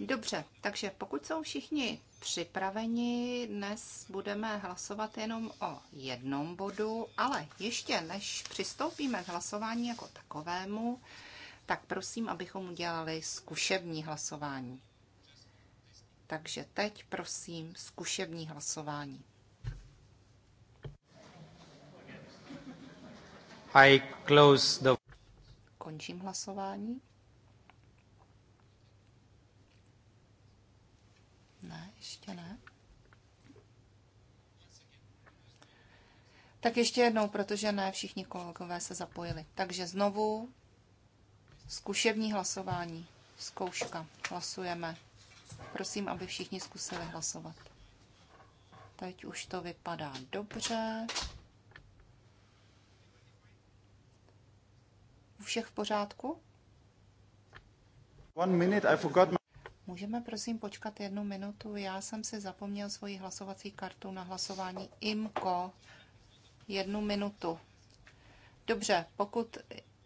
Dobře, takže pokud jsou všichni připraveni, dnes budeme hlasovat jenom o jednom bodu, ale ještě než přistoupíme k hlasování jako takovému, tak prosím, abychom udělali zkušební hlasování. Takže teď prosím zkušební hlasování. I close the... Končím hlasování. Ještě ne. Tak ještě jednou, protože ne všichni kolegové se zapojili. Takže znovu zkušební hlasování, zkouška, hlasujeme. Prosím, aby všichni zkusili hlasovat. Teď už to vypadá dobře. U všech v pořádku? One minute, I forgot my... Můžeme prosím počkat jednu minutu? Já jsem si zapomněl svoji hlasovací kartu na hlasování IMKO. Jednu minutu. Dobře, pokud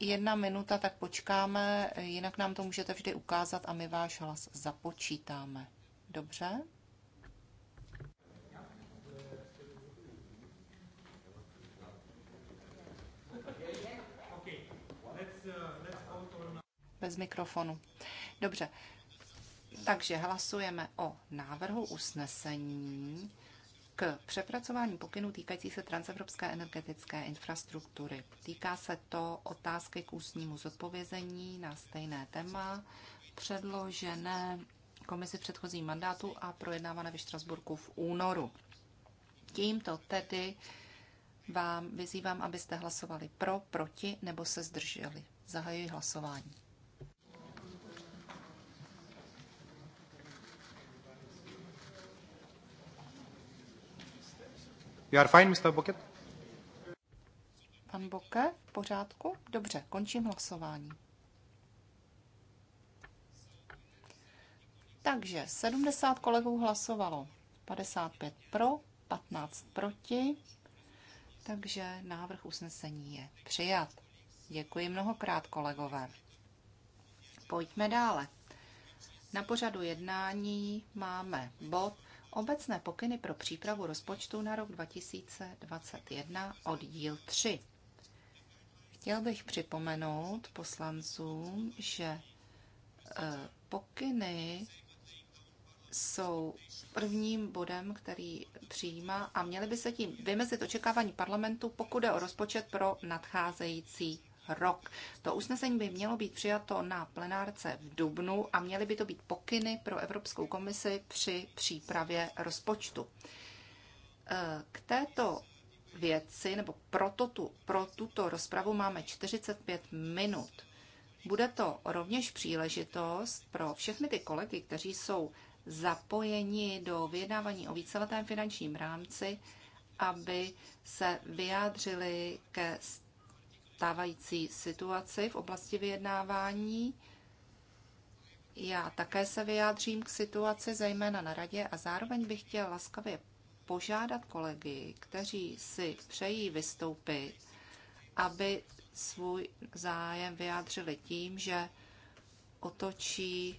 jedna minuta, tak počkáme, jinak nám to můžete vždy ukázat a my váš hlas započítáme. Dobře? Uh, Bez mikrofonu. Dobře, takže hlasujeme o návrhu usnesení k přepracování pokynů týkající se transevropské energetické infrastruktury. Týká se to otázky k ústnímu zodpovězení na stejné téma, předložené komisi předchozí mandátu a projednávané ve Štrasburku v únoru. Tímto tedy vám vyzývám, abyste hlasovali pro, proti nebo se zdrželi. Zahajuji hlasování. You are fine, Mr. Boket? Pan Boke, v pořádku? Dobře, končím hlasování. Takže 70 kolegů hlasovalo, 55 pro, 15 proti, takže návrh usnesení je přijat. Děkuji mnohokrát, kolegové. Pojďme dále. Na pořadu jednání máme bod Obecné pokyny pro přípravu rozpočtu na rok 2021 oddíl 3. Chtěl bych připomenout poslancům, že e, pokyny jsou prvním bodem, který přijímá a měly by se tím vymezit očekávání parlamentu, pokud je o rozpočet pro nadcházející rok. To usnesení by mělo být přijato na plenárce v Dubnu a měly by to být pokyny pro Evropskou komisi při přípravě rozpočtu. Eh, k této věci, nebo pro tu, pro tuto rozpravu máme 45 minut. Bude to rovněž příležitost pro všechny ty kolegy, kteří jsou zapojeni do vyjednávání o víceletém finančním rámci, aby se vyjádřili ke stávající situaci v oblasti vyjednávání. Já také se vyjádřím k situaci, zejména na radě, a zároveň bych chtěl laskavě požádat kolegy, kteří si přejí vystoupit, aby svůj zájem vyjádřili tím, že otočí e,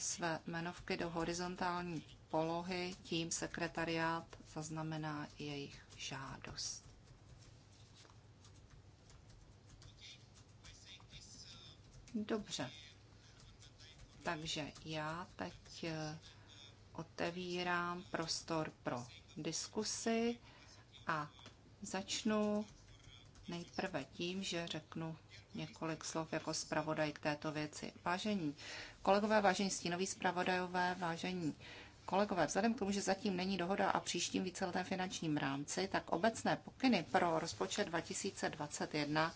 své jmenovky do horizontální polohy, tím sekretariát zaznamená jejich žádost. Dobře. Takže já teď eh, otevírám prostor pro diskusy a začnu nejprve tím, že řeknu několik slov jako zpravodaj k této věci. Vážení kolegové, vážení stínoví zpravodajové, vážení kolegové, vzhledem k tomu, že zatím není dohoda a příštím víceletém finančním rámci, tak obecné pokyny pro rozpočet 2021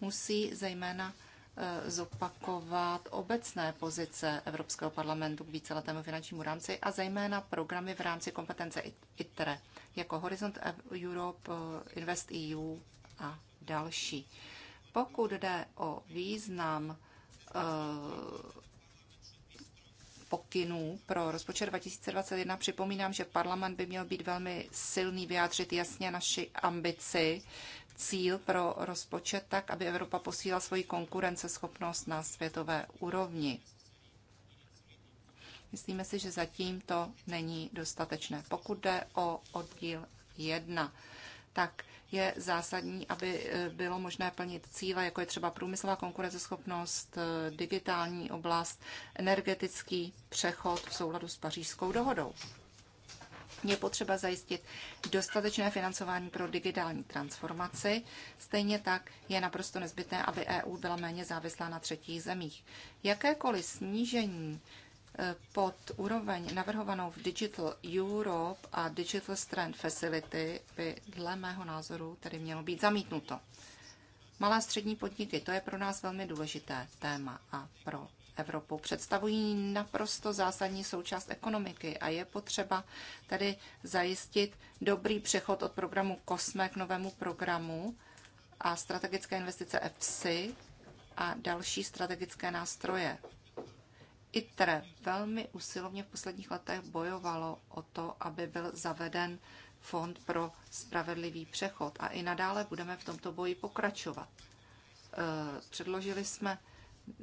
musí zejména Eh, zopakovat obecné pozice Evropského parlamentu k víceletému finančnímu rámci a zejména programy v rámci kompetence ITRE, jako Horizont Europe, eh, Invest EU a další. Pokud jde o význam eh, pokynů pro rozpočet 2021. Připomínám, že parlament by měl být velmi silný, vyjádřit jasně naši ambici cíl pro rozpočet tak, aby Evropa posílala svoji konkurenceschopnost na světové úrovni. Myslíme si, že zatím to není dostatečné. Pokud jde o oddíl 1, tak je zásadní, aby e, bylo možné plnit cíle, jako je třeba průmyslová konkurenceschopnost, e, digitální oblast, energetický přechod v souladu s pařížskou dohodou je potřeba zajistit dostatečné financování pro digitální transformaci. Stejně tak je naprosto nezbytné, aby EU byla méně závislá na třetích zemích. Jakékoliv snížení e, pod úroveň navrhovanou v Digital Europe a Digital Strand Facility by dle mého názoru tedy mělo být zamítnuto. Malá střední podniky, to je pro nás velmi důležité téma a pro Evropu Představují naprosto zásadní součást ekonomiky a je potřeba tedy zajistit dobrý přechod od programu COSME k novému programu a strategické investice EPSI a další strategické nástroje. ITRE velmi usilovně v posledních letech bojovalo o to, aby byl zaveden Fond pro spravedlivý přechod a i nadále budeme v tomto boji pokračovat. Eh, předložili jsme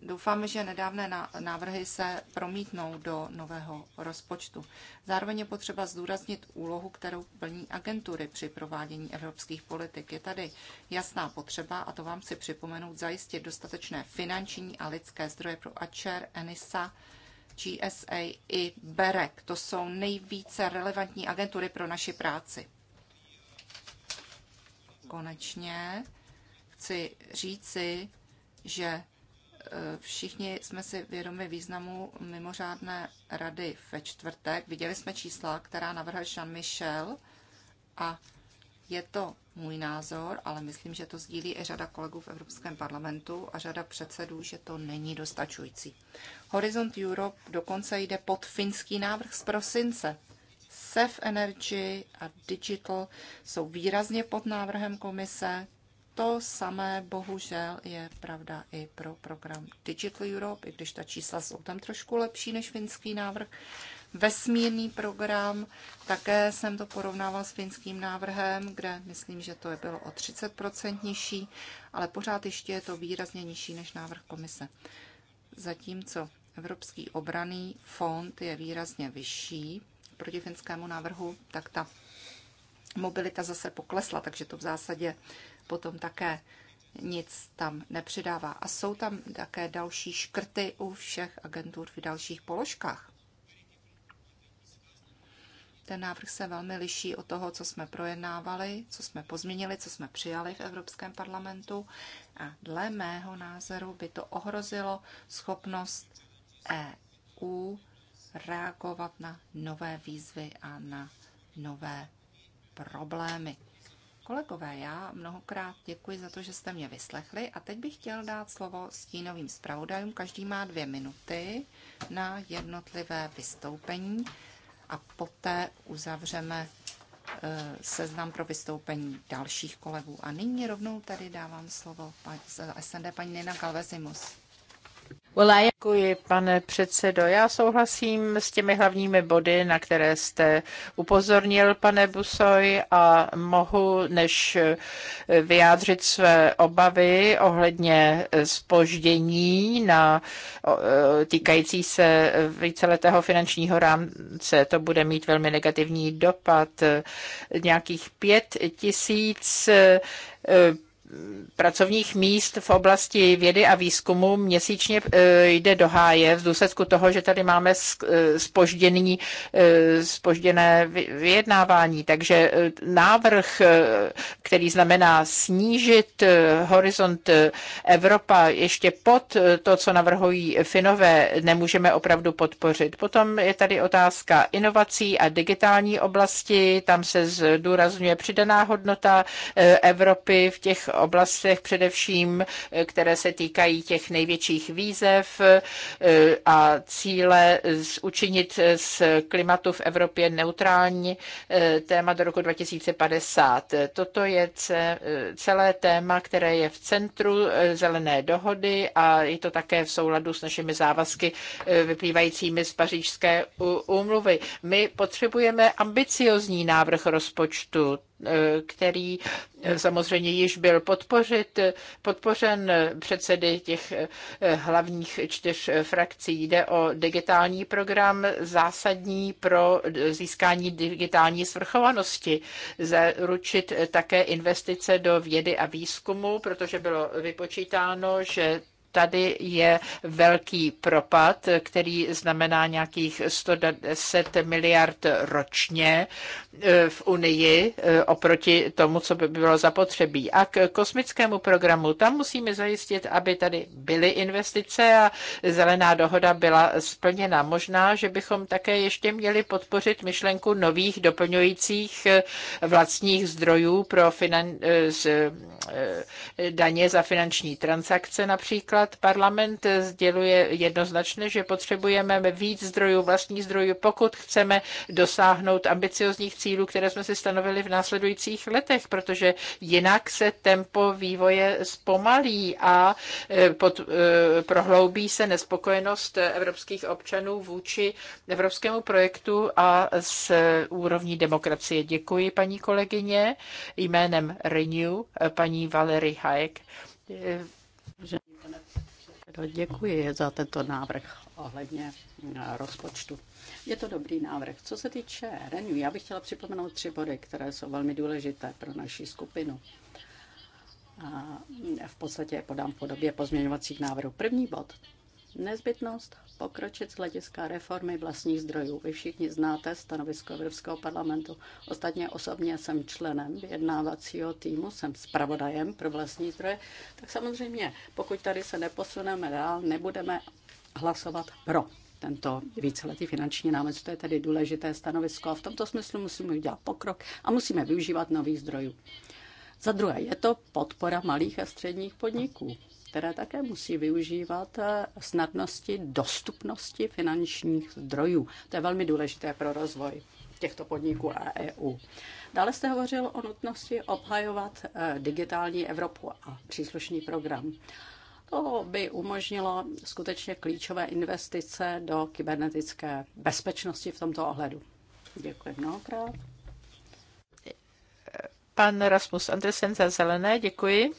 Doufáme, že nedávné návrhy se promítnou do nového rozpočtu. Zároveň je potřeba zdůraznit úlohu, kterou plní agentury při provádění evropských politik. Je tady jasná potřeba, a to vám chci připomenout, zajistit dostatečné finanční a lidské zdroje pro ACER, ENISA, GSA i BEREC. To jsou nejvíce relevantní agentury pro naši práci. Konečně chci říci, že Všichni jsme si vědomi významu mimořádné rady ve čtvrtek. Viděli jsme čísla, která navrhl Jean-Michel a je to můj názor, ale myslím, že to sdílí i řada kolegů v Evropském parlamentu a řada předsedů, že to není dostačující. Horizont Europe dokonce jde pod finský návrh z prosince. Safe Energy a Digital jsou výrazně pod návrhem komise to samé bohužel je pravda i pro program Digital Europe, i když ta čísla jsou tam trošku lepší než finský návrh. Vesmírný program, také jsem to porovnával s finským návrhem, kde myslím, že to je bylo o 30% nižší, ale pořád ještě je to výrazně nižší než návrh komise. Zatímco Evropský obraný fond je výrazně vyšší proti finskému návrhu, tak ta mobilita zase poklesla, takže to v zásadě potom také nic tam nepřidává. A jsou tam také další škrty u všech agentur v dalších položkách. Ten návrh se velmi liší od toho, co jsme projednávali, co jsme pozměnili, co jsme přijali v Evropském parlamentu. A dle mého názoru by to ohrozilo schopnost EU reagovat na nové výzvy a na nové problémy. Kolegové, já mnohokrát děkuji za to, že jste mě vyslechli a teď bych chtěl dát slovo stínovým zpravodajům. Každý má dvě minuty na jednotlivé vystoupení a poté uzavřeme eh, seznam pro vystoupení dalších kolegů. A nyní rovnou tady dávám slovo paní, SND paní Nina Galvezimus. Děkuji, pane předsedo. Já souhlasím s těmi hlavními body, na které jste upozornil, pane Busoj, a mohu než vyjádřit své obavy ohledně spoždění na e, týkající se víceletého finančního rámce. To bude mít velmi negativní dopad. Nějakých pět tisíc e, pracovních míst v oblasti vědy a výzkumu měsíčně e, jde do háje v důsledku toho, že tady máme spožděný, e, spožděné e, vyjednávání. Takže návrh, který znamená snížit horizont Evropa ještě pod to, co navrhují Finové, nemůžeme opravdu podpořit. Potom je tady otázka inovací a digitální oblasti. Tam se zdůrazňuje přidaná hodnota Evropy v těch oblastech, především eh, které se týkají těch největších výzev eh, a cíle učinit z klimatu v Evropě neutrální eh, téma do roku 2050. Toto je celé téma, které je v centru zelené dohody a je to také v souladu s našimi závazky vyplývajícími z pařížské úmluvy. My potřebujeme ambiciozní návrh rozpočtu který eh, samozřejmě již byl podpořit, podpořen předsedy těch eh, hlavních čtyř frakcí. Jde o digitální program zásadní pro získání digitální svrchovanosti, zaručit také investice do vědy a výzkumu, protože bylo vypočítáno, že tady je velký propad, který znamená nějakých 110 miliard ročně eh, v Unii eh, oproti tomu, co by bylo zapotřebí. A k kosmickému programu, tam musíme zajistit, aby tady byly investice a zelená dohoda byla splněna. Možná, že bychom také ještě měli podpořit myšlenku nových doplňujících eh, vlastních zdrojů pro finan- z, daně za finanční transakce například, například Parlament sděluje jednoznačně, že potřebujeme víc zdrojů, vlastních zdrojů, pokud chceme dosáhnout ambiciozních cílů, které jsme si stanovili v následujících letech, protože jinak se tempo vývoje zpomalí a e, pod, e, prohloubí se nespokojenost evropských občanů vůči evropskému projektu a s úrovní demokracie. Děkuji, paní kolegyně, jménem Renew, paní Valery Hayek. E, Děkuji za tento návrh ohledně eh, rozpočtu. Je to dobrý návrh. Co se týče Renew, já bych chtěla připomenout tři body, které jsou velmi důležité pro naši skupinu. A v podstatě je podám v podobě pozměňovacích návrhů. První bod, nezbytnost pokročit z hlediska reformy vlastních zdrojů. Vy všichni znáte stanovisko Evropského parlamentu. Ostatně osobně jsem členem vyjednávacího týmu, jsem zpravodajem pro vlastní zdroje, tak samozřejmě, pokud tady se neposuneme dál, nebudeme hlasovat pro tento víceletý finanční námec. To je tedy důležité stanovisko a v tomto smyslu musíme udělat pokrok a musíme využívat nových zdrojů. Za druhé je to podpora malých a středních podniků které také musí využívat eh, snadnosti dostupnosti finančních zdrojů. To je velmi důležité pro rozvoj těchto podniků a EU. Dále jste hovořil o nutnosti obhajovat eh, digitální Evropu a příslušný program. To by umožnilo skutečně klíčové investice do kybernetické bezpečnosti v tomto ohledu. Děkuji mnohokrát. Pan Rasmus Andresen za zelené, děkuji.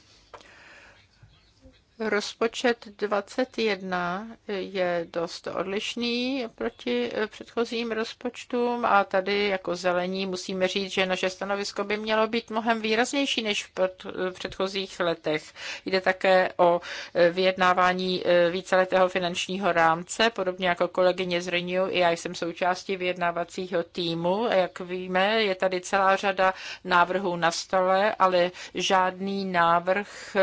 Rozpočet 21 je dost odlišný proti eh, předchozím rozpočtům a tady jako zelení musíme říct, že naše stanovisko by mělo být mnohem výraznější než v eh, předchozích letech. Jde také o eh, vyjednávání víceletého finančního rámce, podobně jako kolegyně z Renew, i já jsem součástí vyjednávacího týmu. Jak víme, je tady celá řada návrhů na stole, ale žádný návrh,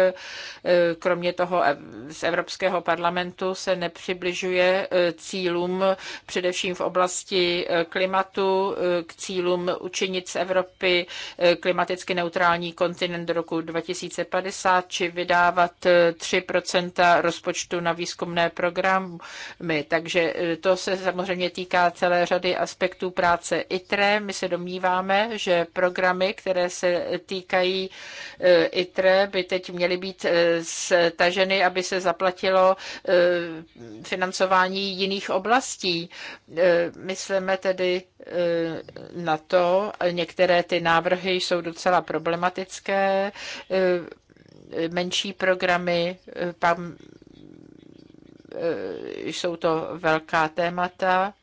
kromě toho, toho z Evropského parlamentu se nepřibližuje e, cílům, především v oblasti e, klimatu, e, k cílům učinit z Evropy klimaticky neutrální kontinent do roku 2050, či vydávat 3 rozpočtu na výzkumné programy. Takže to se samozřejmě týká celé řady aspektů práce ITRE. My se domníváme, že programy, které se týkají ITRE, by teď měly být staženy ženy, aby se zaplatilo eh, financování jiných oblastí. Eh, myslíme tedy eh, na to, některé ty návrhy jsou docela problematické, menší programy, tam jsou to velká témata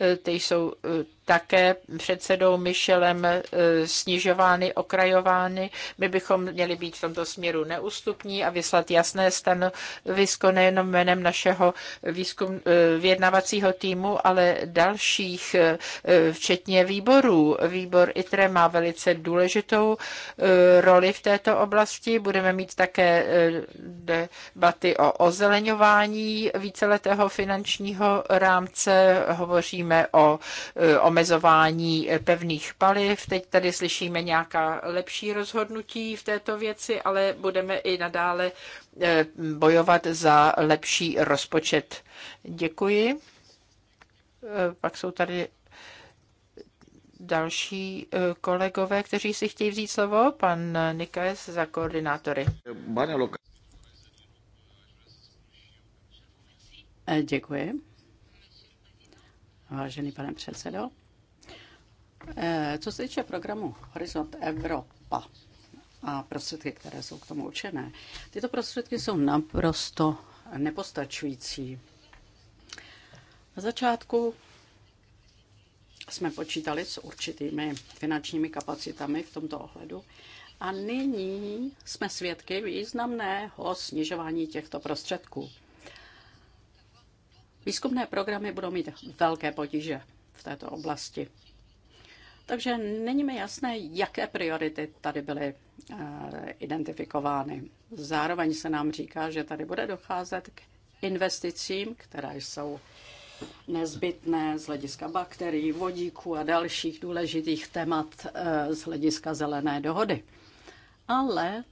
Eh, ty jsou eh, také předsedou Michelem eh, snižovány, okrajovány. My bychom měli být v tomto směru neústupní a vyslat jasné stanovisko nejenom jménem našeho výzkum, vyjednavacího týmu, ale dalších, včetně výborů. Výbor ITRE má velice důležitou roli v této oblasti. Budeme mít také debaty o ozeleňování víceletého finančního rámce. Hovoříme slyšíme o e, omezování pevných paliv. Teď tady slyšíme nějaká lepší rozhodnutí v této věci, ale budeme i nadále e, bojovat za lepší rozpočet. Děkuji. E, pak jsou tady další kolegové, kteří si chtějí vzít slovo. Pan Nikes za koordinátory. Děkuji vážený pane předsedo. Eh, co se týče programu Horizont Evropa a prostředky, které jsou k tomu určené, tyto prostředky jsou naprosto nepostačující. Na začátku jsme počítali s určitými finančními kapacitami v tomto ohledu a nyní jsme svědky významného snižování těchto prostředků. Výzkumné programy budou mít velké potíže v této oblasti. Takže není mi jasné, jaké priority tady byly eh, identifikovány. Zároveň se nám říká, že tady bude docházet k investicím, které jsou nezbytné z hlediska bakterií, vodíku a dalších důležitých temat eh, z hlediska zelené dohody. Ale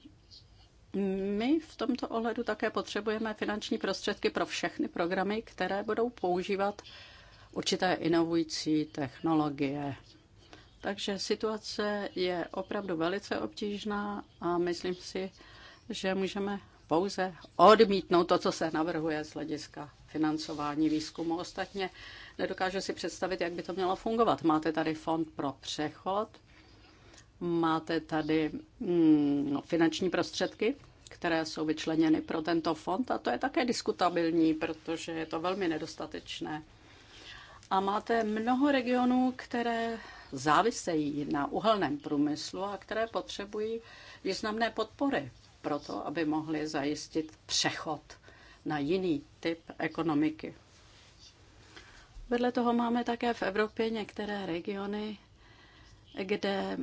my v tomto ohledu také potřebujeme finanční prostředky pro všechny programy, které budou používat určité inovující technologie. Takže situace je opravdu velice obtížná a myslím si, že můžeme pouze odmítnout to, co se navrhuje z hlediska financování výzkumu. Ostatně nedokážu si představit, jak by to mělo fungovat. Máte tady fond pro přechod, Máte tady mm, no, finanční prostředky, které jsou vyčleněny pro tento fond a to je také diskutabilní, protože je to velmi nedostatečné. A máte mnoho regionů, které závisejí na uhelném průmyslu a které potřebují významné podpory pro to, aby mohly zajistit přechod na jiný typ ekonomiky. Vedle toho máme také v Evropě některé regiony, kde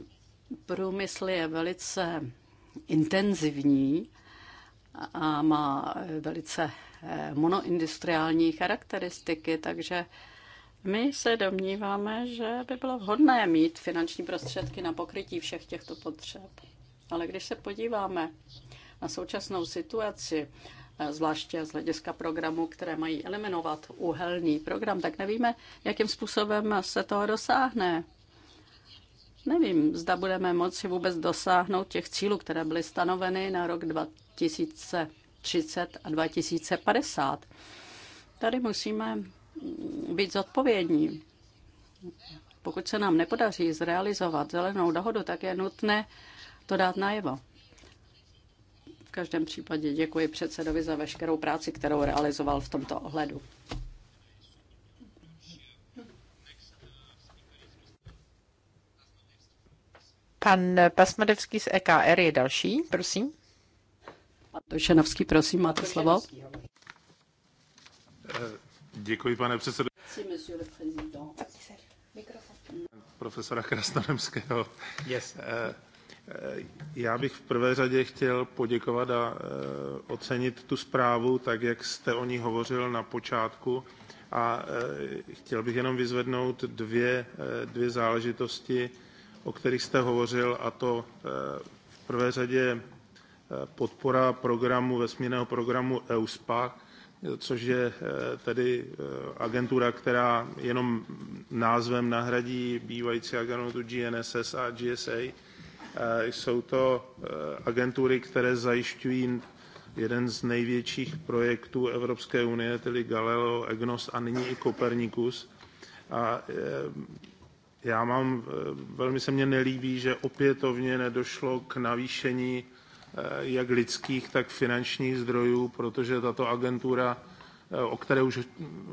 Průmysl je velice intenzivní a má velice eh, monoindustriální charakteristiky, takže my se domníváme, že by bylo vhodné mít finanční prostředky na pokrytí všech těchto potřeb. Ale když se podíváme na současnou situaci, eh, zvláště z hlediska programu, které mají eliminovat uhelný program, tak nevíme, jakým způsobem se toho dosáhne. Nevím, zda budeme moci vůbec dosáhnout těch cílů, které byly stanoveny na rok 2030 a 2050. Tady musíme být zodpovědní. Pokud se nám nepodaří zrealizovat zelenou dohodu, tak je nutné to dát najevo. V každém případě děkuji předsedovi za veškerou práci, kterou realizoval v tomto ohledu. Pan Pasmadevský z EKR je další, prosím. Pan Tošenovský, prosím, máte slovo. Děkuji, pane předsedo. Profesora Krasnodemského. Yes. Eh, eh, já bych v prvé řadě chtěl poděkovat a eh, ocenit tu zprávu, tak jak jste o ní hovořil na počátku. A chtěl bych jenom vyzvednout dvě, dvě záležitosti, o kterých jste hovořil, a to eh, v prvé řadě eh, podpora programu, vesmírného programu EUSPA, což je eh, tedy agentura, která jenom názvem nahradí bývající agenturu GNSS a GSA. Jsou to agentury, které zajišťují jeden z největších projektů Evropské unie, tedy Galileo, EGNOS a nyní i Copernicus. A já mám, eh, velmi se mně nelíbí, že opětovně nedošlo k navýšení eh, jak lidských, tak finančních zdrojů, protože tato agentura, eh, o které už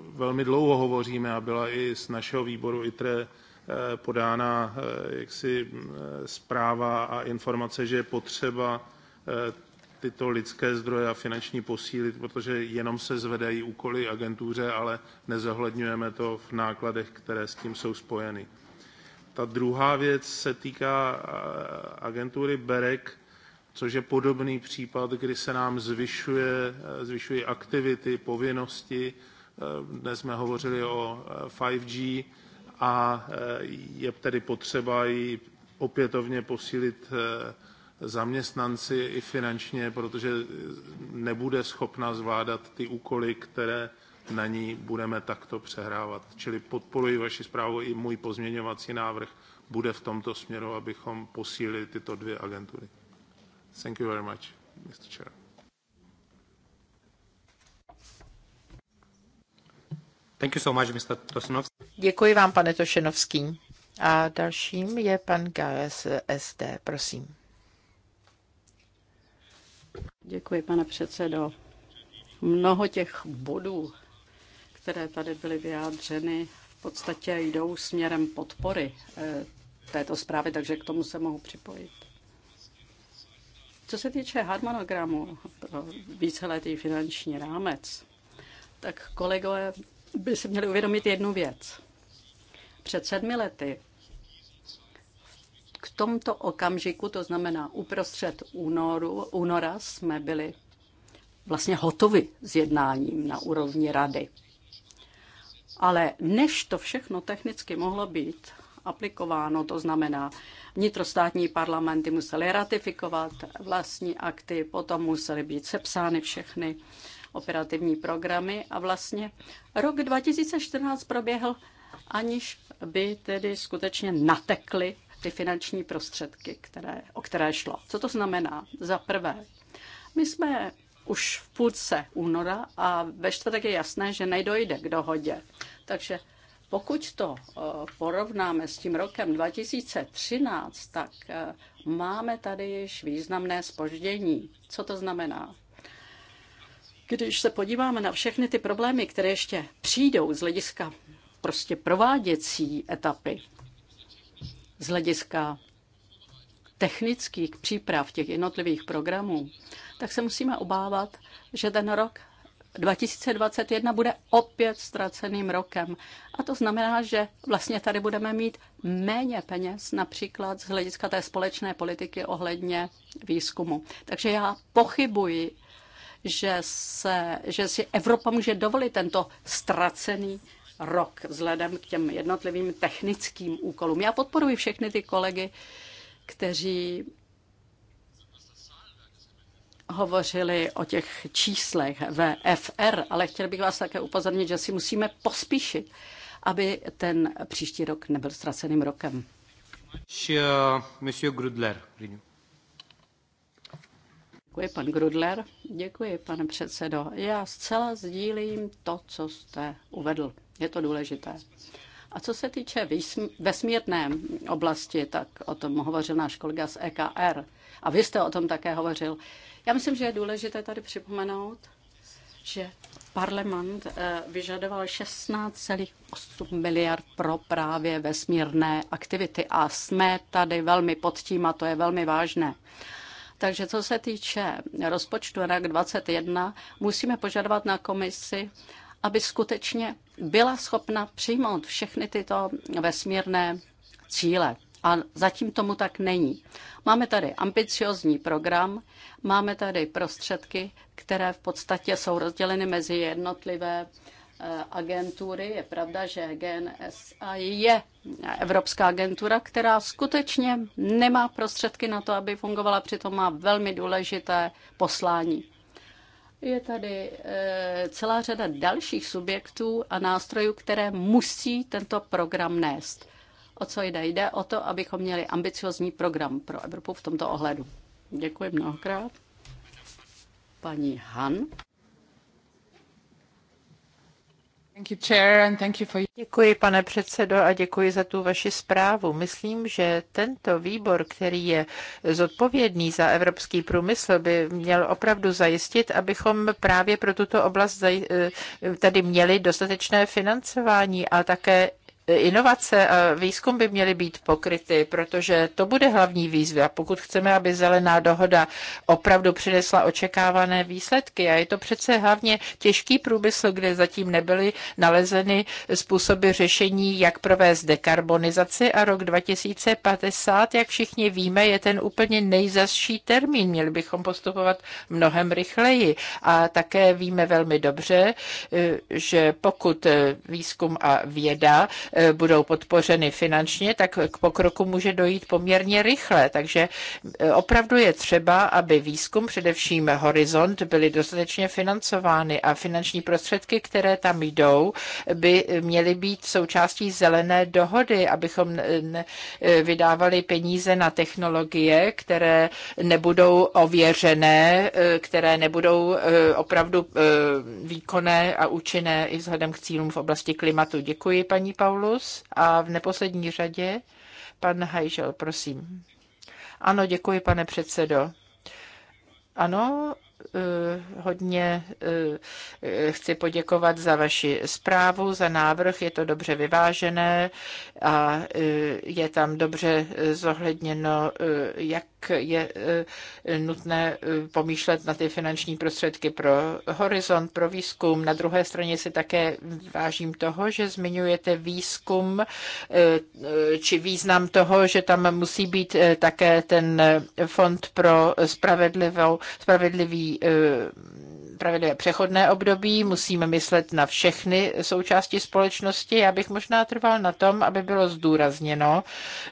velmi dlouho hovoříme a byla i z našeho výboru ITRE podána jaksi zpráva a informace, že je potřeba tyto lidské zdroje a finanční posílit, protože jenom se zvedají úkoly agentuře, ale nezohledňujeme to v nákladech, které s tím jsou spojeny. Ta druhá věc se týká eh, agentury BEREC, což je podobný případ, kdy se nám zvyšuje, eh, zvyšují aktivity, povinnosti. Eh, dnes jsme hovořili o 5G a je tedy potřeba ji opětovně posílit zaměstnanci i finančně, protože nebude schopna zvládat ty úkoly, které na ní budeme takto přehrávat. Čili podporuji vaši zprávu i můj pozměňovací návrh bude v tomto směru, abychom posílili tyto dvě agentury. Thank you very much, Mr. Chair. Thank you so much, Mr. Tosinovský. Děkuji vám, pane Tošenovský. A dalším je pan Gales SD, prosím. Děkuji, pane předsedo. Mnoho těch bodů, které tady byly vyjádřeny, v podstatě jdou směrem podpory eh, této zprávy, takže k tomu se mohu připojit. Co se týče harmonogramu pro víceletý finanční rámec, tak kolegové by si měli uvědomit jednu věc. Před sedmi lety k tomto okamžiku, to znamená uprostřed únoru, února, jsme byli vlastně hotovi s jednáním na úrovni rady. Ale než to všechno technicky mohlo být aplikováno, to znamená, vnitrostátní parlamenty musely ratifikovat vlastní akty, potom musely být sepsány všechny operativní programy a vlastně rok 2014 proběhl, aniž by tedy skutečně natekly ty finanční prostředky, které, o které šlo. Co to znamená? Za prvé, my jsme už v půlce února a ve čtvrtek je jasné, že nedojde k dohodě. Takže pokud to eh, porovnáme s tím rokem 2013, tak eh, máme tady již významné spoždění. Co to znamená? Když se podíváme na všechny ty problémy, které ještě přijdou z hlediska prostě prováděcí etapy, z hlediska technických příprav těch jednotlivých programů, tak se musíme obávat, že ten rok 2021 bude opět ztraceným rokem. A to znamená, že vlastně tady budeme mít méně peněz, například z hlediska té společné politiky ohledně výzkumu. Takže já pochybuji, že, se, že si Evropa může dovolit tento ztracený rok vzhledem k těm jednotlivým technickým úkolům. Já podporuji všechny ty kolegy, kteří hovořili o těch číslech VFR, ale chtěl bych vás také upozornit, že si musíme pospíšit, aby ten příští rok nebyl ztraceným rokem. Monsieur Grudler. Děkuji, pan Grudler. Děkuji, pane předsedo. Já zcela sdílím to, co jste uvedl. Je to důležité. A co se týče vesmírné oblasti, tak o tom hovořil náš kolega z EKR. A vy jste o tom také hovořil. Já myslím, že je důležité tady připomenout, že parlament eh, vyžadoval 16,8 miliard pro právě vesmírné aktivity a jsme tady velmi pod tím a to je velmi vážné. Takže co se týče rozpočtu RAK 21, musíme požadovat na komisi, aby skutečně byla schopna přijmout všechny tyto vesmírné cíle. A zatím tomu tak není. Máme tady ambiciozní program, máme tady prostředky, které v podstatě jsou rozděleny mezi jednotlivé eh, agentury. Je pravda, že GNS je Evropská agentura, která skutečně nemá prostředky na to, aby fungovala, přitom má velmi důležité poslání. Je tady eh, celá řada dalších subjektů a nástrojů, které musí tento program nést o co jde. Jde o to, abychom měli ambiciozní program pro Evropu v tomto ohledu. Děkuji mnohokrát. Paní Han. Děkuji, pane předsedo, a děkuji za tu vaši zprávu. Myslím, že tento výbor, který je zodpovědný za evropský průmysl, by měl opravdu zajistit, abychom právě pro tuto oblast eh, tady měli dostatečné financování a také inovace a výzkum by měly být pokryty, protože to bude hlavní výzva, pokud chceme, aby zelená dohoda opravdu přinesla očekávané výsledky. A je to přece hlavně těžký průmysl, kde zatím nebyly nalezeny způsoby řešení, jak provést dekarbonizaci a rok 2050, jak všichni víme, je ten úplně nejzasší termín. Měli bychom postupovat mnohem rychleji. A také víme velmi dobře, že pokud výzkum a věda Eh, budou podpořeny finančně, tak k pokroku může dojít poměrně rychle. Takže eh, opravdu je třeba, aby výzkum, především Horizont, byly dostatečně financovány a finanční prostředky, které tam jdou, by měly být součástí zelené dohody, abychom eh, vydávali peníze na technologie, které nebudou ověřené, které nebudou opravdu výkonné a účinné i vzhledem k cílům v oblasti klimatu. Děkuji, paní Paulo. Paulus a v neposlední řadě pan Hajžel, prosím. Ano, děkuji, pane předsedo. Ano, eh, hodně eh, chci poděkovat za vaši zprávu, za návrh, je to dobře vyvážené a eh, je tam dobře zohledněno, jak je eh, nutné eh, pomýšlet na ty finanční prostředky pro horizont, pro výzkum. Na druhé straně si také vážím toho, že zmiňujete výzkum eh, či význam toho, že tam musí být také ten fond pro spravedlivou, spravedlivý spravedlivé přechodné období, musíme myslet na všechny součásti společnosti. Já bych možná trval na tom, aby bylo zdůrazněno,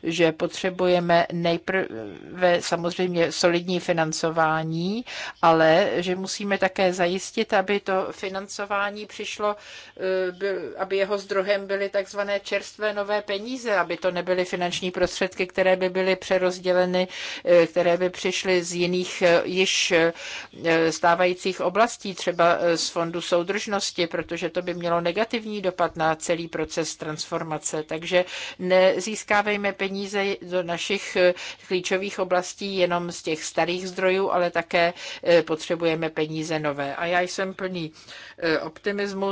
že potřebujeme nejprve samozřejmě solidní financování, ale že musíme také zajistit, aby to financování přišlo, eh, aby jeho zdrojem byly takzvané čerstvé nové peníze, aby to nebyly finanční prostředky, které by byly přerozděleny, eh, které by přišly z jiných eh, již stávajících oblastí částí třeba e, z fondu soudržnosti, protože to by mělo negativní dopad na celý proces transformace. Takže nezískávejme peníze do našich e, klíčových oblastí jenom z těch starých zdrojů, ale také e, potřebujeme peníze nové. A já jsem plný optimismu.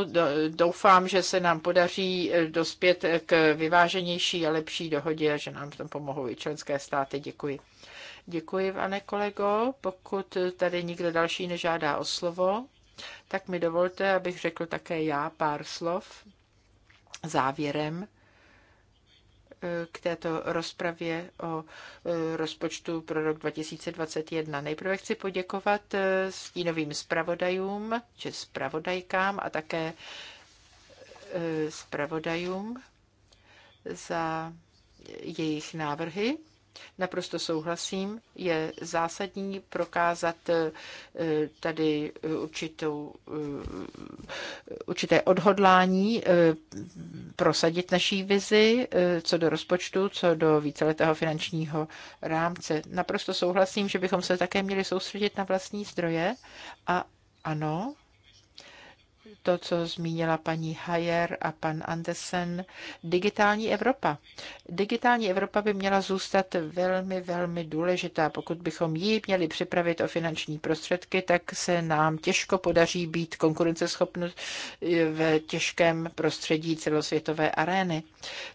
Doufám, že se nám podaří dospět k vyváženější a lepší dohodě, a že nám v tom pomohou i členské státy. Děkuji. Děkuji, pane kolego. Pokud tady nikdo další nežádá o slovo, tak mi dovolte, abych řekl také já pár slov závěrem eh, k této rozpravě o eh, rozpočtu pro rok 2021. Nejprve chci poděkovat eh, stínovým zpravodajům, či zpravodajkám a také zpravodajům za jejich návrhy Naprosto souhlasím, je zásadní prokázat eh, tady eh, určitou, eh, určité odhodlání prosadit naší vizi co do rozpočtu, co do víceletého finančního rámce. Naprosto souhlasím, že bychom se také měli soustředit na vlastní zdroje a ano, to, co zmínila paní Hayer a pan Andersen, digitální Evropa. Digitální Evropa by měla zůstat velmi, velmi důležitá. Pokud bychom ji měli připravit o finanční prostředky, tak se nám těžko podaří být konkurenceschopný v těžkém prostředí celosvětové arény.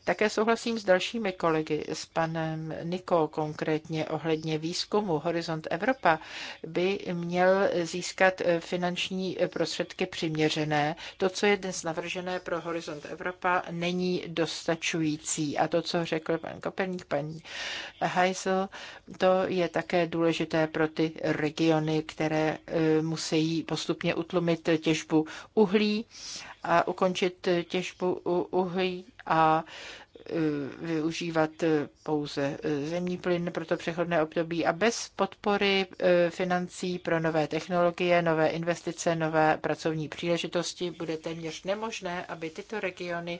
Také souhlasím s dalšími kolegy, s panem Niko konkrétně ohledně výzkumu Horizont Evropa by měl získat finanční prostředky přiměřené ne. To, co je dnes navržené pro Horizont Evropa, není dostačující. A to, co řekl pan Koperník, paní Heisel, to je také důležité pro ty regiony, které e, musí postupně utlumit těžbu uhlí a ukončit těžbu uhlí a Eh, využívat eh, pouze eh, zemní plyn pro to přechodné období a bez podpory financí pro nové technologie, nové investice, nové pracovní příležitosti bude téměř nemožné, aby tyto regiony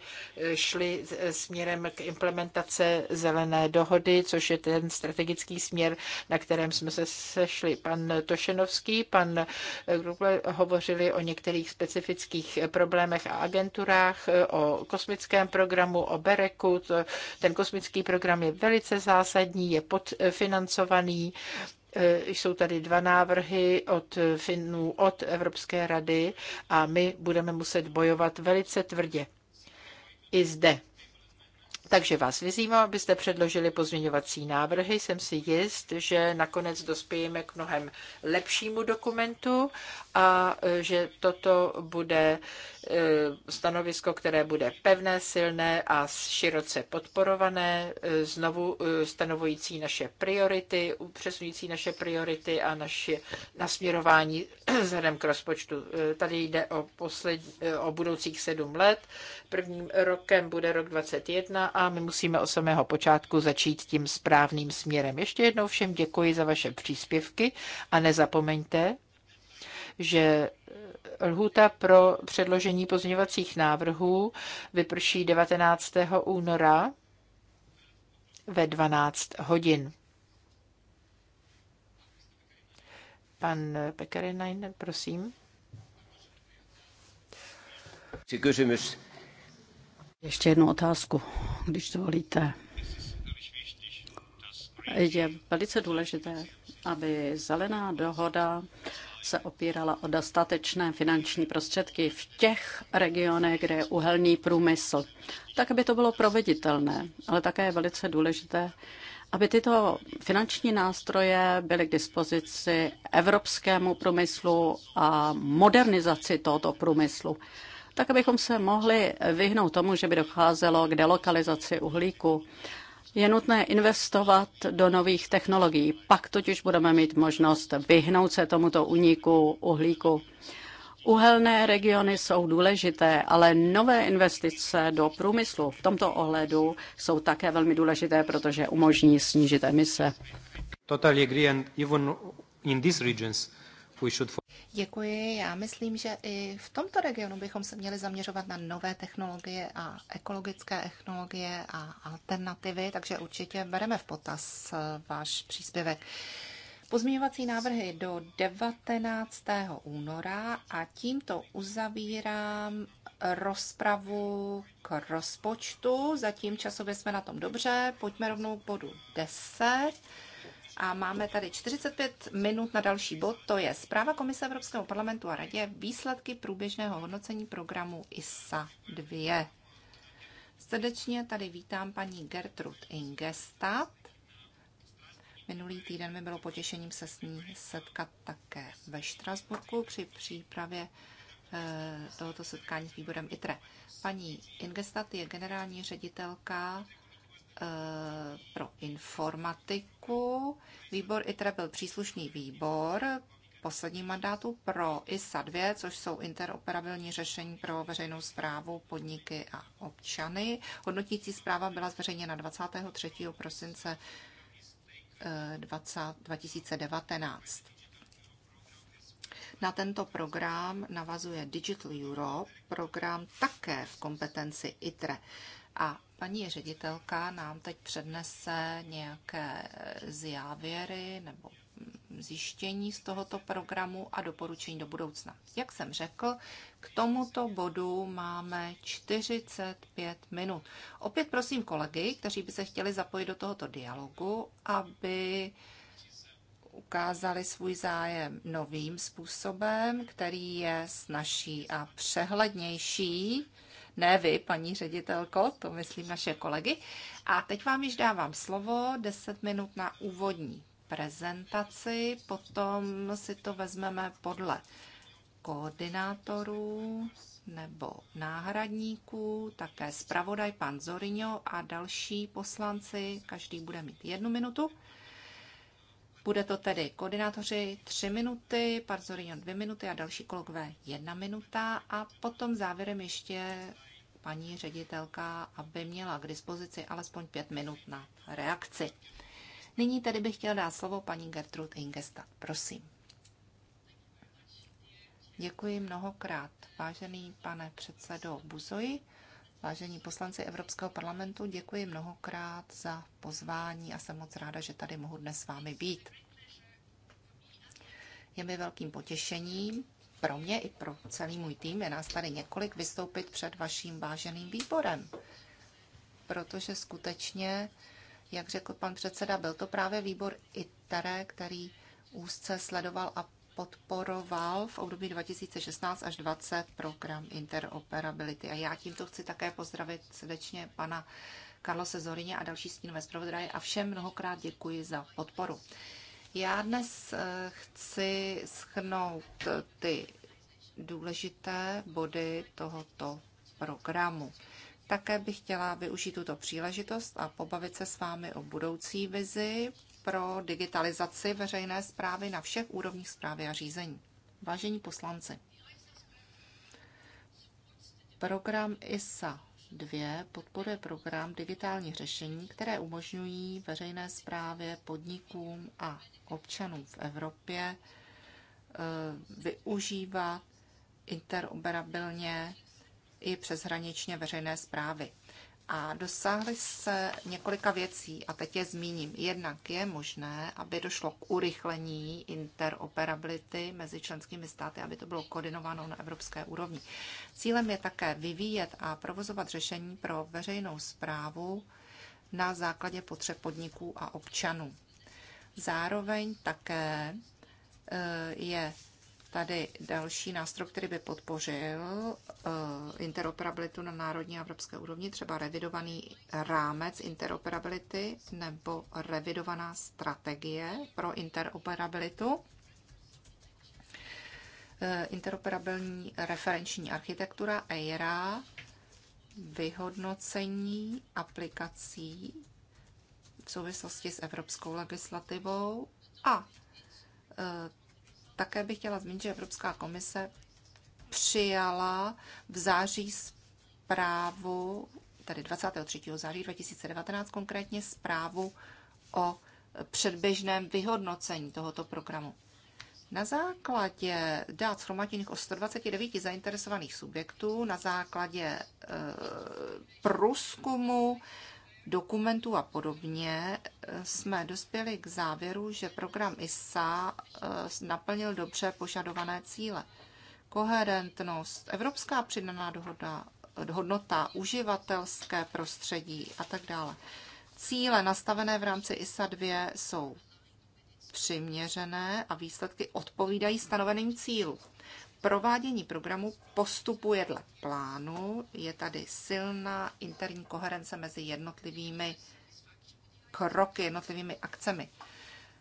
šly směrem k implementace zelené dohody, což je ten strategický směr, na kterém jsme se sešli. Pan Tošenovský, pan Grubler hovořili o některých specifických problémech a agenturách, o kosmickém programu, o Bereku, to, ten kosmický program je velice zásadní, je podfinancovaný. Eh, jsou tady dva návrhy od Finnů, od Evropské rady a my budeme muset bojovat velice tvrdě. I zde. Takže vás vyzývám, abyste předložili pozměňovací návrhy. Jsem si jist, že nakonec dospějeme k mnohem lepšímu dokumentu a že toto bude e, stanovisko, které bude pevné, silné a široce podporované, e, znovu e, stanovující naše priority, upřesňující naše priority a naše nasměrování vzhledem k rozpočtu. Tady jde o, posled, o budoucích sedm let. Prvním rokem bude rok 2021 a my musíme od samého počátku začít tím správným směrem. Ještě jednou všem děkuji za vaše příspěvky a nezapomeňte, že eh, lhůta pro předložení pozměňovacích návrhů vyprší 19. února ve 12 hodin. Pan Pekarinainen, prosím. Ještě jednu otázku, když to volíte. Je velice důležité, aby zelená dohoda se opírala o dostatečné finanční prostředky v těch regionech, kde je uhelný průmysl, tak aby to bylo proveditelné, ale také je velice důležité, aby tyto finanční nástroje byly k dispozici evropskému průmyslu a modernizaci tohoto průmyslu, tak abychom se mohli vyhnout tomu, že by docházelo k delokalizaci uhlíku je nutné investovat do nových technologií, pak totiž budeme mít možnost vyhnout se tomuto uniku uhlíku. Uhelné regiony jsou důležité, ale nové investice do průmyslu v tomto ohledu jsou také velmi důležité, protože umožní snížit emise. Totally agree and even in these regions Děkuji. Já myslím, že i v tomto regionu bychom se měli zaměřovat na nové technologie a ekologické technologie a alternativy, takže určitě bereme v potaz eh, váš příspěvek. Pozměňovací návrhy do 19. února a tímto uzavírám rozpravu k rozpočtu. Zatím časově jsme na tom dobře. Pojďme rovnou k bodu 10. A máme tady 45 minut na další bod, to je zpráva Komise Evropského parlamentu a radě výsledky průběžného hodnocení programu ISA 2. Srdečně tady vítám paní Gertrud Ingestat. Minulý týden mi bylo potěšením se s ní setkat také ve Štrasburku při přípravě eh, tohoto setkání s výborem ITRE. Paní Ingestat je generální ředitelka Eh, pro informatiku. Výbor ITRE byl příslušný výbor Poslední mandátu pro ISA 2, což jsou interoperabilní řešení pro veřejnou zprávu, podniky a občany. Hodnotící zpráva byla zveřejněna 23. prosince 2019. Eh, Na tento program navazuje Digital Europe, program také v kompetenci ITRE. A paní ředitelka nám teď přednese nějaké zjávěry nebo zjištění z tohoto programu a doporučení do budoucna. Jak jsem řekl, k tomuto bodu máme 45 minut. Opět prosím kolegy, kteří by se chtěli zapojit do tohoto dialogu, aby ukázali svůj zájem novým způsobem, který je snažší a přehlednější ne vy, paní ředitelko, to myslím naše kolegy. A teď vám již dávám slovo, 10 minut na úvodní prezentaci, potom si to vezmeme podle koordinátorů nebo náhradníků, také zpravodaj pan Zorino a další poslanci, každý bude mít jednu minutu. Bude to tedy koordinátoři tři minuty, pan Zorino dvě minuty a další kolegové jedna minuta a potom závěrem ještě paní ředitelka, aby měla k dispozici alespoň pět minut na reakci. Nyní tedy bych chtěl dát slovo paní Gertrud Ingestad. Prosím. Děkuji mnohokrát, vážený pane předsedo Buzoji, vážení poslanci Evropského parlamentu, děkuji mnohokrát za pozvání a jsem moc ráda, že tady mohu dnes s vámi být. Je mi velkým potěšením pro mě i pro celý můj tým je nás tady několik vystoupit před vaším váženým výborem. Protože skutečně, jak řekl pan předseda, byl to právě výbor ITERE, který úzce sledoval a podporoval v období 2016 až 2020 program interoperability. A já tímto chci také pozdravit srdečně pana Karlose Zorině a další stínové zpravodaje a všem mnohokrát děkuji za podporu. Já dnes eh, chci schrnout eh, ty důležité body tohoto programu. Také bych chtěla využít tuto příležitost a pobavit se s vámi o budoucí vizi pro digitalizaci veřejné zprávy na všech úrovních zprávy a řízení. Vážení poslanci, program ISA 2 podporuje program digitální řešení, které umožňují veřejné zprávě podnikům a občanům v Evropě eh, využívat interoperabilně i přeshraničně veřejné zprávy a dosáhly se několika věcí a teď je zmíním. Jednak je možné, aby došlo k urychlení interoperability mezi členskými státy, aby to bylo koordinováno na evropské úrovni. Cílem je také vyvíjet a provozovat řešení pro veřejnou zprávu na základě potřeb podniků a občanů. Zároveň také eh, je tady další nástroj, který by podpořil eh, interoperabilitu na národní a evropské úrovni, třeba revidovaný rámec interoperability nebo revidovaná strategie pro interoperabilitu. Eh, interoperabilní referenční architektura EIRA, vyhodnocení aplikací v souvislosti s evropskou legislativou a eh, také bych chtěla zmínit, že Evropská komise přijala v září zprávu, tady 23. září 2019 konkrétně, zprávu o předběžném vyhodnocení tohoto programu. Na základě dát shromaděných o 129 zainteresovaných subjektů, na základě e, průzkumu dokumentů a podobně, eh, jsme dospěli k závěru, že program ISA eh, naplnil dobře požadované cíle. Koherentnost, evropská přidaná dohoda, hodnota, uživatelské prostředí a tak dále. Cíle nastavené v rámci ISA 2 jsou přiměřené a výsledky odpovídají stanoveným cílům. Provádění programu postupuje dle plánu, je tady silná interní koherence mezi jednotlivými kroky, jednotlivými akcemi.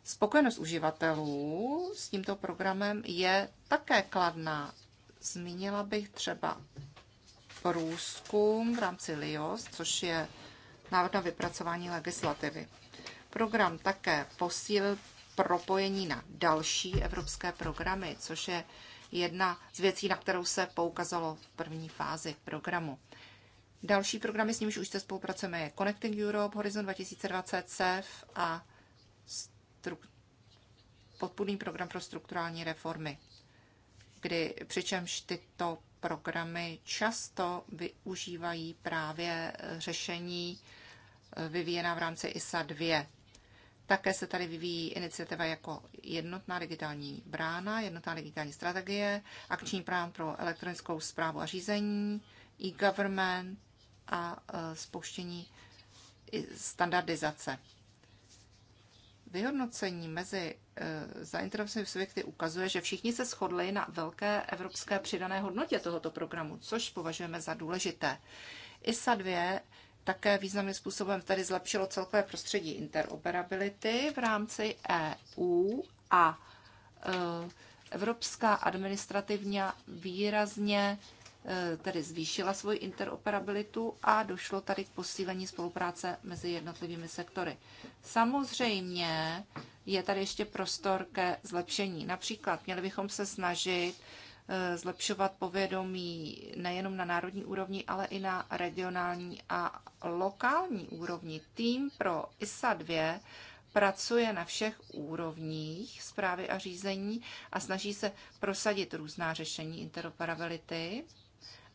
Spokojenost uživatelů s tímto programem je také kladná. Zmínila bych třeba průzkum v rámci LIOS, což je návrh na vypracování legislativy. Program také posílil propojení na další evropské programy, což je jedna z věcí, na kterou se poukazalo v první fázi programu. Další programy, s nimiž už se spolupracujeme, je Connecting Europe, Horizon 2020, CEF a podpůrný program pro strukturální reformy, kdy přičemž tyto programy často využívají právě řešení eh, vyvíjená v rámci ISA 2. Také se tady vyvíjí iniciativa jako jednotná digitální brána, jednotná digitální strategie, akční plán pro elektronickou zprávu a řízení, e-government a e, spouštění standardizace. Vyhodnocení mezi e, zainteresovanými subjekty ukazuje, že všichni se shodli na velké evropské přidané hodnotě tohoto programu, což považujeme za důležité. ISA 2 také významným způsobem tady zlepšilo celkové prostředí interoperability v rámci EU a e, evropská administrativně výrazně e, tedy zvýšila svoji interoperabilitu a došlo tady k posílení spolupráce mezi jednotlivými sektory. Samozřejmě je tady ještě prostor ke zlepšení. Například měli bychom se snažit Eh, zlepšovat povědomí nejenom na národní úrovni, ale i na regionální a lokální úrovni. Tým pro ISA 2 pracuje na všech úrovních zprávy a řízení a snaží se prosadit různá řešení interoperability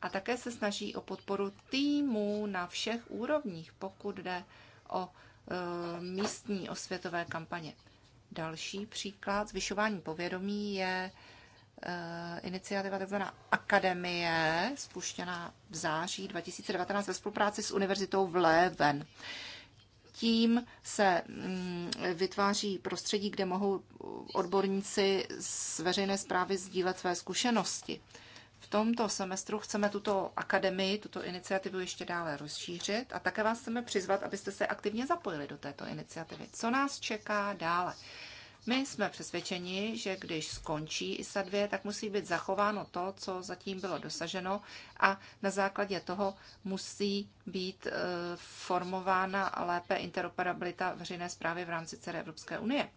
a také se snaží o podporu týmů na všech úrovních, pokud jde o e, místní osvětové kampaně. Další příklad zvyšování povědomí je Eh, iniciativa tzv. Akademie, spuštěná v září 2019 ve spolupráci s Univerzitou v Leven. Tím se mm, vytváří prostředí, kde mohou odborníci z veřejné zprávy sdílet své zkušenosti. V tomto semestru chceme tuto akademii, tuto iniciativu ještě dále rozšířit a také vás chceme přizvat, abyste se aktivně zapojili do této iniciativy. Co nás čeká dále? My jsme přesvědčeni, že když skončí ISA 2, tak musí být zachováno to, co zatím bylo dosaženo a na základě toho musí být e, formována lépe interoperabilita veřejné zprávy v rámci celé Evropské unie.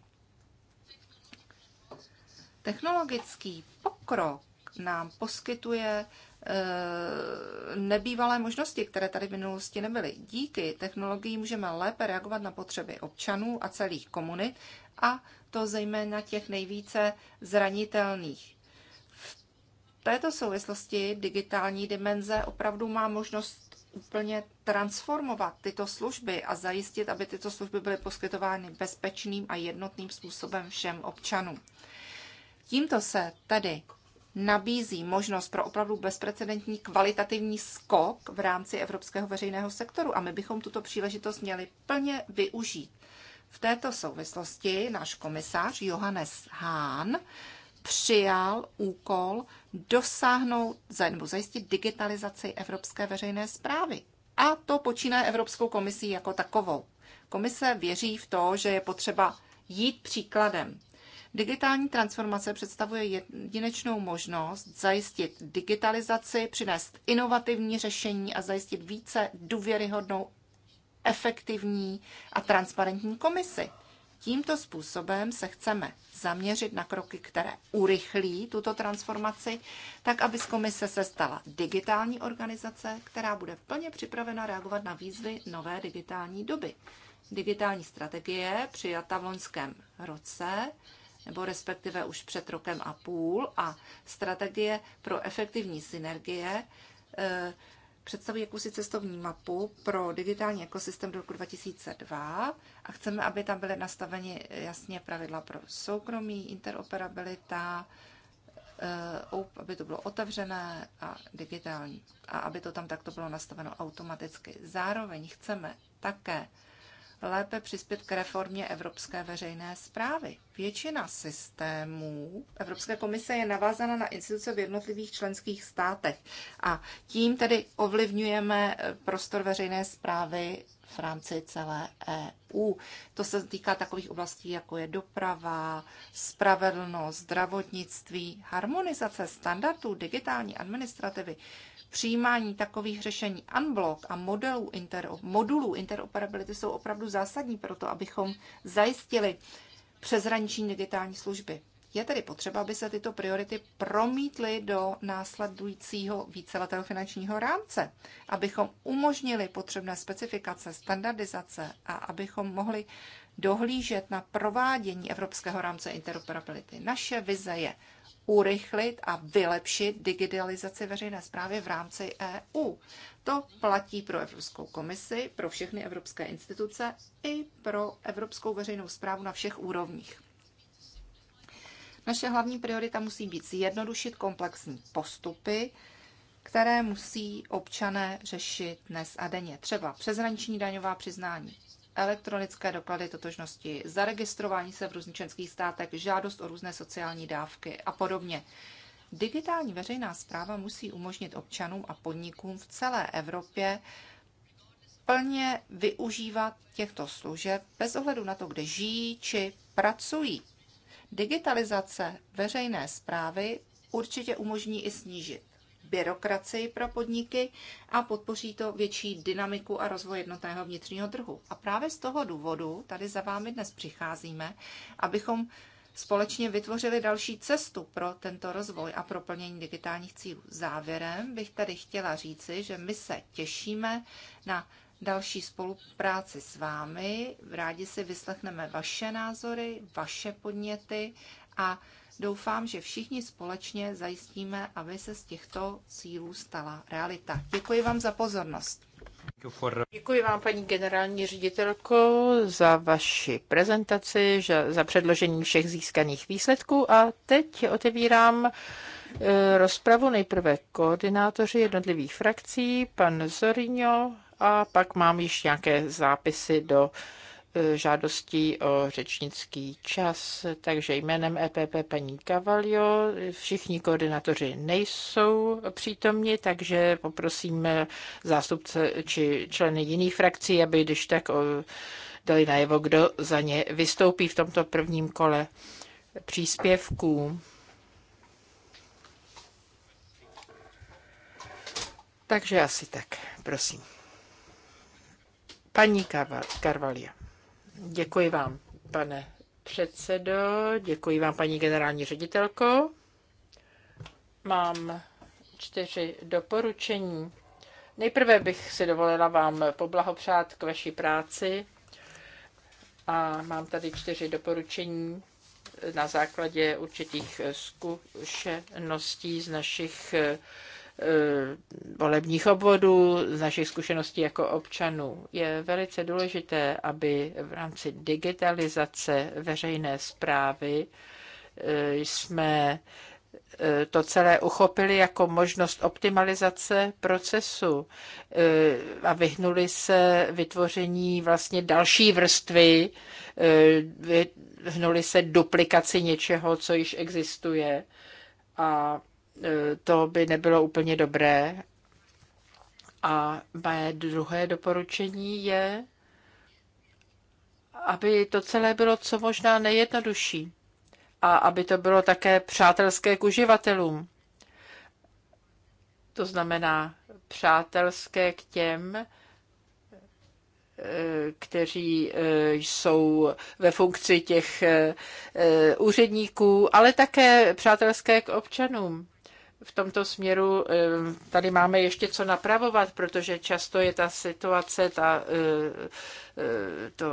Technologický pokrok nám poskytuje e, nebývalé možnosti, které tady v minulosti nebyly. Díky technologii můžeme lépe reagovat na potřeby občanů a celých komunit a to zejména těch nejvíce zranitelných. V této souvislosti digitální dimenze opravdu má možnost úplně transformovat tyto služby a zajistit, aby tyto služby byly poskytovány bezpečným a jednotným způsobem všem občanům. Tímto se tedy nabízí možnost pro opravdu bezprecedentní kvalitativní skok v rámci evropského veřejného sektoru a my bychom tuto příležitost měli plně využít. V této souvislosti náš komisář Johannes Hahn přijal úkol dosáhnout nebo zajistit digitalizaci evropské veřejné zprávy. A to počíná Evropskou komisí jako takovou. Komise věří v to, že je potřeba jít příkladem. Digitální transformace představuje jedinečnou možnost zajistit digitalizaci, přinést inovativní řešení a zajistit více důvěryhodnou efektivní a transparentní komisi. Tímto způsobem se chceme zaměřit na kroky, které urychlí tuto transformaci, tak aby z komise se stala digitální organizace, která bude plně připravena reagovat na výzvy nové digitální doby. Digitální strategie přijata v loňském roce nebo respektive už před rokem a půl a strategie pro efektivní synergie eh, představují jakousi cestovní mapu pro digitální ekosystém do roku 2002 a chceme, aby tam byly nastaveny jasně pravidla pro soukromí, interoperabilita, eh, aby to bylo otevřené a digitální a aby to tam takto bylo nastaveno automaticky. Zároveň chceme také lépe přispět k reformě evropské veřejné zprávy. Většina systémů Evropské komise je navázána na instituce v jednotlivých členských státech a tím tedy ovlivňujeme eh, prostor veřejné zprávy v rámci celé EU. To se týká takových oblastí, jako je doprava, spravedlnost, zdravotnictví, harmonizace standardů digitální administrativy, přijímání takových řešení unblock a modelů inter, modulů interoperability jsou opravdu zásadní pro to, abychom zajistili přezraniční digitální služby. Je tedy potřeba, aby se tyto priority promítly do následujícího víceletého finančního rámce, abychom umožnili potřebné specifikace, standardizace a abychom mohli dohlížet na provádění Evropského rámce interoperability. Naše vize je urychlit a vylepšit digitalizaci veřejné zprávy v rámci EU. To platí pro Evropskou komisi, pro všechny evropské instituce i pro evropskou veřejnou zprávu na všech úrovních. Naše hlavní priorita musí být zjednodušit komplexní postupy, které musí občané řešit dnes a denně. Třeba přeshraniční daňová přiznání elektronické doklady totožnosti, zaregistrování se v různých členských státech, žádost o různé sociální dávky a podobně. Digitální veřejná zpráva musí umožnit občanům a podnikům v celé Evropě plně využívat těchto služeb bez ohledu na to, kde žijí či pracují. Digitalizace veřejné zprávy určitě umožní i snížit byrokracii pro podniky a podpoří to větší dynamiku a rozvoj jednotného vnitřního trhu. A právě z toho důvodu tady za vámi dnes přicházíme, abychom společně vytvořili další cestu pro tento rozvoj a pro plnění digitálních cílů. Závěrem bych tady chtěla říci, že my se těšíme na další spolupráci s vámi. Rádi si vyslechneme vaše názory, vaše podněty a Doufám, že všichni společně zajistíme, aby se z těchto cílů stala realita. Děkuji vám za pozornost. Děkuji vám, paní generální ředitelko, za vaši prezentaci, za předložení všech získaných výsledků a teď otevírám eh, rozpravu nejprve koordinátoři jednotlivých frakcí, pan Zorino, a pak mám již nějaké zápisy do E, žádostí o řečnický čas. Takže jménem EPP paní Cavalio, všichni koordinátoři nejsou přítomni, takže poprosím zástupce či členy jiných frakcí, aby když tak dali najevo, kdo za ně vystoupí v tomto prvním kole příspěvků. Takže asi tak, prosím. Paní Carvalia. Děkuji vám, pane předsedo, děkuji vám, paní generální ředitelko. Mám čtyři doporučení. Nejprve bych si dovolila vám poblahopřát k vaší práci a mám tady čtyři doporučení na základě určitých zkušeností z našich Eh, volebních obvodů, z našich zkušeností jako občanů. Je velice důležité, aby v rámci digitalizace veřejné zprávy eh, jsme eh, to celé uchopili jako možnost optimalizace procesu a vyhnuli se vytvoření vlastně další vrstvy, vyhnuli se duplikaci něčeho, co již existuje a Eh, to by nebylo úplně dobré. A mé druhé doporučení je, aby to celé bylo co možná nejjednodušší a aby to bylo také přátelské k uživatelům. To znamená přátelské k těm, eh, kteří eh, jsou ve funkci těch úředníků, ale také přátelské k občanům v tomto směru eh, tady máme ještě co napravovat, protože často je ta situace, ta, eh, eh, to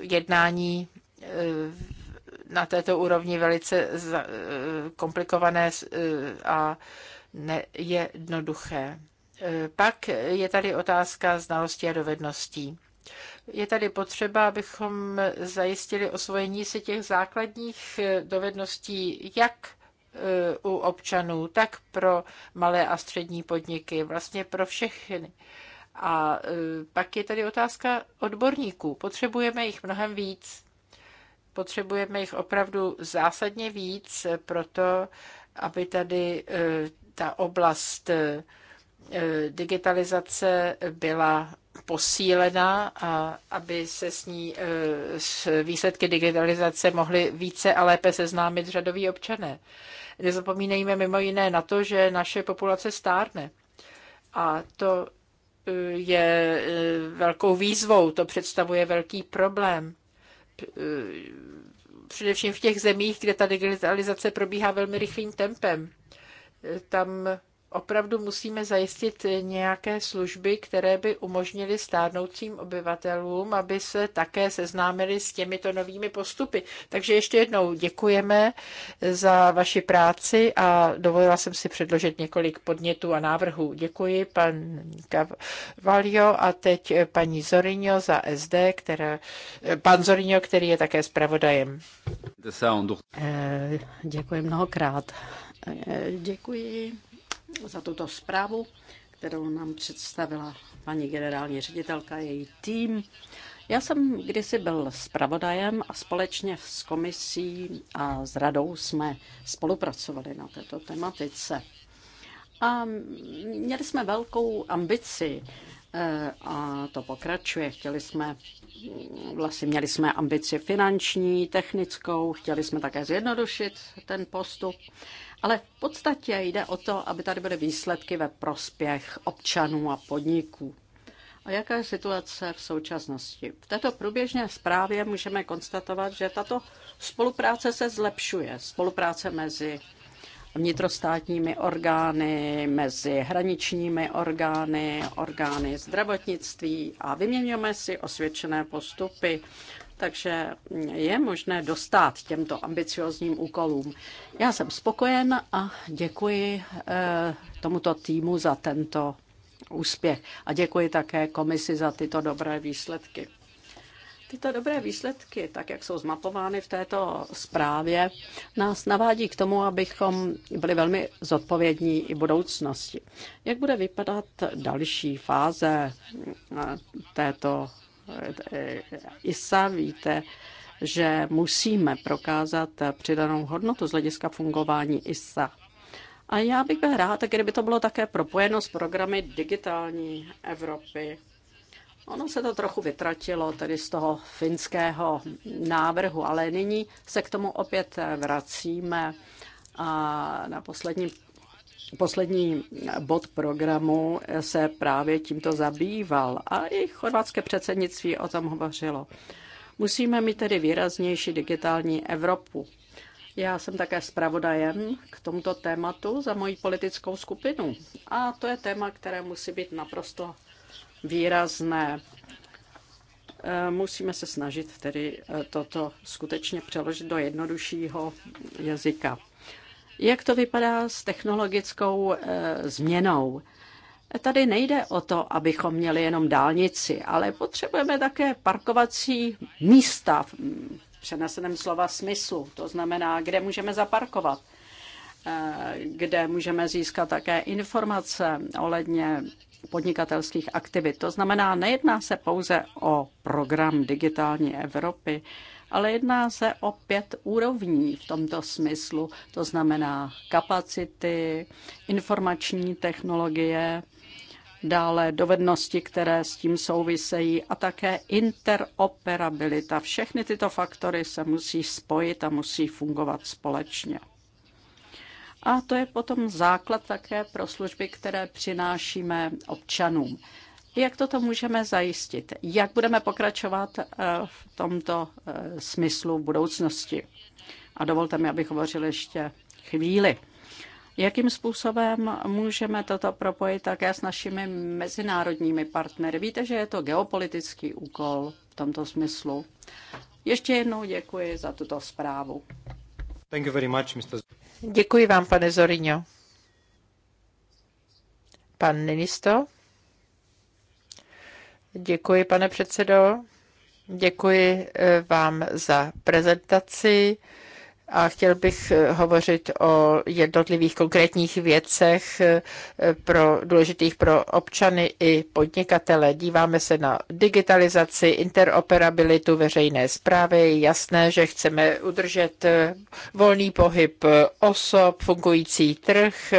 jednání na této úrovni velice komplikované a nejednoduché. Pak je tady otázka znalostí a dovedností. Je tady potřeba, abychom zajistili osvojení si těch základních dovedností, jak u občanů, tak pro malé a střední podniky, vlastně pro všechny. A e, pak je tady otázka odborníků. Potřebujeme jich mnohem víc. Potřebujeme jich opravdu zásadně víc, proto aby tady e, ta oblast e, digitalizace byla posílena a aby se s ní s výsledky digitalizace mohly více a lépe seznámit řadoví občané. Nezapomínejme mimo jiné na to, že naše populace stárne. A to e, je e, velkou výzvou, to představuje velký problém. E, především v těch zemích, kde ta digitalizace probíhá velmi rychlým tempem. Tam opravdu musíme zajistit nějaké služby, které by umožnily stárnoucím obyvatelům, aby se také seznámili s těmito novými postupy. Takže ještě jednou děkujeme za vaši práci a dovolila jsem si předložit několik podnětů a návrhů. Děkuji pan Cavalio a teď paní Zorinio za SD, která, pan Zorinio, který je také zpravodajem. Eh, děkuji mnohokrát. Eh, děkuji za tuto zprávu, kterou nám představila paní generální ředitelka, její tým. Já jsem kdysi byl zpravodajem a společně s komisí a s radou jsme spolupracovali na této tematice. A měli jsme velkou ambici eh, a to pokračuje. Chtěli jsme, vlastně měli jsme ambici finanční, technickou, chtěli jsme také zjednodušit ten postup. Ale v podstatě jde o to, aby tady byly výsledky ve prospěch občanů a podniků. A jaká je situace v současnosti? V této průběžné zprávě můžeme konstatovat, že tato spolupráce se zlepšuje. Spolupráce mezi vnitrostátními orgány, mezi hraničními orgány, orgány zdravotnictví a vyměňujeme si osvědčené postupy takže je možné dostat těmto ambiciozním úkolům. Já jsem spokojen a děkuji eh, tomuto týmu za tento úspěch a děkuji také komisi za tyto dobré výsledky. Tyto dobré výsledky, tak jak jsou zmapovány v této zprávě, nás navádí k tomu, abychom byli velmi zodpovědní i budoucnosti. Jak bude vypadat další fáze eh, této Eh, eh, ISA, víte, že musíme prokázat přidanou hodnotu z hlediska fungování ISA. A já bych byl rád, kdyby to bylo také propojeno s programy digitální Evropy. Ono se to trochu vytratilo tedy z toho finského návrhu, ale nyní se k tomu opět vracíme. A na posledním Poslední bod programu se právě tímto zabýval a i chorvatské předsednictví o tom hovořilo. Musíme mít tedy výraznější digitální Evropu. Já jsem také zpravodajem k tomuto tématu za moji politickou skupinu. A to je téma, které musí být naprosto výrazné. Eh, musíme se snažit tedy eh, toto skutečně přeložit do jednoduššího jazyka. Jak to vypadá s technologickou eh, změnou? Tady nejde o to, abychom měli jenom dálnici, ale potřebujeme také parkovací místa v mm, přeneseném slova smyslu, to znamená, kde můžeme zaparkovat eh, kde můžeme získat také informace ohledně podnikatelských aktivit. To znamená, nejedná se pouze o program digitální Evropy, ale jedná se o pět úrovní v tomto smyslu. To znamená kapacity, informační technologie, dále dovednosti, které s tím souvisejí a také interoperabilita. Všechny tyto faktory se musí spojit a musí fungovat společně. A to je potom základ také pro služby, které přinášíme občanům. Jak toto můžeme zajistit? Jak budeme pokračovat eh, v tomto eh, smyslu v budoucnosti? A dovolte mi, abych hovořil ještě chvíli. Jakým způsobem můžeme toto propojit také s našimi mezinárodními partnery? Víte, že je to geopolitický úkol v tomto smyslu. Ještě jednou děkuji za tuto zprávu. Thank you very much, Mr. Děkuji vám, pane Zorino. Pan Ninisto? Děkuji, pane předsedo. Děkuji eh, vám za prezentaci a chtěl bych eh, hovořit o jednotlivých konkrétních věcech eh, pro, důležitých pro občany i podnikatele. Díváme se na digitalizaci, interoperabilitu veřejné zprávy. Je jasné, že chceme udržet eh, volný pohyb osob, fungující trh,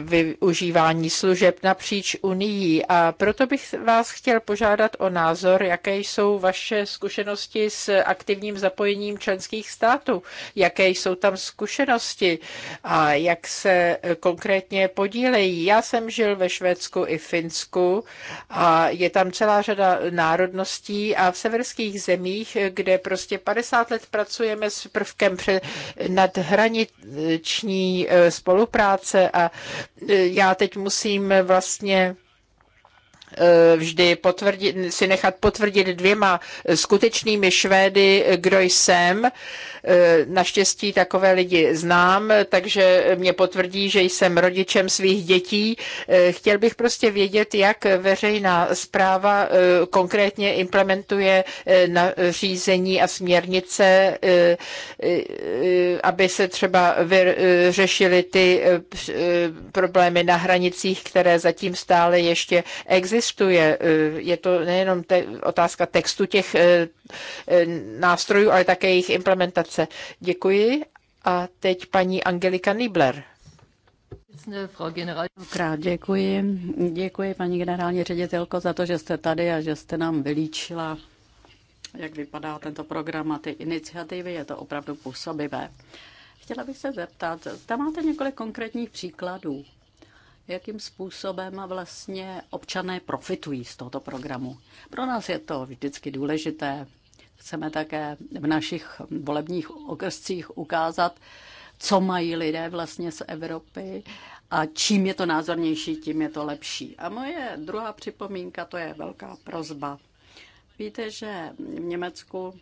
využívání služeb napříč Unii. A proto bych vás chtěl požádat o názor, jaké jsou vaše zkušenosti s aktivním zapojením členských států jaké jsou tam zkušenosti a jak se eh, konkrétně podílejí. Já jsem žil ve Švédsku i Finsku a je tam celá řada národností a v severských zemích, eh, kde prostě 50 let pracujeme s prvkem nadhraniční eh, spolupráce a já teď musím vlastně Eh, vždy potvrdit, si nechat potvrdit dvěma skutečnými Švédy, kdo jsem. Eh, naštěstí takové lidi znám, takže mě potvrdí, že jsem rodičem svých dětí. Eh, chtěl bych prostě vědět, jak veřejná zpráva konkrétně implementuje nařízení a směrnice, aby se třeba vyřešily ty problémy na hranicích, které zatím stále ještě existují existuje. Eh, je to nejenom te- otázka textu těch eh, eh, nástrojů, ale také jejich implementace. Děkuji. A teď paní Angelika Nibler. Krát děkuji. Děkuji, paní generální ředitelko, za to, že jste tady a že jste nám vylíčila, jak vypadá tento program a ty iniciativy. Je to opravdu působivé. Chtěla bych se zeptat, tam máte několik konkrétních příkladů jakým způsobem vlastně občané profitují z tohoto programu. Pro nás je to vždycky důležité. Chceme také v našich volebních okrscích ukázat, co mají lidé vlastně z Evropy a čím je to názornější, tím je to lepší. A moje druhá připomínka, to je velká prozba. Víte, že v Německu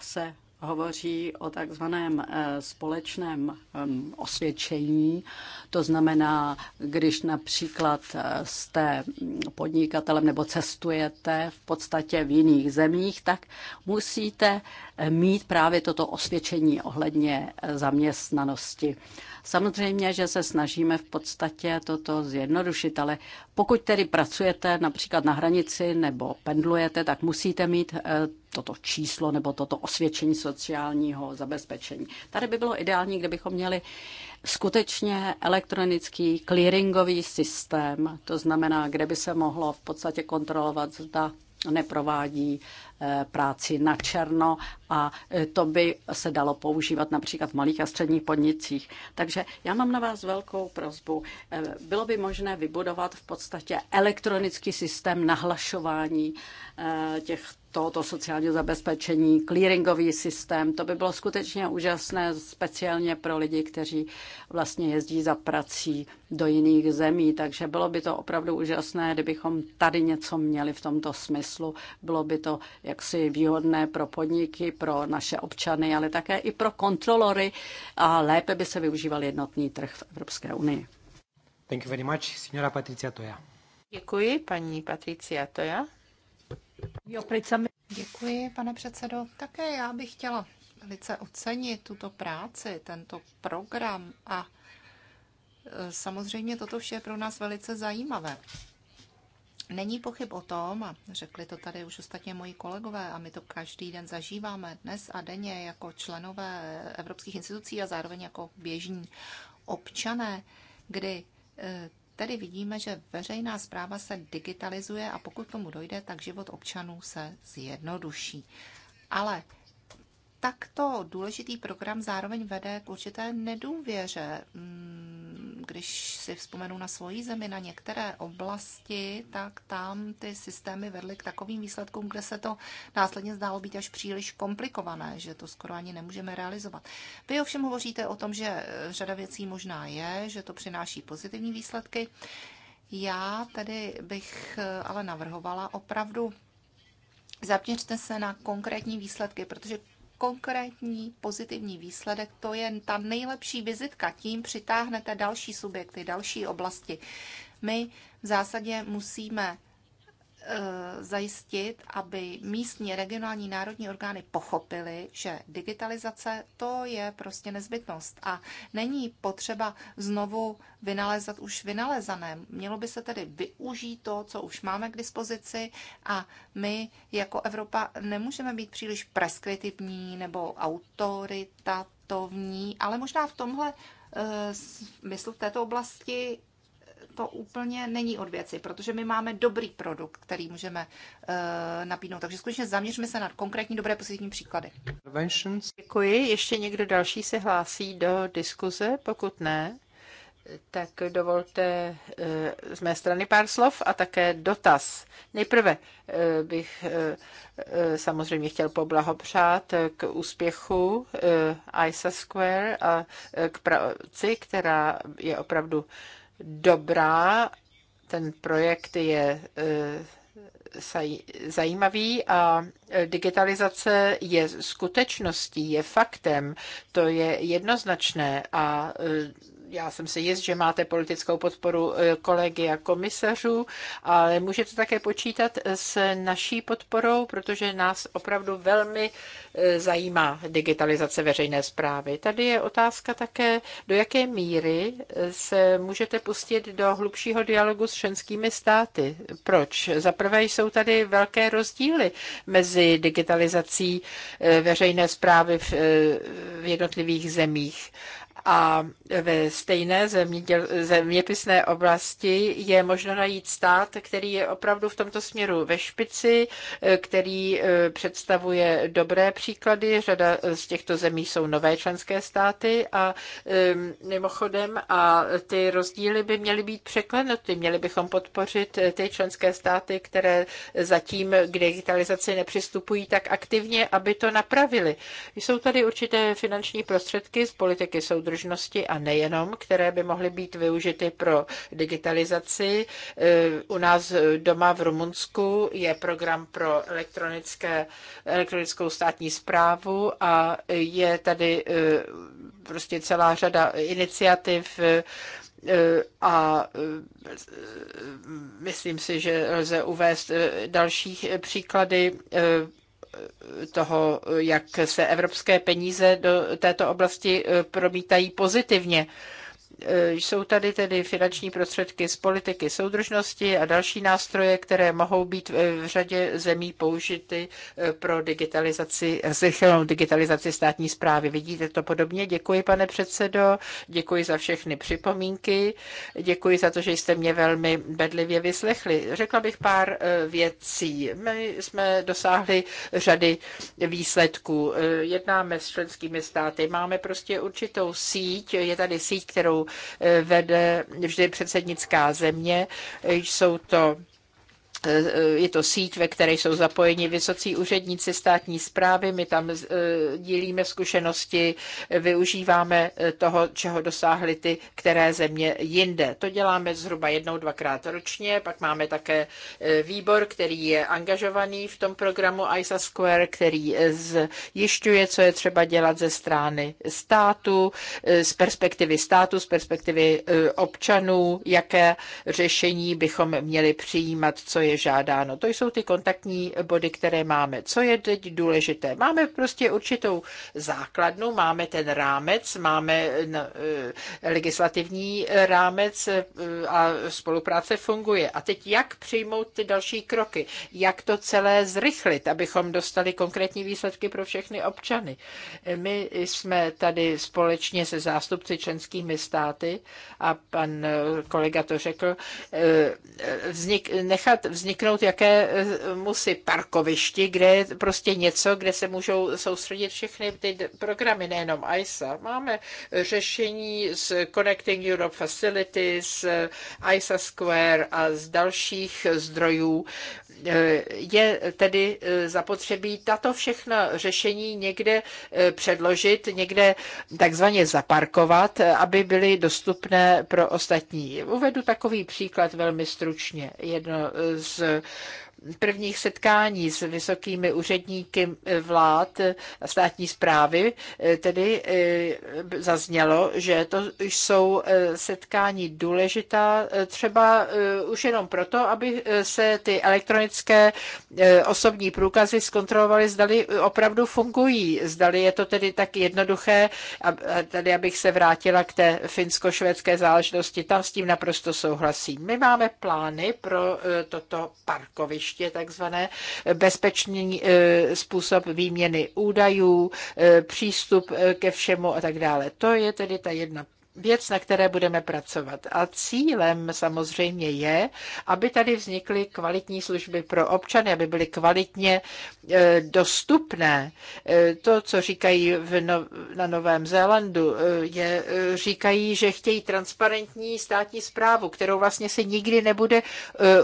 se hovoří o takzvaném eh, společném ehm, osvědčení. To znamená, když například eh, jste podnikatelem nebo cestujete v podstatě v jiných zemích, tak musíte eh, mít právě toto osvědčení ohledně zaměstnanosti. Samozřejmě, že se snažíme v podstatě toto zjednodušit, ale pokud tedy pracujete například na hranici nebo pendlujete, tak musíte mít eh, toto číslo nebo toto osvědčení sociálního zabezpečení. Tady by bylo ideální, kdybychom měli skutečně elektronický clearingový systém, to znamená, kde by se mohlo v podstatě kontrolovat, zda neprovádí eh, práci na černo a eh, to by se dalo používat například v malých a středních podnicích. Takže já mám na vás velkou prozbu. Eh, bylo by možné vybudovat v podstatě elektronický systém nahlašování těch tohoto sociálního zabezpečení, clearingový systém. To by bylo skutečně úžasné, speciálně pro lidi, kteří vlastně jezdí za prací do jiných zemí. Takže bylo by to opravdu úžasné, kdybychom tady něco měli v tomto smyslu. Bylo by to jaksi výhodné pro podniky, pro naše občany, ale také i pro kontrolory a lépe by se využíval jednotný trh v Evropské unii. Thank you very much, signora Patricia Toja. Děkuji, paní Patricia Toja. Děkuji, pane předsedo. Také já bych chtěla velice ocenit tuto práci, tento program a e, samozřejmě toto vše je pro nás velice zajímavé. Není pochyb o tom, a řekli to tady už ostatně moji kolegové, a my to každý den zažíváme dnes a denně jako členové evropských institucí a zároveň jako běžní občané, kdy e, Tady vidíme, že veřejná zpráva se digitalizuje a pokud tomu dojde, tak život občanů se zjednoduší. Ale takto důležitý program zároveň vede k určité nedůvěře. Hmm, když si vzpomenu na svoji zemi, na některé oblasti, tak tam ty systémy vedly k takovým výsledkům, kde se to následně zdálo být až příliš komplikované, že to skoro ani nemůžeme realizovat. Vy ovšem hovoříte o tom, že eh, řada věcí možná je, že to přináší pozitivní výsledky. Já tedy bych eh, ale navrhovala opravdu Zapněřte se na konkrétní výsledky, protože konkrétní pozitivní výsledek, to je ta nejlepší vizitka. Tím přitáhnete další subjekty, další oblasti. My v zásadě musíme Eh, zajistit, aby místní, regionální, národní orgány pochopily, že digitalizace to je prostě nezbytnost a není potřeba znovu vynalézat už vynalezané. Mělo by se tedy využít to, co už máme k dispozici a my jako Evropa nemůžeme být příliš preskriptivní nebo autoritativní, ale možná v tomhle eh, smyslu v této oblasti to úplně není od věci, protože my máme dobrý produkt, který můžeme uh, nabídnout. Takže skutečně zaměřme se na konkrétní dobré pozitivní příklady. Děkuji. Ještě někdo další se hlásí do diskuze? Pokud ne, tak dovolte eh, z mé strany pár slov a také dotaz. Nejprve eh, bych samozřejmě chtěl poblahopřát k úspěchu ISA Square a k práci, která je opravdu dobrá. Ten projekt je e, zajímavý a digitalizace je skutečností, je faktem, to je jednoznačné a e, já jsem si jist, že máte politickou podporu eh, kolegy a komisařů, ale můžete také počítat s naší podporou, protože nás opravdu velmi eh, zajímá digitalizace veřejné zprávy. Tady je otázka také, do jaké míry eh, se můžete pustit do hlubšího dialogu s členskými státy. Proč? Zaprvé jsou tady velké rozdíly mezi digitalizací veřejné zprávy v jednotlivých zemích. A ve stejné zeměděl, zeměpisné oblasti je možno najít stát, který je opravdu v tomto směru ve špici, eh, který eh, představuje dobré příklady. Řada eh, z těchto zemí jsou nové členské státy a mimochodem a ty rozdíly by měly být překlenuty. Měli bychom podpořit ty členské státy, které zatím k digitalizaci nepřistupují tak aktivně, aby to napravili. Jsou tady určité finanční prostředky z politiky soudru soudržnosti a nejenom, které by mohly být využity pro digitalizaci. Eh, u nás doma v Rumunsku je program pro elektronické, elektronickou státní zprávu a je tady eh, prostě celá řada iniciativ, eh, a myslím si, že lze uvést další příklady toho, jak se evropské peníze do této oblasti eh, promítají pozitivně. Eh, jsou tady tedy finanční prostředky z politiky soudržnosti a další nástroje, které mohou být eh, v řadě zemí použity eh, pro digitalizaci, zrychlenou digitalizaci státní zprávy. Vidíte to podobně? Děkuji, pane předsedo, děkuji za všechny připomínky, děkuji za to, že jste mě velmi bedlivě vyslechli. Řekla bych pár věcí. My jsme dosáhli řady výsledků. Jednáme s členskými státy, máme prostě určitou síť, je tady síť, kterou vede vždy předsednická země. Jsou to Eh, je to síť, ve které jsou zapojeni vysocí úředníci státní zprávy. My tam eh, dílíme zkušenosti, využíváme eh, toho, čeho dosáhly ty, které země jinde. To děláme zhruba jednou, dvakrát ročně. Pak máme také výbor, který je angažovaný v tom programu ISA Square, který zjišťuje, co je třeba dělat ze strany státu, z perspektivy státu, z perspektivy občanů, jaké řešení bychom měli přijímat, co je je žádáno. To jsou ty kontaktní body, které máme. Co je teď důležité? Máme prostě určitou základnu, máme ten rámec, máme no, eh, legislativní rámec eh, a spolupráce funguje. A teď jak přijmout ty další kroky? Jak to celé zrychlit, abychom dostali konkrétní výsledky pro všechny občany? My jsme tady společně se zástupci členskými státy a pan kolega to řekl, eh, vznik, nechat vznik vzniknout jaké musí parkovišti, kde je prostě něco, kde se můžou soustředit všechny ty programy, nejenom ISA. Máme řešení z Connecting Europe Facility, z ISA Square a z dalších zdrojů. Eh, je tedy eh, zapotřebí tato všechna řešení někde eh, předložit, někde takzvaně zaparkovat, aby byly dostupné pro ostatní. Uvedu takový příklad velmi stručně. Jedno z s prvních setkání s vysokými úředníky vlád a státní zprávy eh, tedy eh, zaznělo, že to jsou eh, setkání důležitá třeba už jenom proto, aby se ty elektronické osobní průkazy zkontrolovaly, zdali opravdu fungují, zdali je to tedy tak jednoduché. A tady, abych se vrátila k té finsko-švédské záležitosti, tam s tím naprosto souhlasím. My máme plány pro toto parkoviště letiště, takzvané bezpečný e, způsob výměny údajů, e, přístup e, ke všemu a tak dále. To je tedy ta jedna věc, na které budeme pracovat. A cílem samozřejmě je, aby tady vznikly kvalitní služby pro občany, aby byly kvalitně e, dostupné. E, to, co říkají v no, na Novém Zélandu, e, je, říkají, že chtějí transparentní státní zprávu, kterou vlastně se nikdy nebude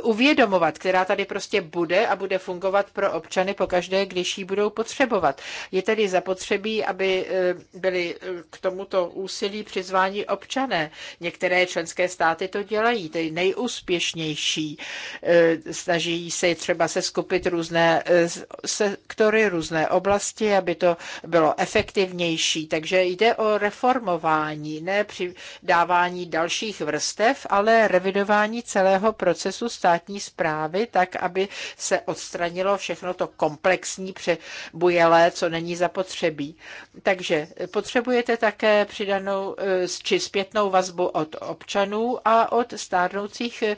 uvědomovat, která tady prostě bude a bude fungovat pro občany pokaždé, když ji budou potřebovat. Je tedy zapotřebí, aby byli k tomuto úsilí přizvání ani občané. Některé členské státy to dělají, ty nejúspěšnější. Eh, snaží se třeba se skupit různé eh, sektory, různé oblasti, aby to bylo efektivnější. Takže jde o reformování, ne přidávání dalších vrstev, ale revidování celého procesu státní zprávy, tak, aby se odstranilo všechno to komplexní přebujelé, co není zapotřebí. Takže potřebujete také přidanou eh, či zpětnou vazbu od občanů a od stárnoucích eh,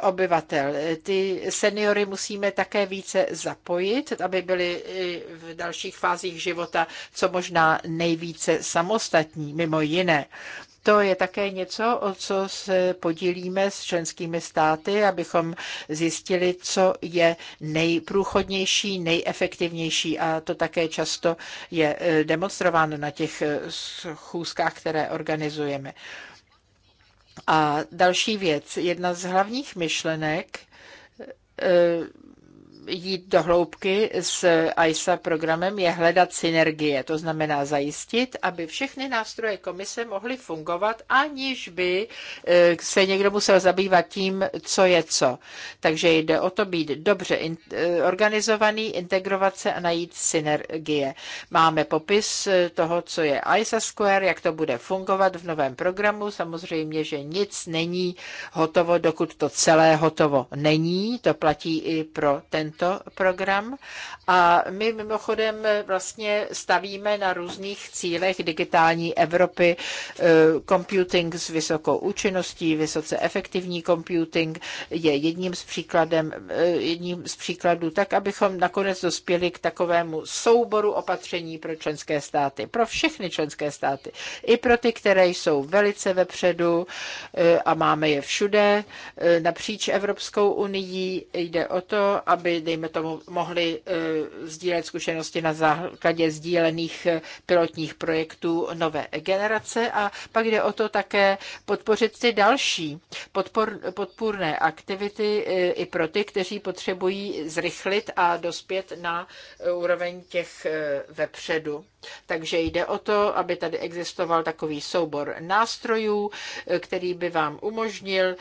obyvatel. Ty seniory musíme také více zapojit, aby byli v dalších fázích života co možná nejvíce samostatní, mimo jiné. To je také něco, o co se podílíme s členskými státy, abychom zjistili, co je nejprůchodnější, nejefektivnější a to také často je eh, demonstrováno na těch eh, schůzkách, které organizujeme. A další věc, jedna z hlavních myšlenek eh, jít do hloubky s ISA programem je hledat synergie. To znamená zajistit, aby všechny nástroje komise mohly fungovat, aniž by eh, se někdo musel zabývat tím, co je co. Takže jde o to být dobře eh, organizovaný, integrovat se a najít synergie. Máme popis eh, toho, co je ISA Square, jak to bude fungovat v novém programu. Samozřejmě, že nic není hotovo, dokud to celé hotovo není. To platí i pro ten tento program. A my mimochodem vlastně stavíme na různých cílech digitální Evropy, eh, computing s vysokou účinností, vysoce efektivní computing je jedním z, příkladem, eh, jedním z příkladů, tak abychom nakonec dospěli k takovému souboru opatření pro členské státy, pro všechny členské státy, i pro ty, které jsou velice vepředu eh, a máme je všude napříč Evropskou unii. Jde o to, aby dejme tomu, mohli eh, sdílet zkušenosti na základě sdílených eh, pilotních projektů nové generace a pak jde o to také podpořit ty další podpor, podpůrné aktivity eh, i pro ty, kteří potřebují zrychlit a dospět na úroveň těch vepředu. Takže jde o to, aby tady existoval takový soubor nástrojů, který by vám umožnil,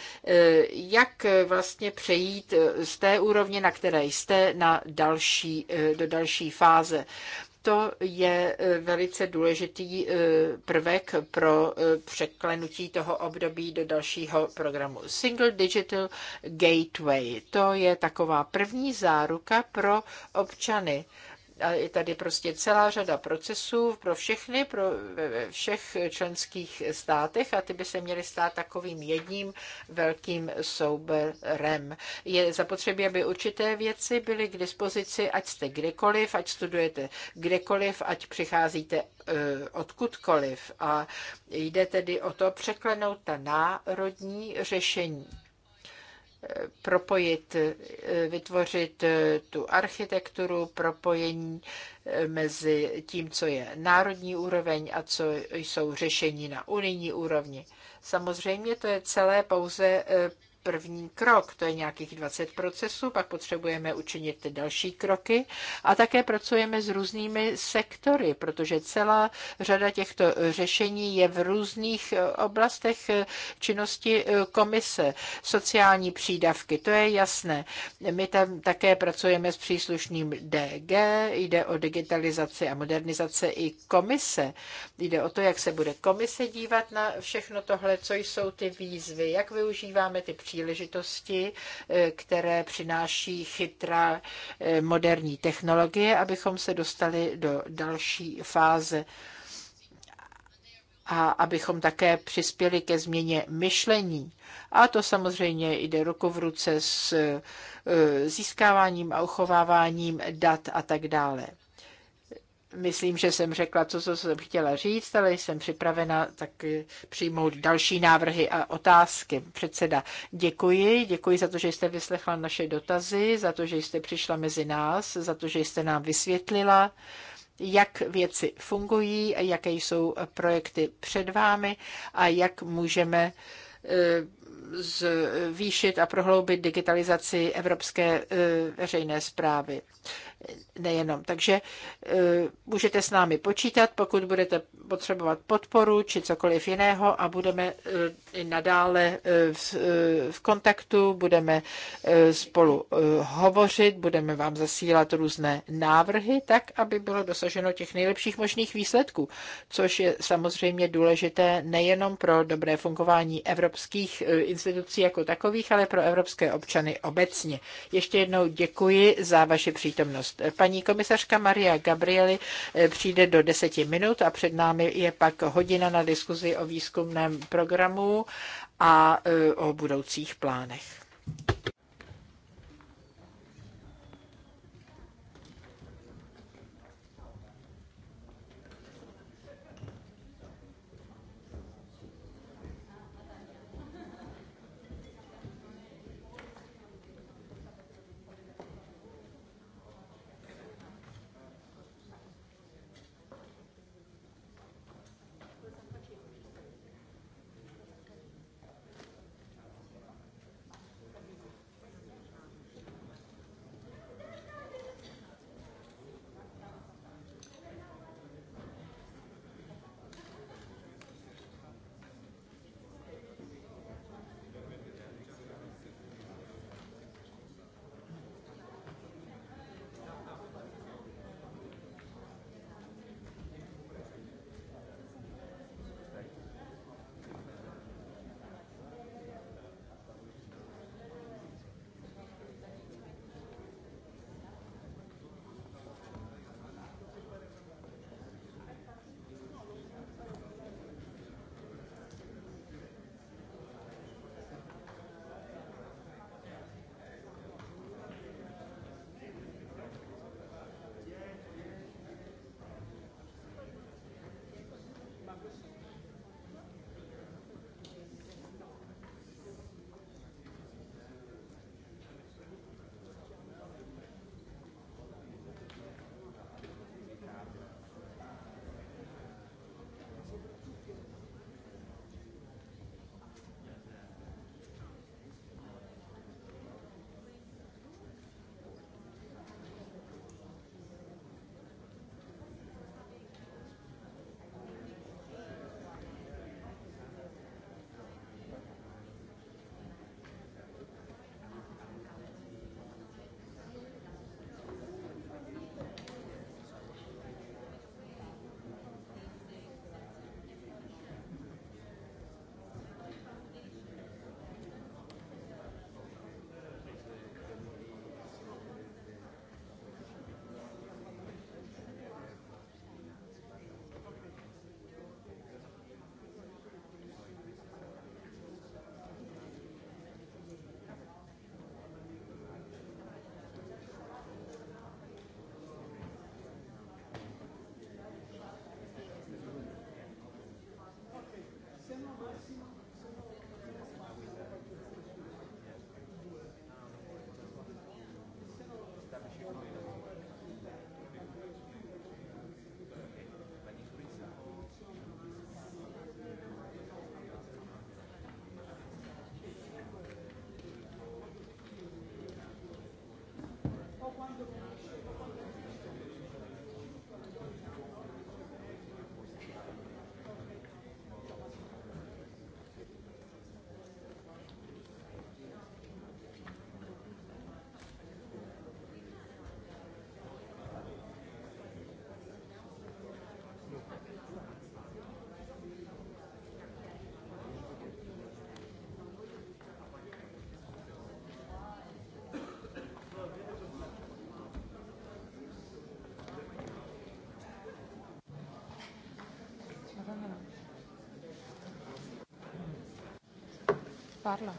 jak vlastně přejít z té úrovně, na které nejste na další, eh, do další fáze to je eh, velice důležitý eh, prvek pro překlenutí toho období do dalšího programu. Single Digital Gateway, to je taková první záruka pro občany a je tady prostě celá řada procesů pro všechny, pro všech členských státech a ty by se měly stát takovým jedním velkým souberem. Je zapotřebí, aby určité věci byly k dispozici, ať jste kdekoliv, ať studujete kdekoliv, ať přicházíte e, odkudkoliv. A jde tedy o to překlenout ta národní řešení propojit, vytvořit tu architekturu propojení eh, mezi tím, co je národní úroveň a co jsou řešení na unijní úrovni. Samozřejmě to je celé pouze eh, první krok, to je nějakých 20 procesů, pak potřebujeme učinit další kroky a také pracujeme s různými sektory, protože celá řada těchto řešení je v různých eh, oblastech eh, činnosti eh, komise. Sociální přídavky, to je jasné. My tam také pracujeme s příslušným DG, jde o digitalizaci a modernizace i komise. Jde o to, jak se bude komise dívat na všechno tohle, co jsou ty výzvy, jak využíváme ty příležitosti, příležitosti, eh, které přináší chytrá eh, moderní technologie, abychom se dostali do další fáze a abychom také přispěli ke změně myšlení. A to samozřejmě jde ruku v ruce s eh, získáváním a uchováváním dat a tak dále. Myslím, že jsem řekla to, co jsem chtěla říct, ale jsem připravena tak přijmout další návrhy a otázky. Předseda, děkuji. Děkuji za to, že jste vyslechla naše dotazy, za to, že jste přišla mezi nás, za to, že jste nám vysvětlila, jak věci fungují, jaké jsou projekty před vámi a jak můžeme eh, zvýšit a prohloubit digitalizaci evropské eh, veřejné zprávy nejenom. Takže e, můžete s námi počítat, pokud budete potřebovat podporu či cokoliv jiného a budeme e, i nadále e, v kontaktu, budeme spolu hovořit, budeme vám zasílat různé návrhy, tak, aby bylo dosaženo těch nejlepších možných výsledků, což je samozřejmě důležité nejenom pro dobré fungování evropských institucí jako takových, ale pro evropské občany obecně. Ještě jednou děkuji za vaši přítomnost. Paní komisařka Maria Gabrieli eh, přijde do deseti minut a před námi je pak hodina na diskuzi o výzkumném programu a eh, o budoucích plánech. parla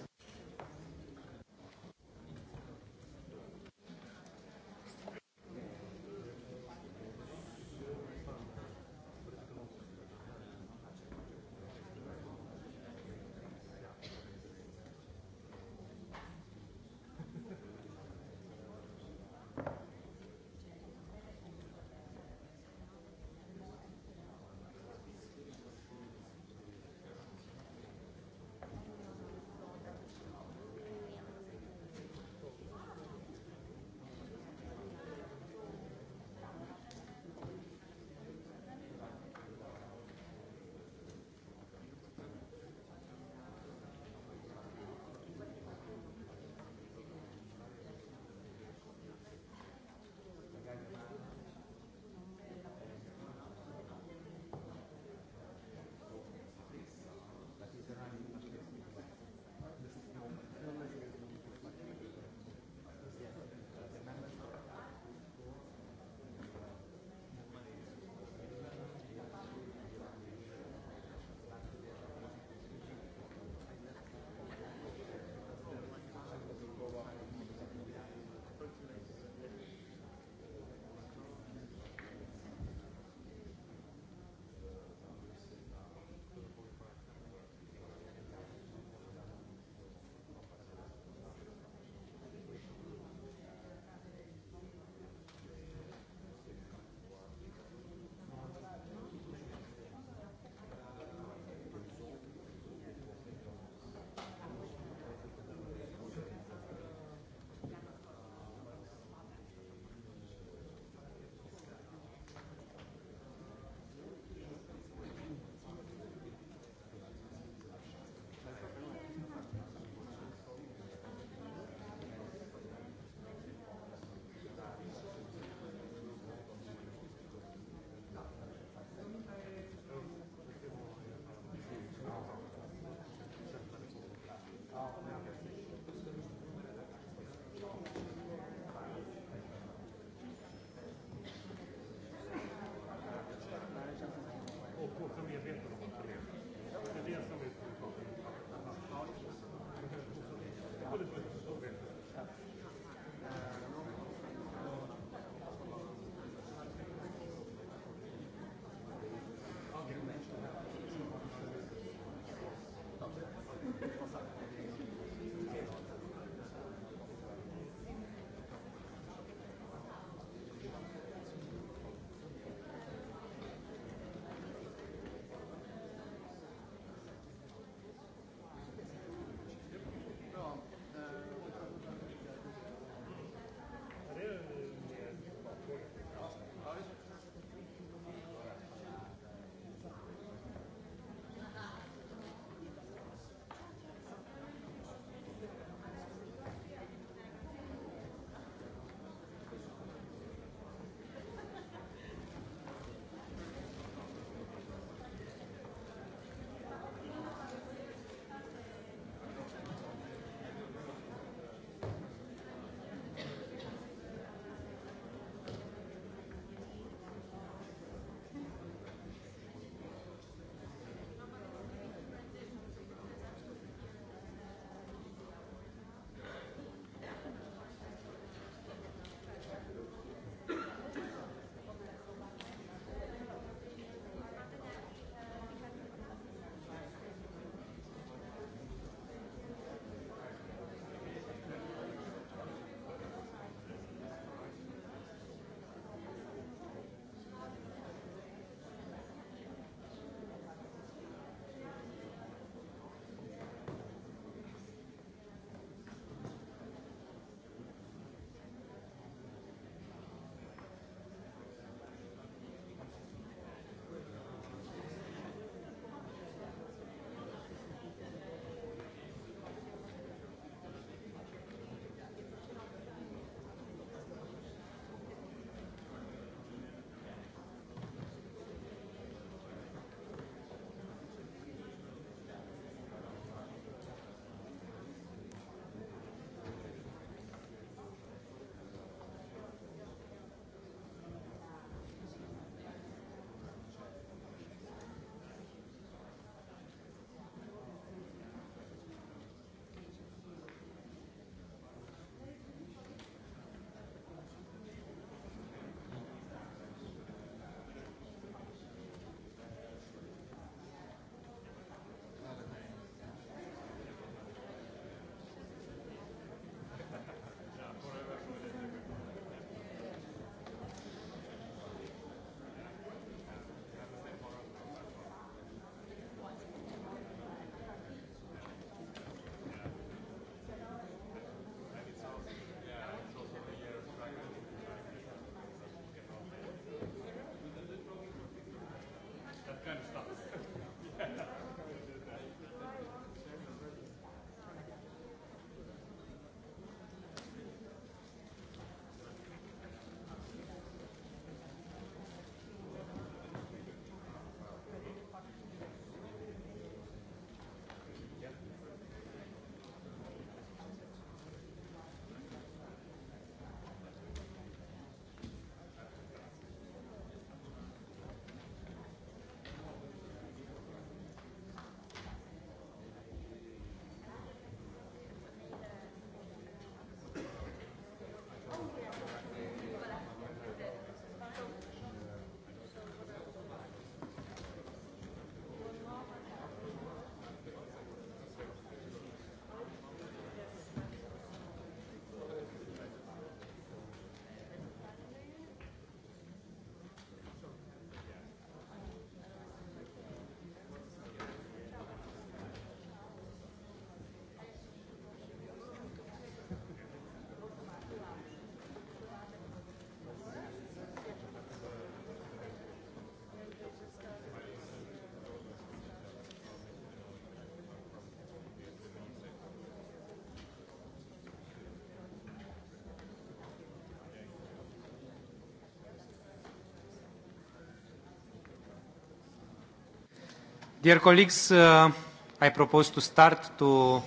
Dear colleagues, uh, I propose to start to...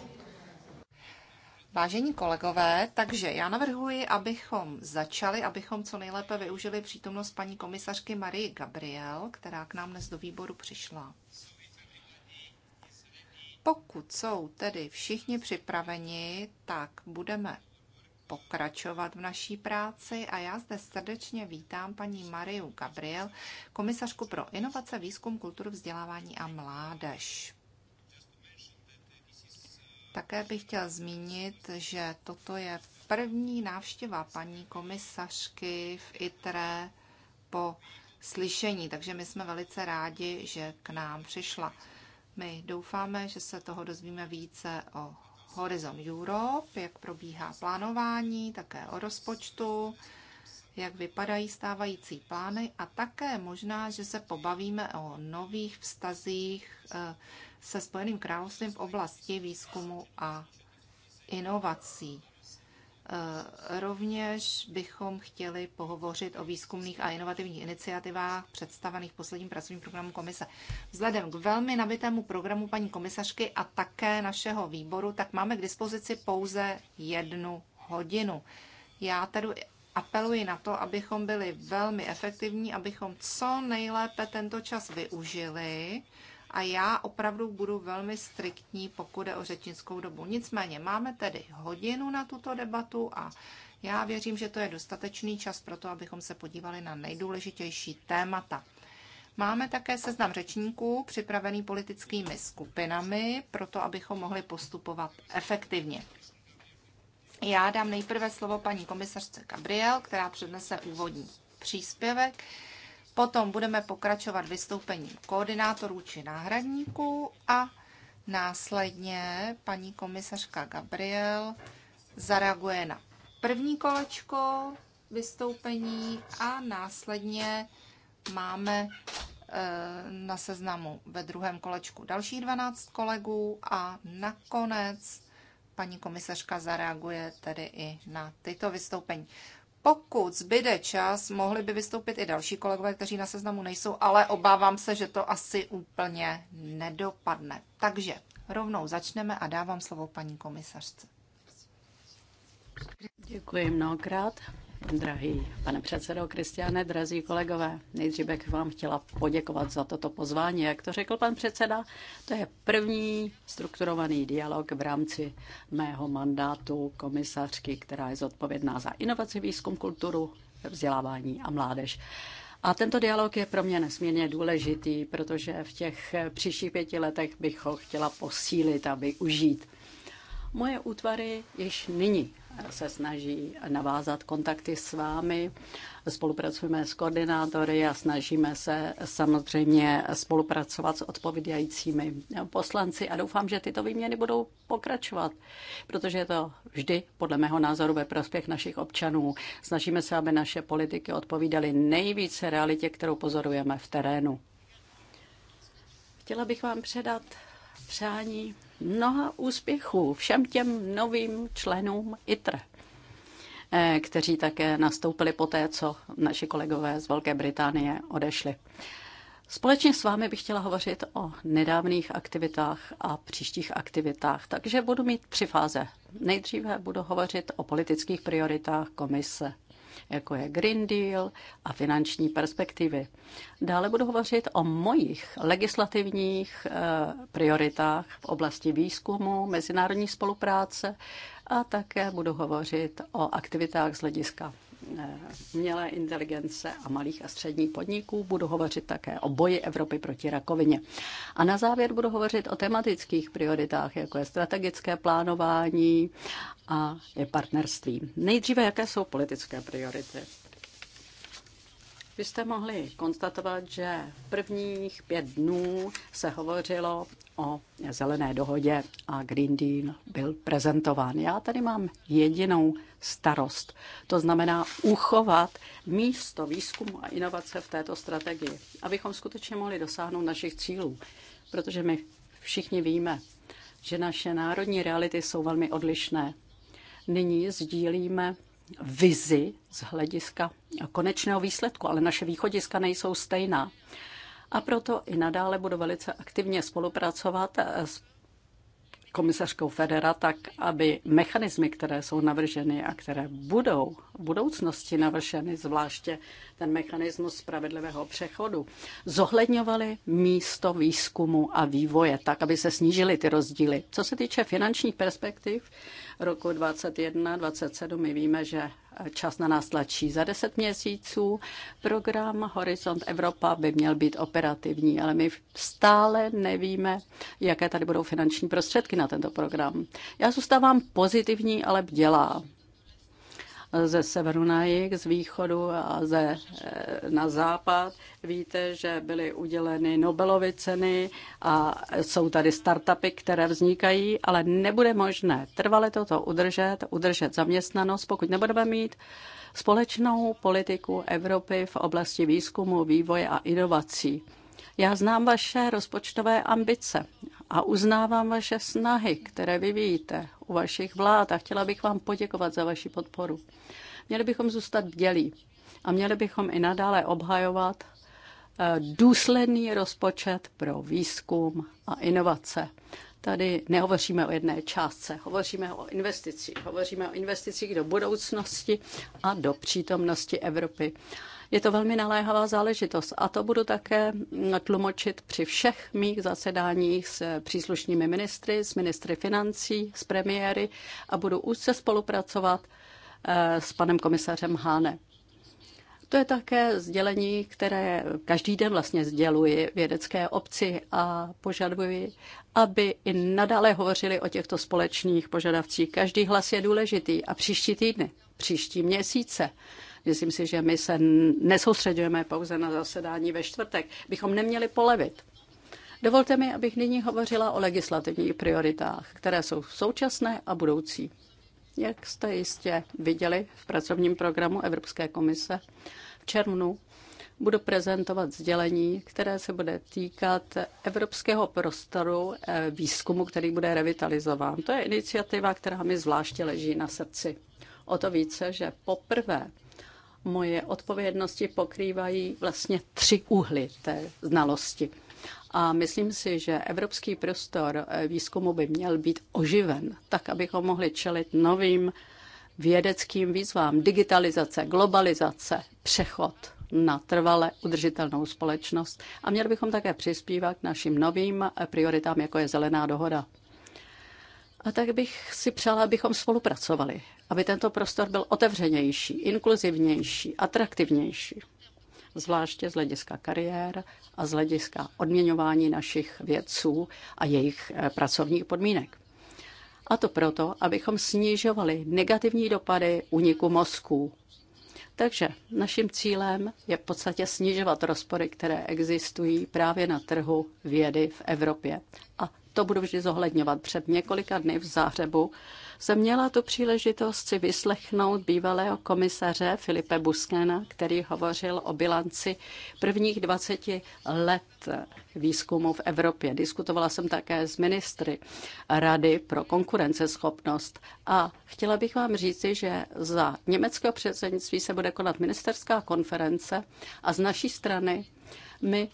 Vážení kolegové, takže já navrhuji, abychom začali, abychom co nejlépe využili přítomnost paní komisařky Marie Gabriel, která k nám dnes do výboru přišla. Pokud jsou tedy všichni připraveni, tak budeme pokračovat v naší práci a já zde srdečně vítám paní Mariu Gabriel, komisařku pro inovace, výzkum, kulturu, vzdělávání a mládež. Také bych chtěl zmínit, že toto je první návštěva paní komisařky v ITRE po slyšení, takže my jsme velice rádi, že k nám přišla. My doufáme, že se toho dozvíme více o Horizon Europe, jak probíhá plánování, také o rozpočtu, jak vypadají stávající plány a také možná, že se pobavíme o nových vztazích eh, se Spojeným královstvím v oblasti výzkumu a inovací. Eh, rovněž bychom chtěli pohovořit o výzkumných a inovativních iniciativách představených v posledním pracovním programu komise. Vzhledem k velmi nabitému programu paní komisařky a také našeho výboru, tak máme k dispozici pouze jednu hodinu. Já tedy apeluji na to, abychom byli velmi efektivní, abychom co nejlépe tento čas využili a já opravdu budu velmi striktní, pokud je o řečnickou dobu. Nicméně máme tedy hodinu na tuto debatu a já věřím, že to je dostatečný čas pro to, abychom se podívali na nejdůležitější témata. Máme také seznam řečníků připravený politickými skupinami, proto abychom mohli postupovat efektivně. Já dám nejprve slovo paní komisařce Gabriel, která přednese úvodní příspěvek. Potom budeme pokračovat vystoupením koordinátorů či náhradníků a následně paní komisařka Gabriel zareaguje na první kolečko vystoupení a následně máme eh, na seznamu ve druhém kolečku dalších 12 kolegů a nakonec paní komisařka zareaguje tedy i na tyto vystoupení. Pokud zbyde čas, mohli by vystoupit i další kolegové, kteří na seznamu nejsou, ale obávám se, že to asi úplně nedopadne. Takže rovnou začneme a dávám slovo paní komisařce. Děkuji mnohokrát. Drahý pane předsedo Kristiane, drazí kolegové, nejdříve bych vám chtěla poděkovat za toto pozvání. Jak to řekl pan předseda, to je první strukturovaný dialog v rámci mého mandátu komisařky, která je zodpovědná za inovaci, výzkum, kulturu, vzdělávání a mládež. A tento dialog je pro mě nesmírně důležitý, protože v těch příštích pěti letech bych ho chtěla posílit a využít. Moje útvary již nyní se snaží navázat kontakty s vámi, spolupracujeme s koordinátory a snažíme se samozřejmě spolupracovat s odpovídajícími poslanci a doufám, že tyto výměny budou pokračovat, protože je to vždy podle mého názoru ve prospěch našich občanů. Snažíme se, aby naše politiky odpovídaly nejvíce realitě, kterou pozorujeme v terénu. Chtěla bych vám předat přání mnoha úspěchů všem těm novým členům ITR, e, eh, kteří také nastoupili po té, co naši kolegové z Velké Británie odešli. Společně s vámi bych chtěla hovořit o nedávných aktivitách a příštích aktivitách, takže budu mít tři fáze. Nejdříve budu hovořit o politických prioritách komise jako je Green Deal a finanční perspektivy. Dále budu hovořit o mojich legislativních eh, prioritách v oblasti výzkumu, mezinárodní spolupráce a také budu hovořit o aktivitách z hlediska umělé eh, inteligence a malých a středních podniků. Budu hovořit také o boji Evropy proti rakovině. A na závěr budu hovořit o tematických prioritách, jako je strategické plánování a je partnerství. Nejdříve, jaké jsou politické priority? Vy jste mohli konstatovat, že prvních pět dnů se hovořilo o zelené dohodě a Green Deal byl prezentován. Já tady mám jedinou starost. To znamená uchovat místo výzkumu a inovace v této strategii, abychom skutečně mohli dosáhnout našich cílů, protože my všichni víme, že naše národní reality jsou velmi odlišné. Nyní sdílíme vizi z hlediska konečného výsledku, ale naše východiska nejsou stejná. A proto i nadále budu velice aktivně spolupracovat s komisařkou Federa, tak aby mechanismy, které jsou navrženy a které budou v budoucnosti navrženy, zvláště ten mechanismus spravedlivého přechodu, zohledňovaly místo výzkumu a vývoje, tak aby se snížily ty rozdíly. Co se týče finančních perspektiv, roku 2021-2027. My víme, že čas na nás tlačí za 10 měsíců. Program Horizont Evropa by měl být operativní, ale my stále nevíme, jaké tady budou finanční prostředky na tento program. Já zůstávám pozitivní, ale bdělá ze severu na jih, z východu a ze, eh, na západ. Víte, že byly uděleny Nobelovy ceny a jsou tady startupy, které vznikají, ale nebude možné trvale toto udržet, udržet zaměstnanost, pokud nebudeme mít společnou politiku Evropy v oblasti výzkumu, vývoje a inovací. Já znám vaše rozpočtové ambice a uznávám vaše snahy, které vyvíjíte u vašich vlád a chtěla bych vám poděkovat za vaši podporu. Měli bychom zůstat bdělí a měli bychom i nadále obhajovat eh, důsledný rozpočet pro výzkum a inovace. Tady nehovoříme o jedné částce, hovoříme o investicích. Hovoříme o investicích do budoucnosti a do přítomnosti Evropy. Je to velmi naléhavá záležitost a to budu také tlumočit při všech mých zasedáních s příslušnými ministry, s ministry financí, s premiéry a budu úzce spolupracovat eh, s panem komisařem Háne. To je také sdělení, které každý den vlastně sděluji vědecké obci a požaduji, aby i nadále hovořili o těchto společných požadavcích. Každý hlas je důležitý a příští týdny, příští měsíce Myslím si, že my se nesoustředujeme pouze na zasedání ve čtvrtek. Bychom neměli polevit. Dovolte mi, abych nyní hovořila o legislativních prioritách, které jsou současné a budoucí. Jak jste jistě viděli v pracovním programu Evropské komise v červnu, budu prezentovat sdělení, které se bude týkat evropského prostoru eh, výzkumu, který bude revitalizován. To je iniciativa, která mi zvláště leží na srdci. O to více, že poprvé moje odpovědnosti pokrývají vlastně tři úhly té znalosti. A myslím si, že evropský prostor eh, výzkumu by měl být oživen, tak abychom mohli čelit novým vědeckým výzvám. Digitalizace, globalizace, přechod na trvale udržitelnou společnost a měli bychom také přispívat k našim novým eh, prioritám, jako je zelená dohoda. A tak bych si přála, abychom spolupracovali aby tento prostor byl otevřenější, inkluzivnější, atraktivnější, zvláště z hlediska kariér a z hlediska odměňování našich vědců a jejich eh, pracovních podmínek. A to proto, abychom snižovali negativní dopady uniku mozků. Takže naším cílem je v podstatě snižovat rozpory, které existují právě na trhu vědy v Evropě a to budu vždy zohledňovat. Před několika dny v Zářebu jsem měla tu příležitost si vyslechnout bývalého komisaře Filipe Buskena, který hovořil o bilanci prvních 20 let výzkumu v Evropě. Diskutovala jsem také s ministry Rady pro konkurenceschopnost a chtěla bych vám říci, že za německého předsednictví se bude konat ministerská konference a z naší strany my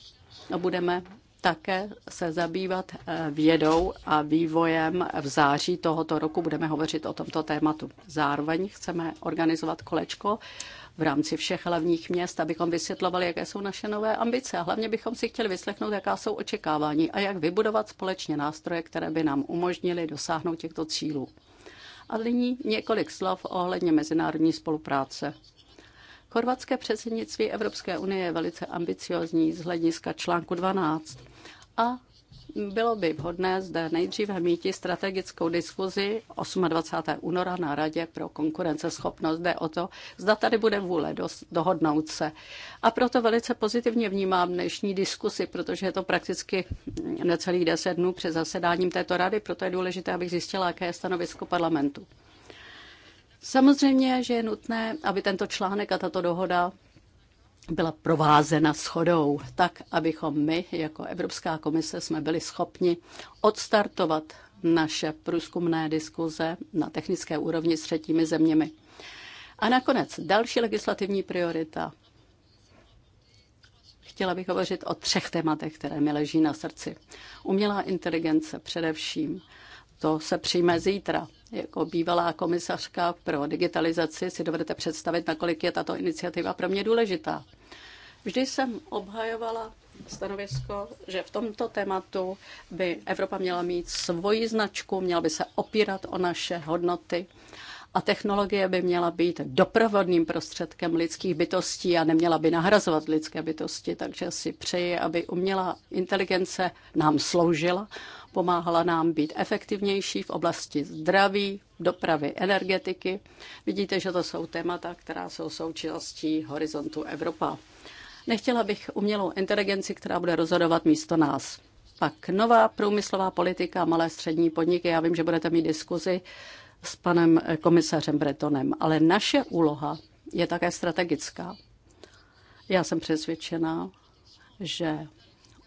budeme také se zabývat eh, vědou a vývojem. V září tohoto roku budeme hovořit o tomto tématu. Zároveň chceme organizovat kolečko v rámci všech hlavních měst, abychom vysvětlovali, jaké jsou naše nové ambice. A hlavně bychom si chtěli vyslechnout, jaká jsou očekávání a jak vybudovat společně nástroje, které by nám umožnily dosáhnout těchto cílů. A nyní několik slov ohledně mezinárodní spolupráce. Chorvatské předsednictví Evropské unie je velice ambiciozní z hlediska článku 12 a bylo by vhodné zde nejdříve mít strategickou diskuzi 28. února na Radě pro konkurenceschopnost. Jde o to, zda tady bude vůle dost, dohodnout se. A proto velice pozitivně vnímám dnešní diskusi, protože je to prakticky necelých 10 dnů před zasedáním této rady, proto je důležité, abych zjistila, jaké je stanovisko parlamentu. Samozřejmě, že je nutné, aby tento článek a tato dohoda byla provázena schodou, tak abychom my jako Evropská komise jsme byli schopni odstartovat naše průzkumné diskuze na technické úrovni s třetími zeměmi. A nakonec další legislativní priorita. Chtěla bych hovořit o třech tématech, které mi leží na srdci. Umělá inteligence především. To se přijme zítra. Jako bývalá komisařka pro digitalizaci si dovedete představit, nakolik je tato iniciativa pro mě důležitá. Vždy jsem obhajovala stanovisko, že v tomto tématu by Evropa měla mít svoji značku, měla by se opírat o naše hodnoty a technologie by měla být doprovodným prostředkem lidských bytostí a neměla by nahrazovat lidské bytosti. Takže si přeji, aby umělá inteligence nám sloužila pomáhala nám být efektivnější v oblasti zdraví, dopravy, energetiky. Vidíte, že to jsou témata, která jsou součástí horizontu Evropa. Nechtěla bych umělou inteligenci, která bude rozhodovat místo nás. Pak nová průmyslová politika, malé střední podniky. Já vím, že budete mít diskuzi s panem komisařem Bretonem, ale naše úloha je také strategická. Já jsem přesvědčená, že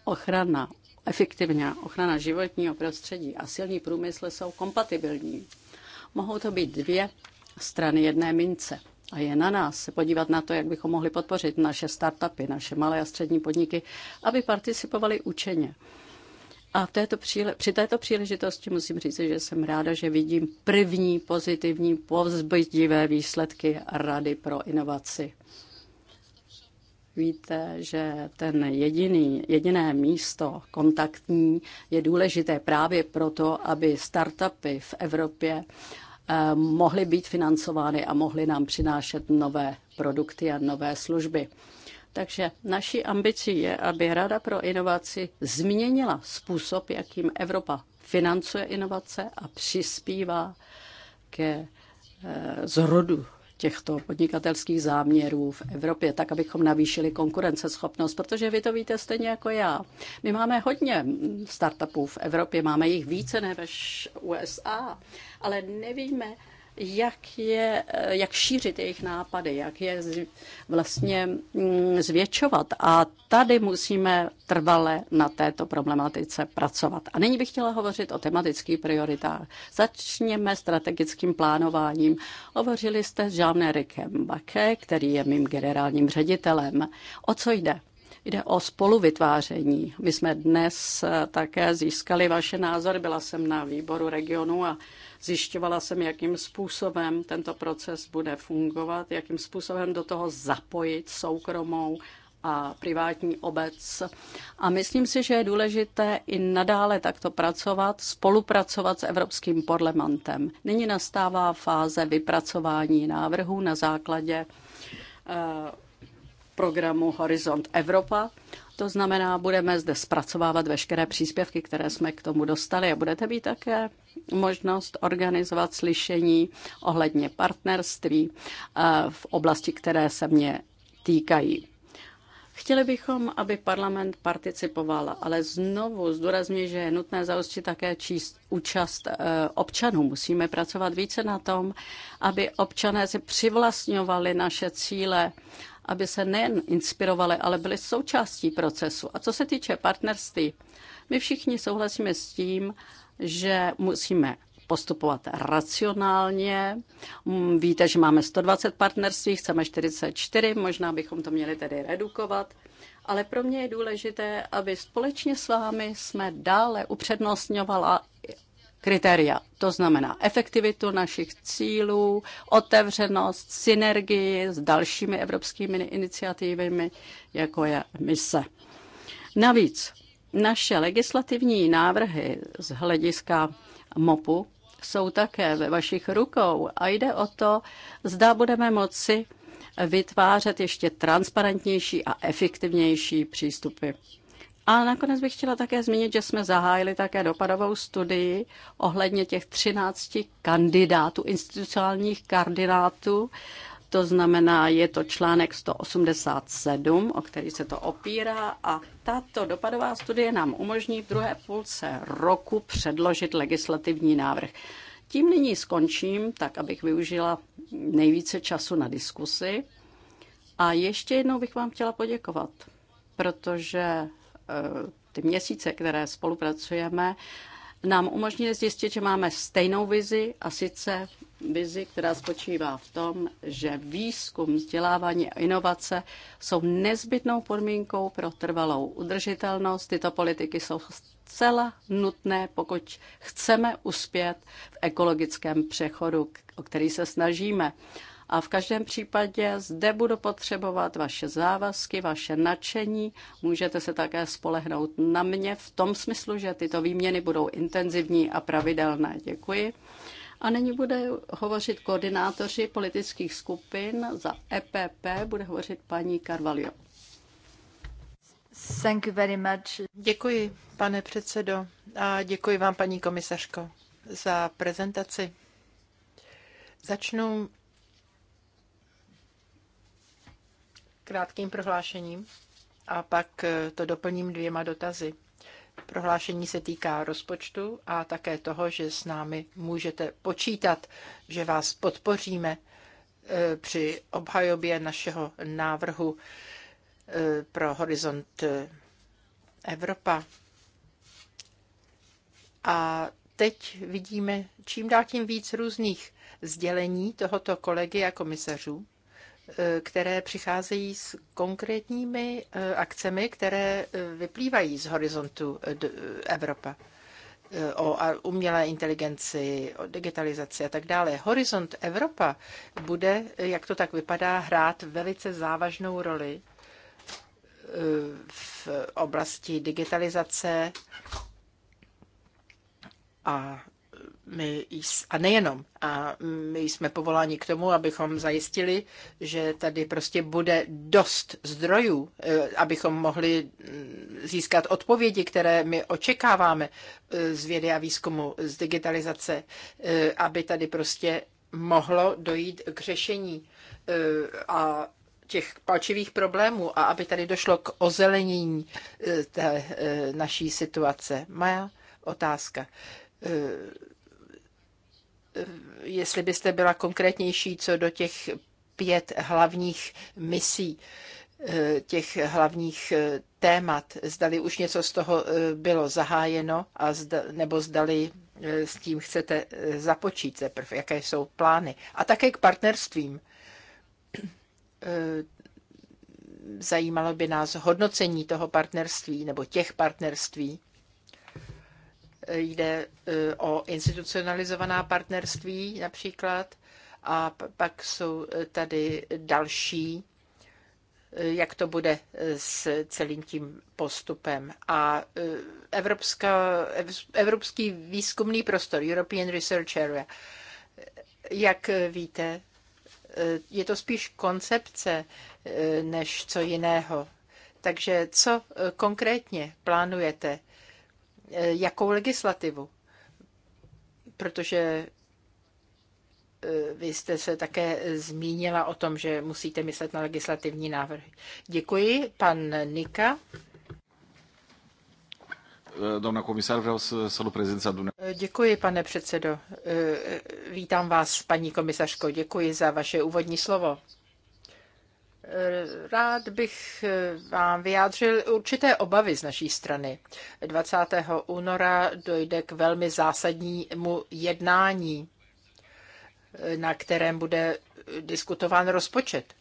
ochrana efektivně ochrana životního prostředí a silný průmysl jsou kompatibilní. Mohou to být dvě strany jedné mince. A je na nás se podívat na to, jak bychom mohli podpořit naše startupy, naše malé a střední podniky, aby participovali učeně. A v této příle, při této příležitosti musím říct, že jsem ráda, že vidím první pozitivní povzbudivé výsledky Rady pro inovaci. Víte, že ten jediný, jediné místo kontaktní je důležité právě proto, aby startupy v Evropě eh, mohly být financovány a mohly nám přinášet nové produkty a nové služby. Takže naší ambicí je, aby Rada pro inovaci změnila způsob, jakým Evropa financuje inovace a přispívá ke eh, zrodu těchto podnikatelských záměrů v Evropě, tak abychom navýšili konkurenceschopnost, protože vy to víte stejně jako já. My máme hodně startupů v Evropě, máme jich více než USA, ale nevíme, jak, je, eh, jak šířit jejich nápady, jak je vlastně mm, zvětšovat. A tady musíme trvale na této problematice pracovat. A nyní bych chtěla hovořit o tematických prioritách. Začněme strategickým plánováním. Hovořili jste s jean éricem Bakke, který je mým generálním ředitelem. O co jde? Jde o spoluvytváření. My jsme dnes eh, také získali vaše názory. Byla jsem na výboru regionu a zjišťovala jsem, jakým způsobem tento proces bude fungovat, jakým způsobem do toho zapojit soukromou a privátní obec. A myslím si, že je důležité i nadále takto pracovat, spolupracovat s Evropským parlamentem. Nyní nastává fáze vypracování návrhů na základě eh, programu Horizont Evropa. To znamená, budeme zde zpracovávat veškeré příspěvky, které jsme k tomu dostali a budete mít také možnost organizovat slyšení ohledně partnerství eh, v oblasti, které se mě týkají. Chtěli bychom, aby parlament participoval, ale znovu zdůrazňuji, že je nutné zaostřit také číst účast eh, občanů. Musíme pracovat více na tom, aby občané si přivlastňovali naše cíle aby se nejen inspirovali, ale byli součástí procesu. A co se týče partnerství, my všichni souhlasíme s tím, že musíme postupovat racionálně. Víte, že máme 120 partnerství, chceme 44, možná bychom to měli tedy redukovat. Ale pro mě je důležité, aby společně s vámi jsme dále upřednostňovala kritéria. To znamená efektivitu našich cílů, otevřenost, synergii s dalšími evropskými iniciativami, jako je mise. Navíc naše legislativní návrhy z hlediska MOPu jsou také ve vašich rukou a jde o to, zda budeme moci vytvářet ještě transparentnější a efektivnější přístupy. Ale nakonec bych chtěla také zmínit, že jsme zahájili také dopadovou studii ohledně těch 13 kandidátů, institucionálních kandidátů. To znamená, je to článek 187, o který se to opírá a tato dopadová studie nám umožní v druhé půlce roku předložit legislativní návrh. Tím nyní skončím, tak abych využila nejvíce času na diskusi. A ještě jednou bych vám chtěla poděkovat, protože Eh, ty měsíce, které spolupracujeme, nám umožnili zjistit, že máme stejnou vizi a sice vizi, která spočívá v tom, že výzkum, vzdělávání a inovace jsou nezbytnou podmínkou pro trvalou udržitelnost. Tyto politiky jsou zcela nutné, pokud chceme uspět v ekologickém přechodu, o který se snažíme. A v každém případě zde budu potřebovat vaše závazky, vaše nadšení. Můžete se také spolehnout na mě v tom smyslu, že tyto výměny budou intenzivní a pravidelné. Děkuji. A nyní bude hovořit koordinátoři politických skupin za EPP, bude hovořit paní Carvalho. Thank you very much. Děkuji, pane předsedo, a děkuji vám, paní komisařko, za prezentaci. Začnu krátkým prohlášením a pak e, to doplním dvěma dotazy. Prohlášení se týká rozpočtu a také toho, že s námi můžete počítat, že vás podpoříme e, při obhajobě našeho návrhu e, pro Horizont Evropa. A teď vidíme čím dál tím víc různých sdělení tohoto kolegy a komisařů. Eh, které přicházejí s konkrétními eh, akcemi, které eh, vyplývají z horizontu Evropa o umělé inteligenci, o digitalizaci a tak dále. Horizont Evropa bude, jak to tak vypadá, hrát velice závažnou roli v oblasti digitalizace a my, a nejenom, a my jsme povoláni k tomu, abychom zajistili, že tady prostě bude dost zdrojů, e, abychom mohli mm, získat odpovědi, které my očekáváme e, z vědy a výzkumu, z digitalizace, e, aby tady prostě mohlo dojít k řešení a těch palčivých problémů a aby tady došlo k ozelenění té naší situace. Moja otázka. Eh, jestli byste byla konkrétnější co do těch pět hlavních misí, eh, těch hlavních eh, témat, zdali už něco z toho bylo zahájeno, a zda, nebo zdali s tím chcete započít teprve, jaké jsou plány. A také k partnerstvím. Zajímalo by nás hodnocení toho partnerství nebo těch partnerství. Jde e, o institucionalizovaná partnerství například a pak jsou e, tady další e, jak to bude s celým tím postupem. A Evropská, Evropský výzkumný prostor, European Research Area, jak víte, je to spíš koncepce než co jiného. Takže co konkrétně plánujete? E, jakou legislativu. Protože e, vy jste se také zmínila o tom, že musíte myslet na legislativní návrhy. Děkuji. Pan Nika. E, Dona komisar, Děkuji, pane předsedo. Vítám vás, paní komisařko. Děkuji za vaše úvodní slovo. Rád bych eh, vám vyjádřil určité obavy z naší strany. 20. února dojde k velmi zásadnímu jednání, eh, na kterém bude diskutován rozpočet.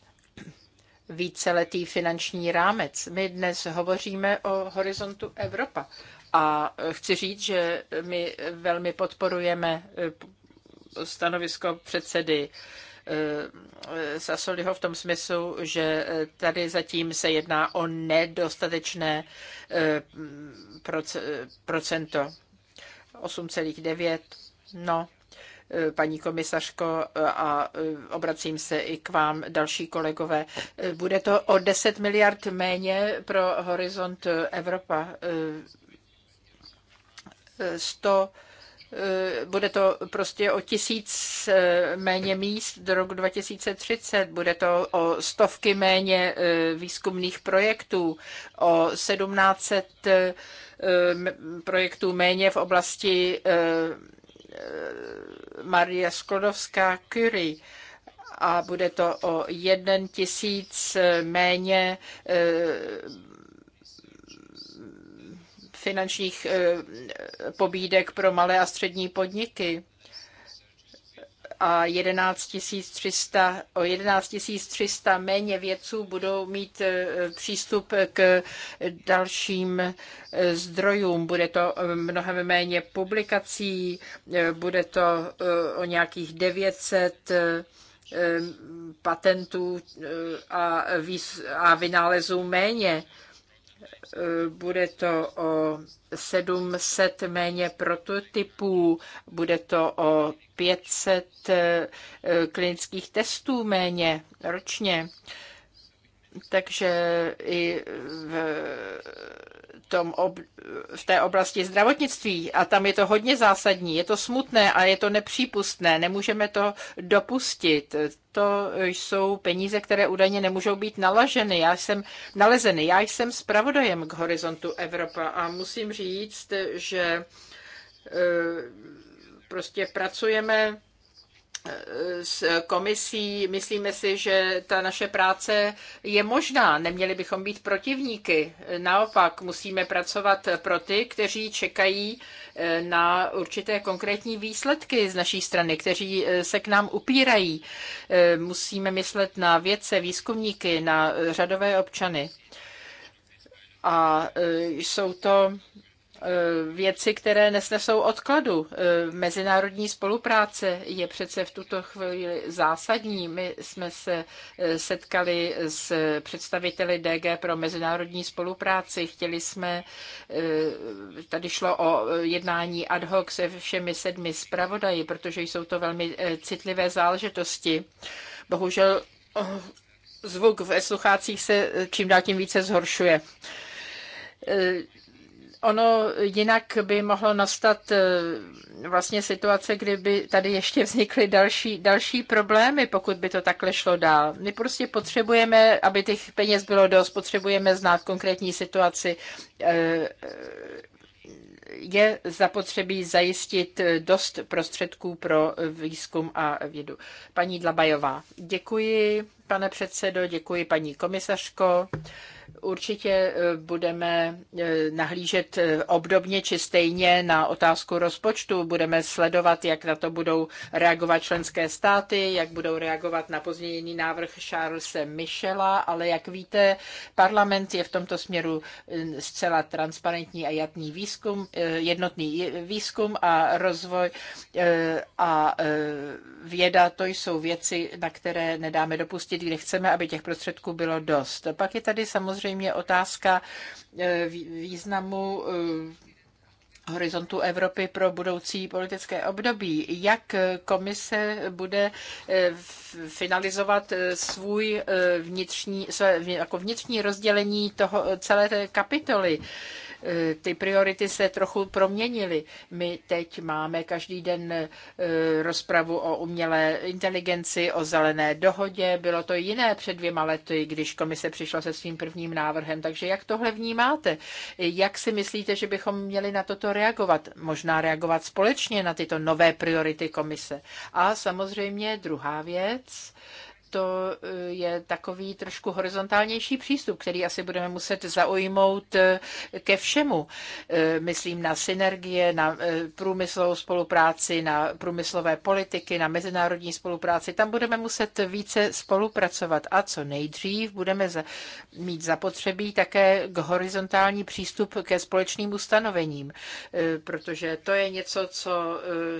Víceletý finanční rámec. My dnes hovoříme o horizontu Evropa. A eh, chci říct, že my velmi podporujeme stanovisko předsedy Eh, eh, Sasoliho v tom smyslu, že eh, tady zatím se jedná o nedostatečné procento 8,9. No, paní komisařko, a obracím se i k vám, další kolegové. Bude to o 10 miliard méně pro Horizont Evropa. 100 Eh, bude to prostě o tisíc eh, méně míst do roku 2030, bude to o stovky méně eh, výzkumných projektů, o 1700 projektů méně v oblasti Maria Sklodovská Curie a bude to o jeden tisíc méně finančních eh, pobídek pro malé a střední podniky a 11 300, o 11 300 méně vědců budou mít eh, přístup k dalším eh, zdrojům. Bude to mnohem méně publikací, bude to o nějakých 900 patentů a, a vynálezů méně bude to o 700 méně prototypů, bude to o 500 eh, klinických testů méně ročně takže i v, tom ob, v té oblasti zdravotnictví a tam je to hodně zásadní. Je to smutné a je to nepřípustné. Nemůžeme to dopustit. To jsou peníze, které údajně nemůžou být nalaženy. Já jsem nalezeny. Já jsem zpravodajem k Horizontu Evropa a musím říct, že eh, prostě pracujeme s komisí. Myslíme si, že ta naše práce je možná. Neměli bychom být protivníky. Naopak musíme pracovat pro ty, kteří čekají eh, na určité konkrétní výsledky z naší strany, kteří eh, se k nám upírají. Eh, musíme myslet na vědce, výzkumníky, na řadové občany. A jsou to Eh, věci, které nesnesou odkladu. Eh, mezinárodní spolupráce je přece v tuto chvíli zásadní. My jsme se eh, setkali s představiteli DG pro mezinárodní spolupráci. Chtěli jsme, tady šlo o jednání ad hoc se všemi sedmi zpravodaji, protože jsou to velmi citlivé záležitosti. Bohužel zvuk ve sluchácích se čím dál tím více zhoršuje ono jinak by mohlo nastat e, vlastně situace, kdyby tady ještě vznikly další, další problémy, pokud by to takhle šlo dál. My prostě potřebujeme, aby těch peněz bylo dost, potřebujeme znát konkrétní situaci. E, e, je zapotřebí zajistit dost prostředků pro výzkum a vědu. Paní Dlabajová, děkuji, pane předsedo, děkuji, paní komisařko určitě eh, budeme eh, nahlížet eh, obdobně či stejně na otázku rozpočtu. Budeme sledovat, jak na to budou reagovat členské státy, jak budou reagovat na pozměněný návrh Charlesa Michela, ale jak víte, parlament je v tomto směru zcela transparentní a jatný výzkum, jednotný výzkum a rozvoj a věda, to jsou věci, na které nedáme dopustit, kde chceme, aby těch prostředků bylo dost. Pak je tady samozřejmě samozřejmě otázka eh, významu eh, horizontu Evropy pro budoucí politické období. Jak komise bude eh, finalizovat svůj vnitřní, své, jako vnitřní rozdělení toho, celé té kapitoly? Eh, ty priority se trochu proměnily. My teď máme každý den eh, rozpravu o umělé inteligenci, o zelené dohodě. Bylo to jiné před dvěma lety, když komise přišla se svým prvním návrhem. Takže jak tohle vnímáte? Jak si myslíte, že bychom měli na toto reagovat? Možná reagovat společně na tyto nové priority komise. A samozřejmě druhá věc, to eh, je takový trošku horizontálnější přístup, který asi budeme muset zaujmout eh, ke všemu. Eh, myslím na synergie, na průmyslovou spolupráci, na průmyslové politiky, na mezinárodní spolupráci. Tam budeme muset více spolupracovat a co nejdřív budeme mít zapotřebí také k horizontální přístup ke společným ustanovením, protože to je něco, co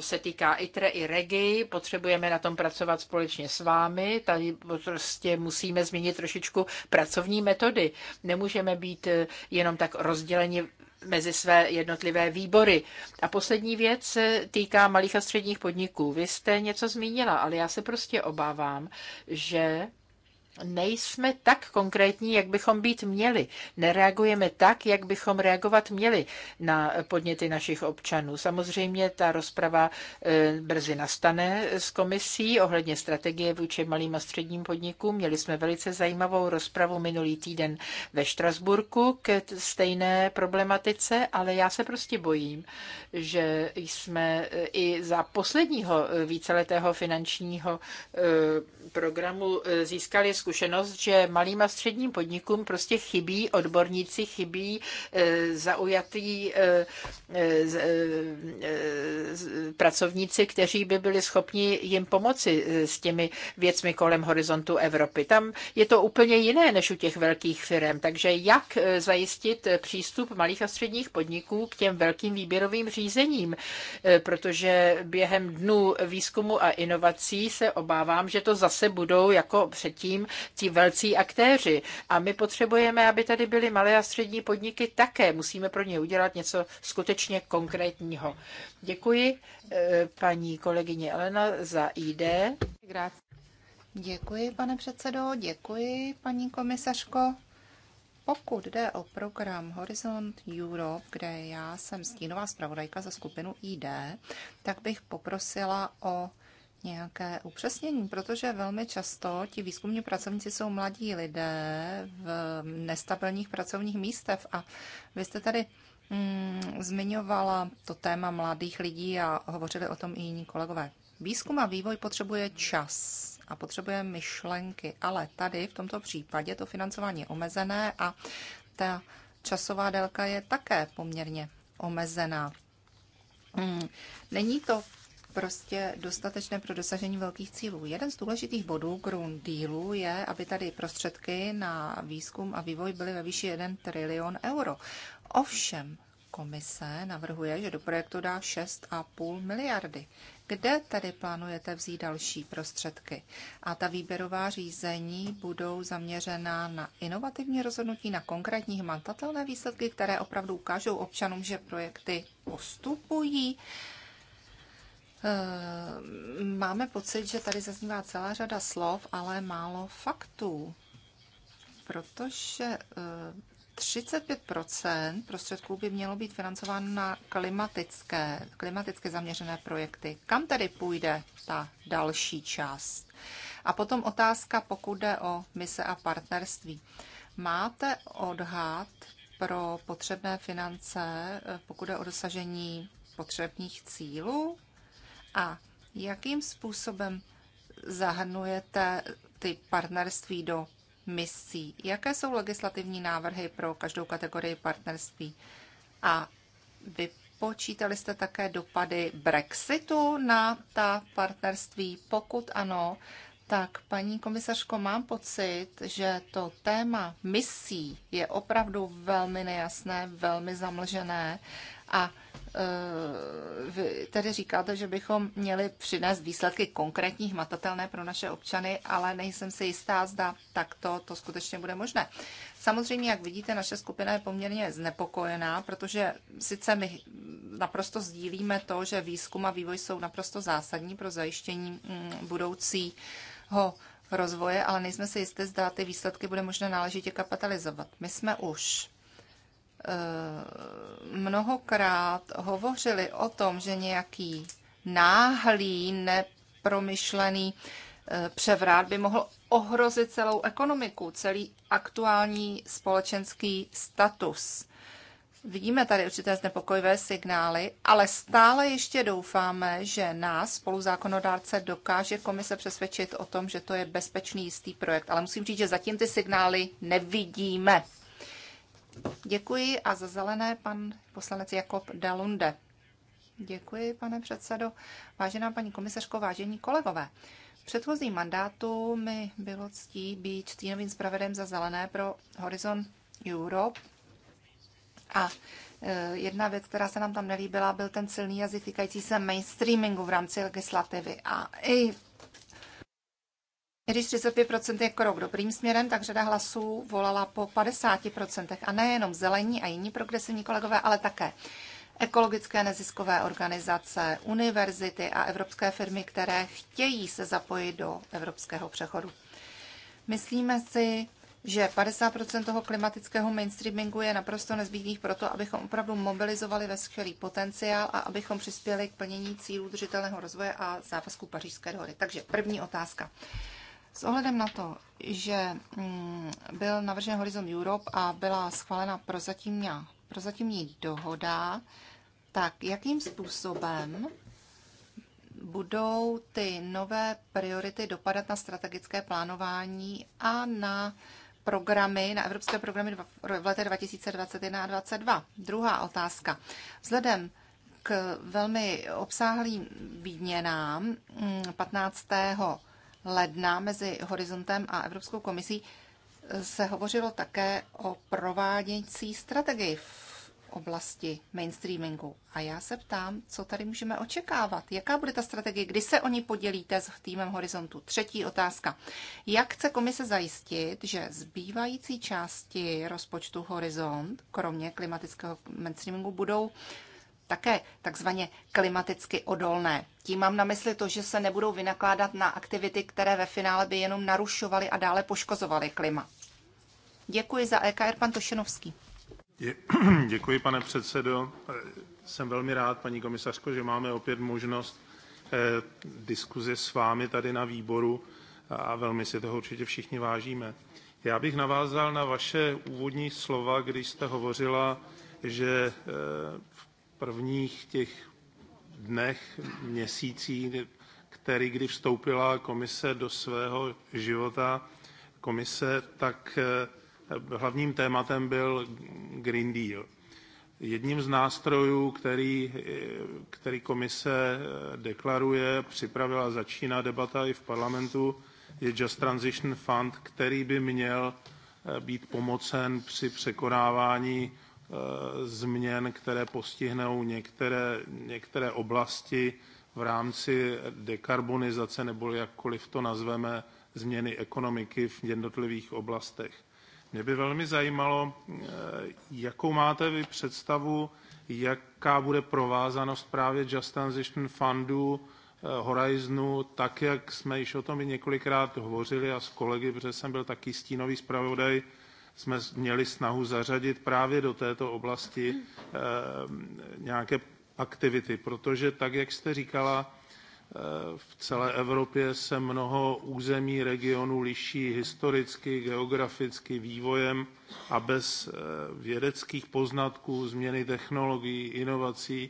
se týká ITRE i REGI. Potřebujeme na tom pracovat společně s vámi. Tady prostě musíme změnit trošičku pracovní metody. Nemůžeme být eh, jenom tak rozděleni mezi své jednotlivé výbory. A poslední věc se týká malých a středních podniků. Vy jste něco zmínila, ale já se prostě obávám, že nejsme tak konkrétní, jak bychom být měli. Nereagujeme tak, jak bychom reagovat měli na podněty našich občanů. Samozřejmě ta rozprava eh, brzy nastane s komisí ohledně strategie vůči malým a středním podnikům. Měli jsme velice zajímavou rozpravu minulý týden ve Štrasburku k stejné problematice, ale já se prostě bojím, že jsme eh, i za posledního eh, víceletého finančního programu získali zkušenost, že malým a středním podnikům prostě chybí odborníci, chybí eh, zaujatý eh, eh, pracovníci, kteří by byli schopni jim pomoci s těmi věcmi kolem horizontu Evropy. Tam je to úplně jiné než u těch velkých firm. Takže jak zajistit přístup malých a středních podniků k těm velkým výběrovým řízením? Protože během dnů výzkumu a inovací se obávám, že to zase budou jako předtím ti velcí aktéři. A my potřebujeme, aby tady byly malé a střední podniky také. Musíme pro ně udělat něco skutečně konkrétního. Děkuji eh, paní kolegyně Elena za ID. Děkuji, pane předsedo, děkuji, paní komisařko. Pokud jde o program Horizont Europe, kde já jsem stínová zpravodajka za skupinu ID, tak bych poprosila o nějaké upřesnění, protože velmi často ti výzkumní pracovníci jsou mladí lidé v nestabilních pracovních místech a vy jste tady mm, zmiňovala to téma mladých lidí a hovořili o tom i jiní kolegové. Výzkum a vývoj potřebuje čas a potřebuje myšlenky, ale tady v tomto případě to financování je omezené a ta časová délka je také poměrně omezená. Mm, není to prostě dostatečné pro dosažení velkých cílů. Jeden z důležitých bodů Green Dealu je, aby tady prostředky na výzkum a vývoj byly ve výši 1 trilion euro. Ovšem, komise navrhuje, že do projektu dá 6,5 miliardy. Kde tedy plánujete vzít další prostředky? A ta výběrová řízení budou zaměřená na inovativní rozhodnutí, na konkrétní hmatatelné výsledky, které opravdu ukážou občanům, že projekty postupují. Eh, máme pocit, že tady zaznívá celá řada slov, ale málo faktů, protože 35 eh, prostředků by mělo být financováno na klimatické, klimaticky zaměřené projekty. Kam tedy půjde ta další část? A potom otázka, pokud jde o mise a partnerství. Máte odhad pro potřebné finance, eh, pokud jde o dosažení potřebných cílů? A jakým způsobem zahrnujete ty partnerství do misí? Jaké jsou legislativní návrhy pro každou kategorii partnerství? A vypočítali jste také dopady Brexitu na ta partnerství? Pokud ano, tak paní komisařko, mám pocit, že to téma misí je opravdu velmi nejasné, velmi zamlžené a e, vy tady říkáte, že bychom měli přinést výsledky konkrétní, hmatatelné pro naše občany, ale nejsem si jistá, zda takto to skutečně bude možné. Samozřejmě, jak vidíte, naše skupina je poměrně znepokojená, protože sice my naprosto sdílíme to, že výzkum a vývoj jsou naprosto zásadní pro zajištění mm, budoucího rozvoje, ale nejsme si jisté, zda ty výsledky bude možné náležitě kapitalizovat. My jsme už Eh, mnohokrát hovořili o tom, že nějaký náhlý, nepromyšlený eh, převrát by mohl ohrozit celou ekonomiku, celý aktuální společenský status. Vidíme tady určité znepokojivé signály, ale stále ještě doufáme, že nás, spoluzákonodárce, dokáže komise přesvědčit o tom, že to je bezpečný jistý projekt. Ale musím říct, že zatím ty signály nevidíme. Děkuji a za zelené pan poslanec Jakob Dalunde. Děkuji, pane předsedo. Vážená paní komisařko, vážení kolegové. V předchozím mandátu mi bylo ctí být stínovým zpravedem za zelené pro Horizon Europe. A e, jedna věc, která se nám tam nelíbila, byl ten silný jazyk týkající se mainstreamingu v rámci legislativy. A i i když 35% je krok dobrým směrem, tak řada hlasů volala po 50% a nejenom zelení a jiní progresivní kolegové, ale také ekologické neziskové organizace, univerzity a evropské firmy, které chtějí se zapojit do evropského přechodu. Myslíme si, že 50% toho klimatického mainstreamingu je naprosto nezbytných pro to, abychom opravdu mobilizovali veškerý potenciál a abychom přispěli k plnění cílů držitelného rozvoje a závazku pařížské dohody. Takže první otázka. S ohledem na to, že mm, byl navržen Horizon Europe a byla schválena prozatímní, prozatímní dohoda, tak jakým způsobem budou ty nové priority dopadat na strategické plánování a na programy, na evropské programy v letech 2021 a 2022? Druhá otázka. Vzhledem k velmi obsáhlým výměnám 15. Mm, ledna mezi Horizontem a Evropskou komisí se hovořilo také o prováděcí strategii v oblasti mainstreamingu. A já se ptám, co tady můžeme očekávat? Jaká bude ta strategie? Kdy se oni podělíte s týmem Horizontu? Třetí otázka. Jak chce komise zajistit, že zbývající části rozpočtu Horizont, kromě klimatického mainstreamingu, budou také takzvaně klimaticky odolné. Tím mám na mysli to, že se nebudou vynakládat na aktivity, které ve finále by jenom narušovaly a dále poškozovaly klima. Děkuji za EKR, pan Tošenovský. Děkuji, pane předsedo. Jsem velmi rád, paní komisařko, že máme opět možnost eh, diskuze s vámi tady na výboru a velmi si toho určitě všichni vážíme. Já bych navázal na vaše úvodní slova, když jste hovořila, že eh, prvních těch dnech, měsících, který, kdy vstoupila komise do svého života, komise, tak eh, hlavním tématem byl Green Deal. Jedním z nástrojů, který, eh, který komise eh, deklaruje, připravila, začíná debata i v parlamentu, je Just Transition Fund, který by měl být pomocen při překonávání Eh, změn, které postihnou některé, některé oblasti v rámci dekarbonizace, nebo jakkoliv to nazveme, změny ekonomiky v jednotlivých oblastech. Mě by velmi zajímalo, eh, jakou máte vy představu, jaká bude provázanost právě Just Transition Fundu eh, Horizonu, tak jak jsme již o tom i několikrát hovořili a s kolegy, protože jsem byl taky stínový zpravodaj jsme měli snahu zařadit právě do této oblasti eh, nějaké aktivity, protože tak, jak jste říkala, eh, v celé Evropě se mnoho území regionů liší historicky, geograficky, vývojem a bez eh, vědeckých poznatků, změny technologií, inovací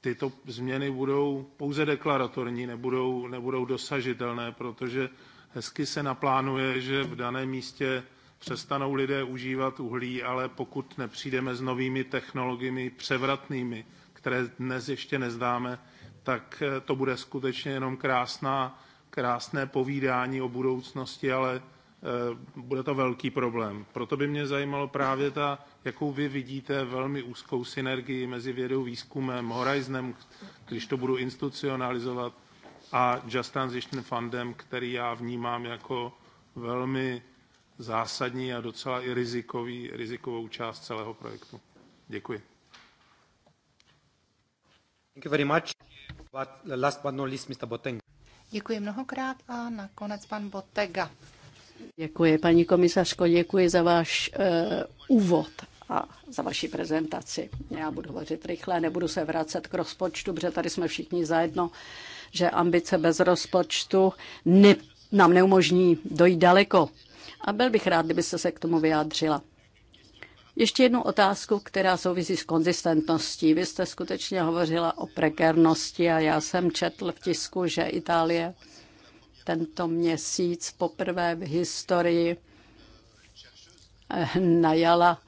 tyto změny budou pouze deklaratorní, nebudou, nebudou dosažitelné, protože hezky se naplánuje, že v daném místě přestanou lidé užívat uhlí, ale pokud nepřijdeme s novými technologiemi převratnými, které dnes ještě neznáme, tak eh, to bude skutečně jenom krásná, krásné povídání o budoucnosti, ale eh, bude to velký problém. Proto by mě zajímalo právě ta, jakou vy vidíte velmi úzkou synergii mezi vědou, výzkumem, Horizonem, když to budu institucionalizovat, a Just Transition Fundem, který já vnímám jako velmi zásadní a docela i rizikový, rizikovou část celého projektu. Děkuji. Thank you very much. But last but not least, Mr. Botenga. Děkuji mnohokrát a nakonec pan Botega. Děkuji, paní komisařko, děkuji za váš uh, úvod a za vaši prezentaci. Já budu hovořit rychle, nebudu se vracet k rozpočtu, protože tady jsme všichni zajedno, že ambice bez rozpočtu ne, nám neumožní dojít daleko a byl bych rád, kdyby se k tomu vyjádřila. Ještě jednu otázku, která souvisí s konzistentností. Vy jste skutečně hovořila o prekernosti a já jsem četl v tisku, že Itálie tento měsíc poprvé v historii eh, najala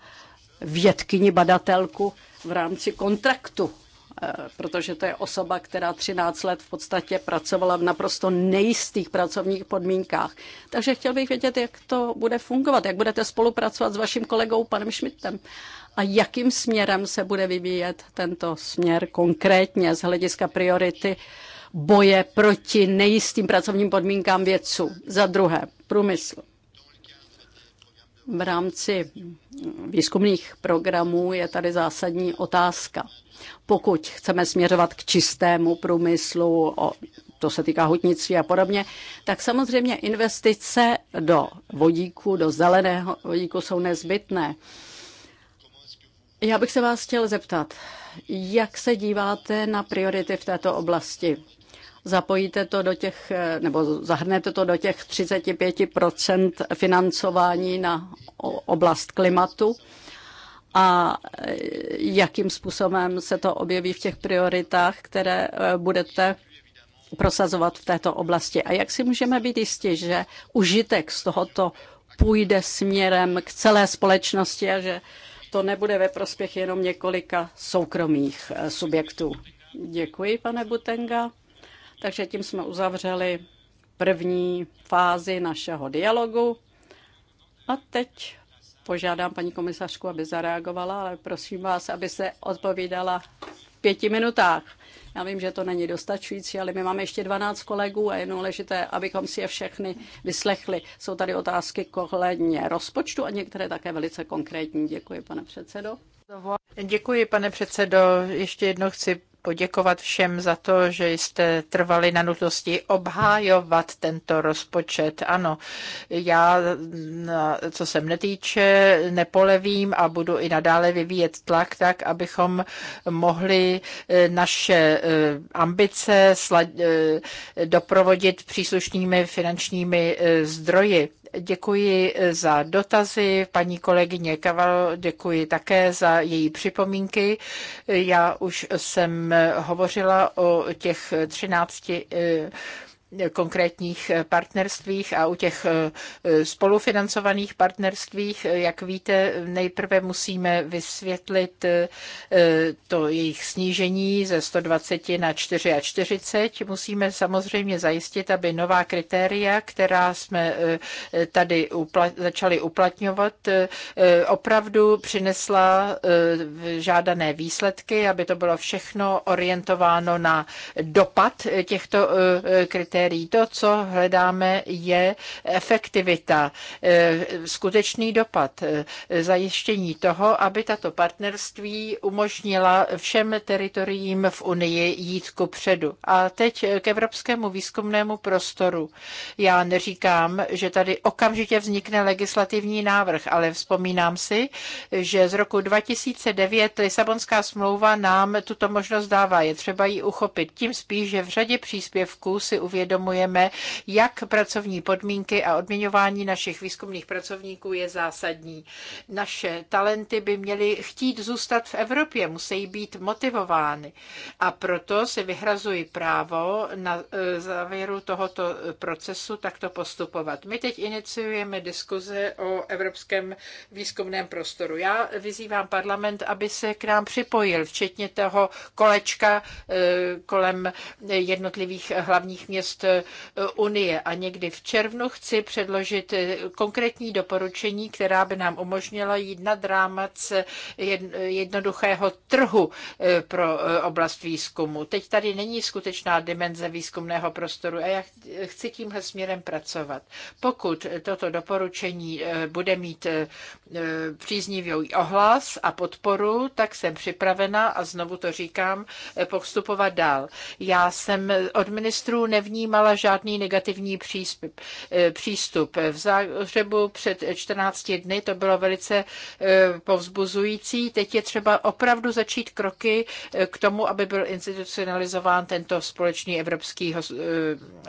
vědkyni badatelku v rámci kontraktu Eh, protože to je osoba, která 13 let v podstatě pracovala v naprosto nejistých pracovních podmínkách. Takže chtěl bych vědět, jak to bude fungovat, jak budete spolupracovat s vaším kolegou panem Schmidtem a jakým směrem se bude vyvíjet tento směr konkrétně z hlediska priority boje proti nejistým pracovním podmínkám vědců. Za druhé, průmysl v rámci výzkumných programů je tady zásadní otázka. Pokud chceme směřovat k čistému průmyslu, to se týká hutnictví a podobně, tak samozřejmě investice do vodíku, do zeleného vodíku jsou nezbytné. Já bych se vás chtěl zeptat, jak se díváte na priority v této oblasti? zapojíte to do těch, eh, nebo zahrnete to do těch 35 financování na oblast klimatu a eh, jakým způsobem se to objeví v těch prioritách, které eh, budete prosazovat v této oblasti. A jak si můžeme být jistí, že užitek z tohoto půjde směrem k celé společnosti a že to nebude ve prospěch jenom několika soukromých subjektů. Děkuji, pane Butenga. Takže tím jsme uzavřeli první fázi našeho dialogu. A teď požádám paní komisařku, aby zareagovala, ale prosím vás, aby se odpovídala v pěti minutách. Já vím, že to není dostačující, ale my máme ještě 12 kolegů a je důležité, abychom si je všechny vyslechli. Jsou tady otázky kohledně, rozpočtu a některé také velice konkrétní. Děkuji, pane předsedo. Děkuji, pane předsedo. Ještě jednou chci poděkovat všem za to, že jste trvali na nutnosti obhájovat tento rozpočet. Ano, já, co se mne týče, nepolevím a budu i nadále vyvíjet tlak tak, abychom mohli e, naše e, ambice e, doprovodit příslušnými finančními zdroji. Děkuji za dotazy paní kolegyně Kaval, děkuji také za její připomínky. Já už jsem hovořila o těch 13 konkrétních eh, partnerstvích a u těch eh, eh, spolufinancovaných partnerstvích, jak víte, nejprve musíme vysvětlit to jejich snížení ze 120 na 44. Musíme samozřejmě zajistit, aby nová kritéria, která jsme tady upla- začali uplatňovat, opravdu přinesla žádané výsledky, aby to bylo všechno orientováno na dopad těchto kritérií kritérií. To, co hledáme, je efektivita, eh, skutečný dopad, eh, zajištění toho, aby tato partnerství umožnila všem teritoriím v Unii jít ku předu. A teď eh, k evropskému výzkumnému prostoru. Já neříkám, že tady okamžitě vznikne legislativní návrh, ale vzpomínám si, že z roku 2009 Lisabonská smlouva nám tuto možnost dává. Je třeba ji uchopit. Tím spíš, že v řadě příspěvků si uvědomujeme, uvědomujeme, jak pracovní podmínky a odměňování našich výzkumných pracovníků je zásadní. Naše talenty by měly chtít zůstat v Evropě, musí být motivovány. A proto si vyhrazuji právo na e, závěru tohoto procesu takto postupovat. My teď iniciujeme diskuze o evropském výzkumném prostoru. Já vyzývám parlament, aby se k nám připojil, včetně toho kolečka e, kolem jednotlivých hlavních měst budoucnost eh, Unie. A někdy v červnu chci předložit eh, konkrétní doporučení, která by nám umožnila jít nad rámec eh, jednoduchého trhu pro oblast výzkumu. Teď tady není skutečná dimenze výzkumného prostoru a já chci tímhle směrem pracovat. Pokud toto doporučení bude mít příznivý ohlas a podporu, tak jsem připravena a znovu to říkám, postupovat dál. Já jsem od ministrů nevnímala nevnímala žádný negativní přístup. Eh, v Záhřebu před 14 dny to bylo velice eh, povzbuzující. Teď je třeba opravdu začít kroky eh, k tomu, aby byl institucionalizován tento společný evropský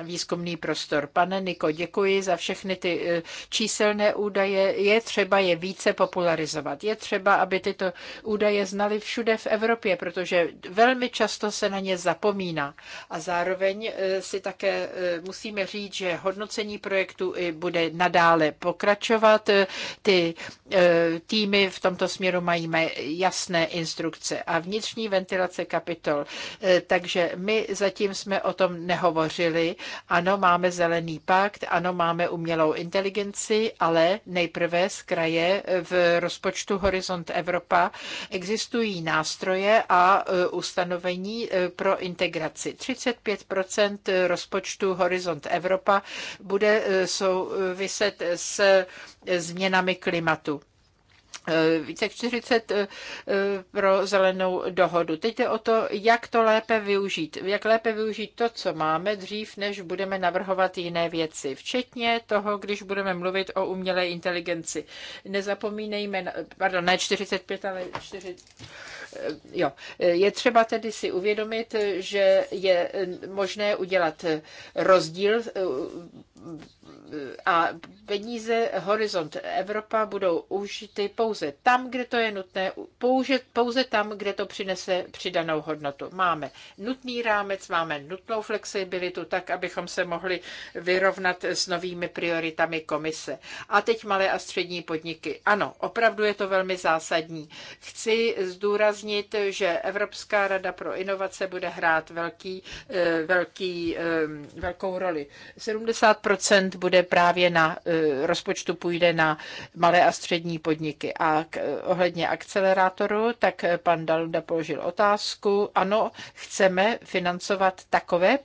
výzkumný prostor. Pane Niko, děkuji za všechny ty číselné údaje. Je třeba je více popularizovat. Je třeba, aby tyto údaje znali všude v Evropě, protože velmi často se na ně zapomíná. A zároveň si také také eh, musíme říct, že hodnocení projektu bude nadále pokračovat. Ty eh, týmy v tomto směru mají jasné instrukce a vnitřní ventilace kapitol. Eh, takže my zatím jsme o tom nehovořili. Ano, máme zelený pakt, ano, máme umělou inteligenci, ale nejprve z kraje v rozpočtu Horizont Evropa existují nástroje a ustanovení pro integraci. 35 rozpočtu rozpočtu Horizont Evropa bude eh, souviset s eh, změnami klimatu. Eh, více jak 40 eh, eh, pro zelenou dohodu. Teď jde o to, jak to lépe využít. Jak lépe využít to, co máme dřív, než budeme navrhovat jiné věci. Včetně toho, když budeme mluvit o umělé inteligenci. Nezapomínejme, pardon, ne 45, ale 4, jo. Je třeba tedy si uvědomit, že je možné udělat rozdíl a peníze Horizont Evropa budou užity pouze tam, kde to je nutné, použit pouze tam, kde to přinese přidanou hodnotu. Máme nutný rámec, máme nutnou flexibilitu, tak, abychom se mohli vyrovnat s novými prioritami komise. A teď malé a střední podniky. Ano, opravdu je to velmi zásadní. Chci zdůraznit, že Evropská rada pro inovace bude hrát velký, eh, velký, eh, velkou roli. 70 procent bude právě na e, rozpočtu půjde na malé a střední podniky. A k, e, ohledně akcelerátoru, tak e, pan Daluda položil otázku. Ano, chceme financovat takové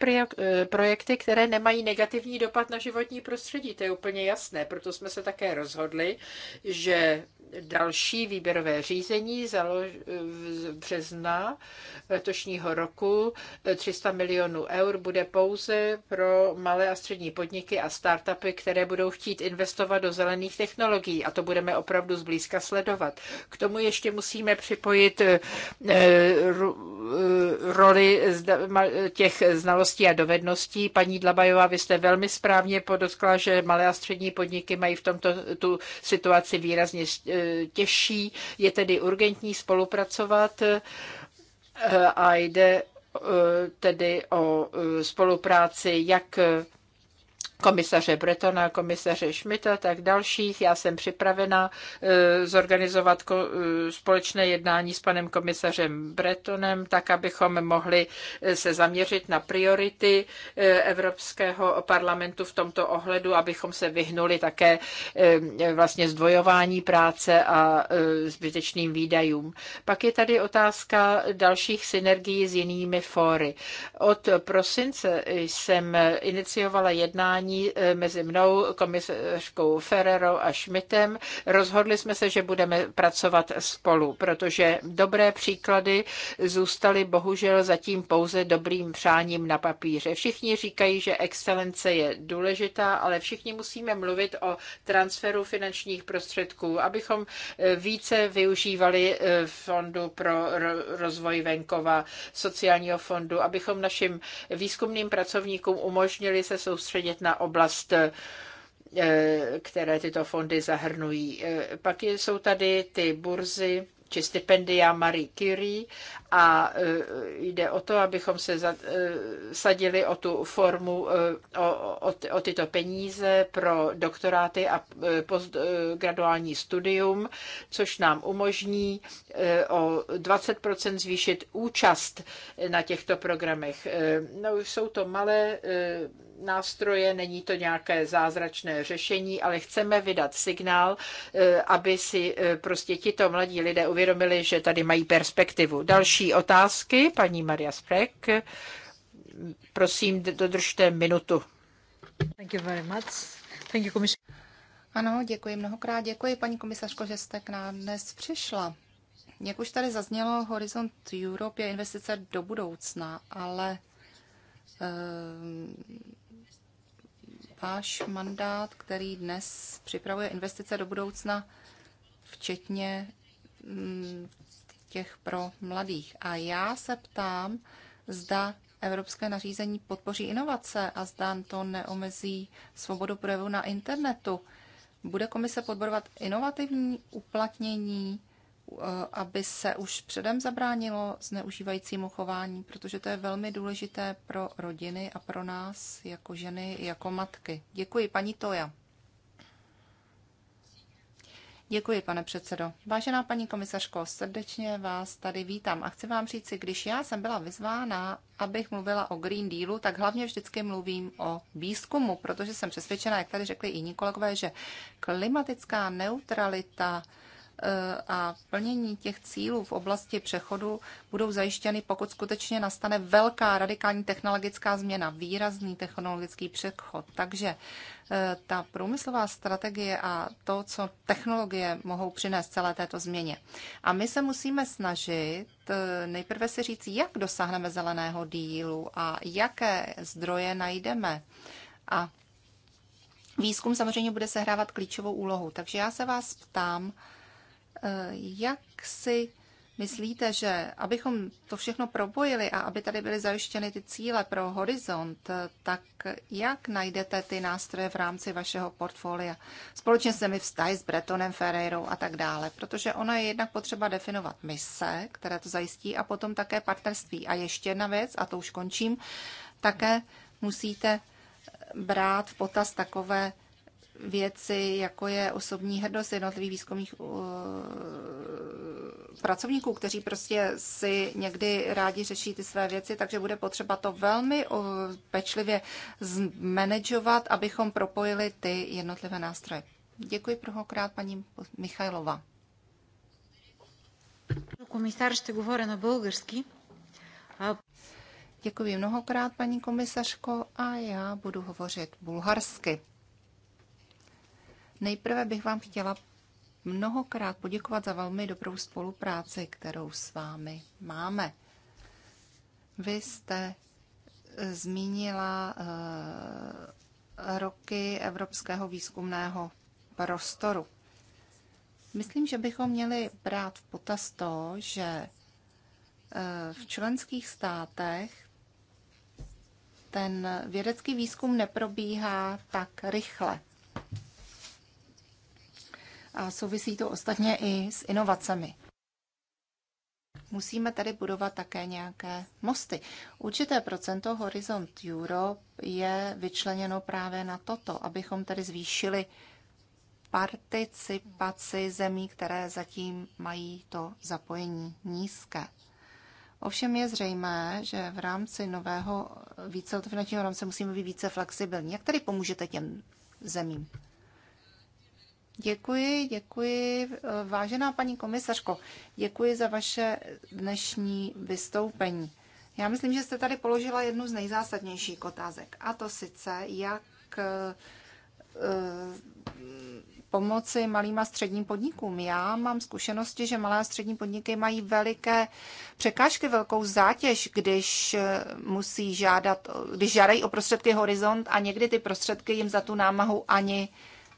projekty, které nemají negativní dopad na životní prostředí. To je úplně jasné, proto jsme se také rozhodli, že další výběrové řízení z března letošního roku. 300 milionů eur bude pouze pro malé a střední podniky a startupy, které budou chtít investovat do zelených technologií a to budeme opravdu zblízka sledovat. K tomu ještě musíme připojit eh, eh, roli těch znalostí a dovedností. Paní Dlabajová, vy jste velmi správně podotkla, že malé a střední podniky mají v tomto tu situaci výrazně eh, těžší. Je tedy urgentní spolupracovat a jde eh, tedy o eh, spolupráci jak komisaře Bretona, komisaře Šmita, tak dalších. Já jsem připravena eh, zorganizovat eh, společné jednání s panem komisařem Bretonem, tak abychom mohli eh, se zaměřit na priority Evropského parlamentu v tomto ohledu, abychom se vyhnuli také vlastně zdvojování práce a zbytečným výdajům. Pak je tady otázka dalších synergií s jinými fóry. Od prosince jsem iniciovala jednání jednání eh, mezi mnou, komisařkou Ferrerou a Schmidtem. Rozhodli jsme se, že budeme pracovat spolu, protože dobré příklady zůstaly bohužel zatím pouze dobrým přáním na papíře. Všichni říkají, že excelence je důležitá, ale všichni musíme mluvit o transferu finančních prostředků, abychom eh, více využívali eh, fondu pro rozvoj venkova, sociálního fondu, abychom našim výzkumným pracovníkům umožnili se soustředit na oblast eh, které tyto fondy zahrnují. Eh, pak jsou tady ty burzy či stipendia Marie Curie a eh, jde o to, abychom se sadili o tu formu, o, o, o tyto peníze pro doktoráty a postgraduální studium, což nám umožní o 20% zvýšit účast na těchto programech. No, jsou to malé nástroje, není to nějaké zázračné řešení, ale chceme vydat signál, eh, aby si eh, prostě tito mladí lidé uvědomili, že tady mají perspektivu. Další otázky, paní Maria Sprek. Prosím, dodržte minutu. Thank you very much. Thank you, ano, děkuji mnohokrát. Děkuji, paní komisařko, že jste k nám dnes přišla. Jak už tady zaznělo, Horizont Europe je investice do budoucna, ale ehm, váš mandát, který dnes připravuje investice do budoucna, včetně mm, těch pro mladých. A já se ptám, zda evropské nařízení podpoří inovace a zda to neomezí svobodu projevu na internetu. Bude komise podporovat inovativní uplatnění Eh, aby se už předem zabránilo zneužívajícímu chování, protože to je velmi důležité pro rodiny a pro nás jako ženy, jako matky. Děkuji, paní Toja. Děkuji, pane předsedo. Vážená paní komisařko, srdečně vás tady vítám a chci vám říci, když já jsem byla vyzvána, abych mluvila o Green Dealu, tak hlavně vždycky mluvím o výzkumu, protože jsem přesvědčena, jak tady řekli jiní kolegové, že klimatická neutralita a plnění těch cílů v oblasti přechodu budou zajištěny, pokud skutečně nastane velká radikální technologická změna, výrazný technologický přechod. Takže eh, ta průmyslová strategie a to, co technologie mohou přinést celé této změně. A my se musíme snažit eh, nejprve si říct, jak dosáhneme zeleného dílu a jaké zdroje najdeme. A výzkum samozřejmě bude sehrávat klíčovou úlohu. Takže já se vás ptám, jak si myslíte, že abychom to všechno propojili a aby tady byly zajištěny ty cíle pro horizont, tak jak najdete ty nástroje v rámci vašeho portfolia? Společně se mi vztahy s Bretonem, Ferreirou a tak dále, protože ona je jednak potřeba definovat mise, které to zajistí, a potom také partnerství. A ještě jedna věc, a to už končím, také musíte brát v potaz takové věci, jako je osobní hrdost jednotlivých výzkumných uh, pracovníků, kteří prostě si někdy rádi řeší ty své věci, takže bude potřeba to velmi uh, pečlivě zmanagovat, abychom propojili ty jednotlivé nástroje. Děkuji prvokrát paní Michajlova. Komisář, jste hovoří na bulgarsky. Děkuji mnohokrát, paní komisařko, a já budu hovořit bulharsky. Nejprve bych vám chtěla mnohokrát poděkovat za velmi dobrou spolupráci, kterou s vámi máme. Vy jste eh, zmínila eh, roky Evropského výzkumného prostoru. Myslím, že bychom měli brát v potaz to, že eh, v členských státech ten vědecký výzkum neprobíhá tak rychle a souvisí to ostatně i s inovacemi. Musíme tady budovat také nějaké mosty. Určité procento Horizont Europe je vyčleněno právě na toto, abychom tady zvýšili participaci zemí, které zatím mají to zapojení nízké. Ovšem je zřejmé, že v rámci nového více finančního rámce musíme být více flexibilní. Jak tedy pomůžete těm zemím? Děkuji, děkuji. Eh, vážená paní komisařko, děkuji za vaše dnešní vystoupení. Já myslím, že jste tady položila jednu z nejzásadnějších otázek, a to sice, jak eh, pomoci malým a středním podnikům. Já mám zkušenosti, že malé a střední podniky mají veliké překážky, velkou zátěž, když eh, musí žádat, když žádají o prostředky Horizont a někdy ty prostředky jim za tu námahu ani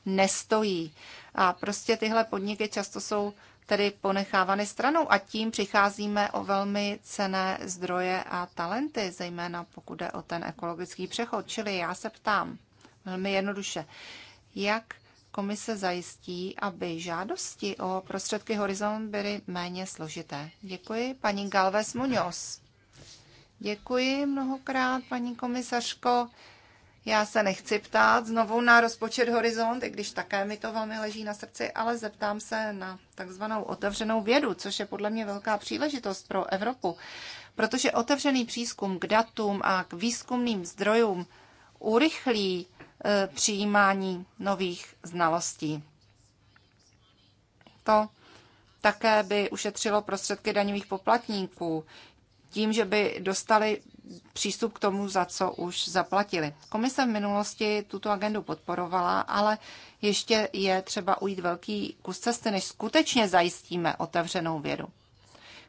nestojí. A prostě tyhle podniky často jsou tedy ponechávány stranou a tím přicházíme o velmi cené zdroje a talenty, zejména pokud jde o ten ekologický přechod. Čili já se ptám velmi jednoduše, jak komise zajistí, aby žádosti o prostředky Horizon byly méně složité. Děkuji, paní Galvez Muñoz. Děkuji mnohokrát, paní komisařko. Já se nechci ptát znovu na rozpočet Horizont, i když také mi to velmi leží na srdci, ale zeptám se na takzvanou otevřenou vědu, což je podle mě velká příležitost pro Evropu, protože otevřený přízkum k datům a k výzkumným zdrojům urychlí e, přijímání nových znalostí. To také by ušetřilo prostředky daňových poplatníků tím, že by dostali přístup k tomu, za co už zaplatili. Komise v minulosti tuto agendu podporovala, ale ještě je třeba ujít velký kus cesty, než skutečně zajistíme otevřenou vědu.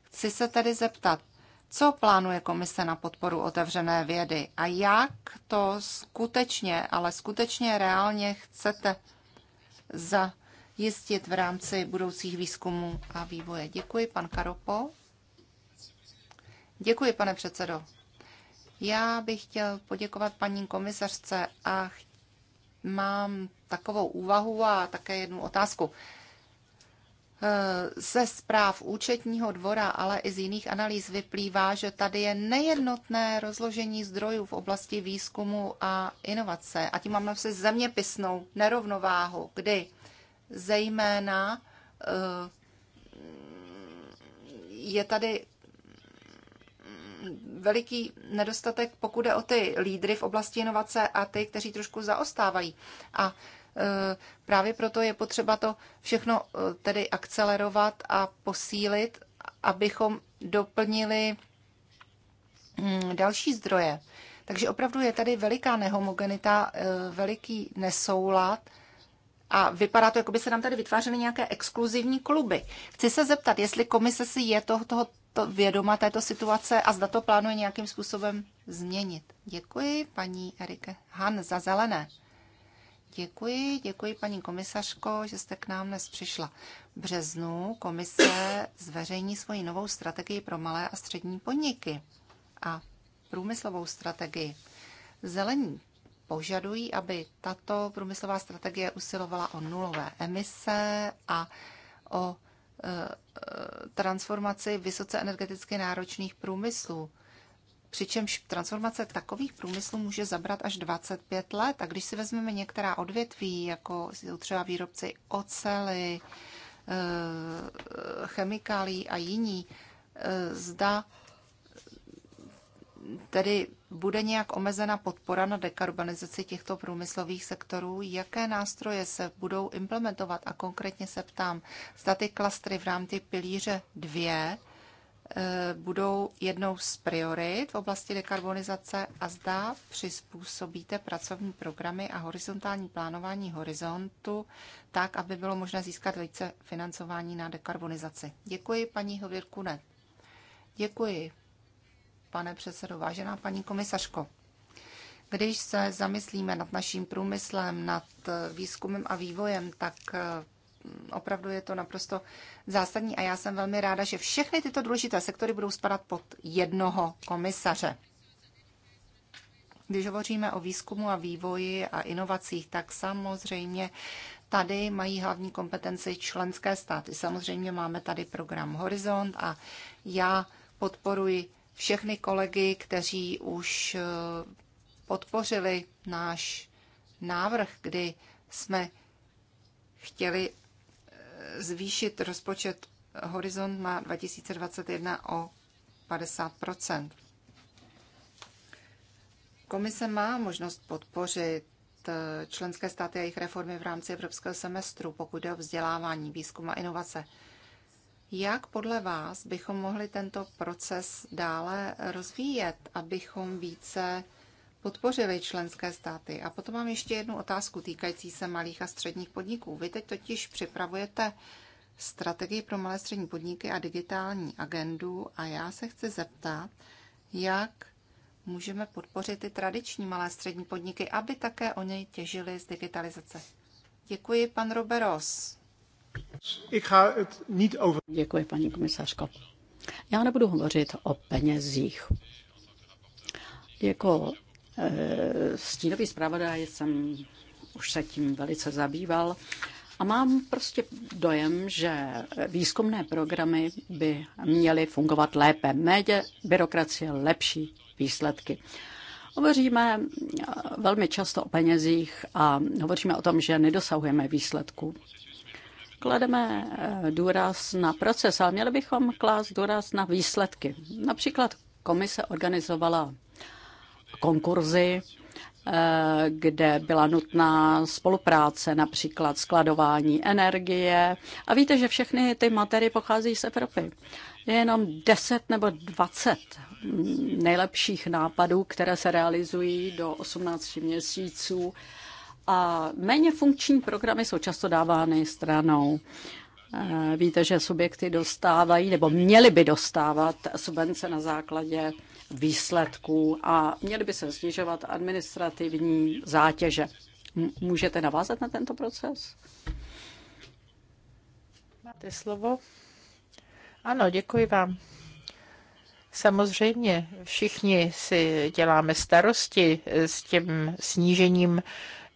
Chci se tedy zeptat, co plánuje komise na podporu otevřené vědy a jak to skutečně, ale skutečně reálně chcete zajistit v rámci budoucích výzkumů a vývoje. Děkuji, pan Karopo. Děkuji, pane předsedo. Já bych chtěl poděkovat paní komisařce a mám takovou úvahu a také jednu otázku. Eh, ze zpráv účetního dvora, ale i z jiných analýz vyplývá, že tady je nejednotné rozložení zdrojů v oblasti výzkumu a inovace. A tím mám na se zeměpisnou nerovnováhu, kdy zejména eh, je tady veliký nedostatek, pokud jde o ty lídry v oblasti inovace a ty, kteří trošku zaostávají. A e, právě proto je potřeba to všechno e, tedy akcelerovat a posílit, abychom doplnili mm, další zdroje. Takže opravdu je tady veliká nehomogenita, e, veliký nesoulad a vypadá to, jako by se nám tady vytvářely nějaké exkluzivní kluby. Chci se zeptat, jestli komise si je toho, toho to vědoma této situace a zda to plánuje nějakým způsobem změnit. Děkuji paní Erike Han za zelené. Děkuji, děkuji paní komisařko, že jste k nám dnes přišla. V březnu komise zveřejní svoji novou strategii pro malé a střední podniky a průmyslovou strategii. Zelení požadují, aby tato průmyslová strategie usilovala o nulové emise a o Eh, transformaci vysoce energeticky náročných průmyslů. Přičemž transformace takových průmyslů může zabrat až 25 let. A když si vezmeme některá odvětví, jako jsou třeba výrobci ocely, eh, chemikálí a jiní, eh, zda tedy bude nějak omezena podpora na dekarbonizaci těchto průmyslových sektorů? Jaké nástroje se budou implementovat? A konkrétně se ptám, zda ty klastry v rámci pilíře 2 eh, budou jednou z priorit v oblasti dekarbonizace a zda přizpůsobíte pracovní programy a horizontální plánování horizontu tak, aby bylo možné získat více financování na dekarbonizaci. Děkuji, paní Hovirkune. Děkuji pane předsedo. Vážená paní komisařko, když se zamyslíme nad naším průmyslem, nad výzkumem a vývojem, tak eh, opravdu je to naprosto zásadní a já jsem velmi ráda, že všechny tyto důležité sektory budou spadat pod jednoho komisaře. Když hovoříme o výzkumu a vývoji a inovacích, tak samozřejmě tady mají hlavní kompetenci členské státy. Samozřejmě máme tady program Horizont a já podporuji všechny kolegy, kteří už eh, podpořili náš návrh, kdy jsme chtěli eh, zvýšit rozpočet Horizont na 2021 o 50 Komise má možnost podpořit eh, členské státy a jejich reformy v rámci evropského semestru, pokud jde o vzdělávání, výzkum a inovace. Jak podle vás bychom mohli tento proces dále rozvíjet, abychom více podpořili členské státy? A potom mám ještě jednu otázku týkající se malých a středních podniků. Vy teď totiž připravujete strategii pro malé střední podniky a digitální agendu a já se chci zeptat, jak můžeme podpořit ty tradiční malé střední podniky, aby také oni těžili z digitalizace. Děkuji, pan Roberos. Děkuji, paní komisařko. Já nebudu hovořit o penězích. Jako e, stínový zpravodaj jsem už se tím velice zabýval a mám prostě dojem, že výzkumné programy by měly fungovat lépe. Méně byrokracie, lepší výsledky. Hovoříme eh, velmi často o penězích a hovoříme o tom, že nedosahujeme výsledků klademe eh, důraz na proces, ale měli bychom klást důraz na výsledky. Například komise organizovala konkurzy, eh, kde byla nutná spolupráce, například skladování energie. A víte, že všechny ty materie pochází z Evropy. Je jenom 10 nebo 20 nejlepších nápadů, které se realizují do 18 měsíců a méně funkční programy jsou často dávány stranou. Eh, víte, že subjekty dostávají nebo měly by dostávat subvence na základě výsledků a měly by se snižovat administrativní zátěže. Můžete navázat na tento proces? Máte slovo? Ano, děkuji vám. Samozřejmě, všichni si děláme starosti s tím snížením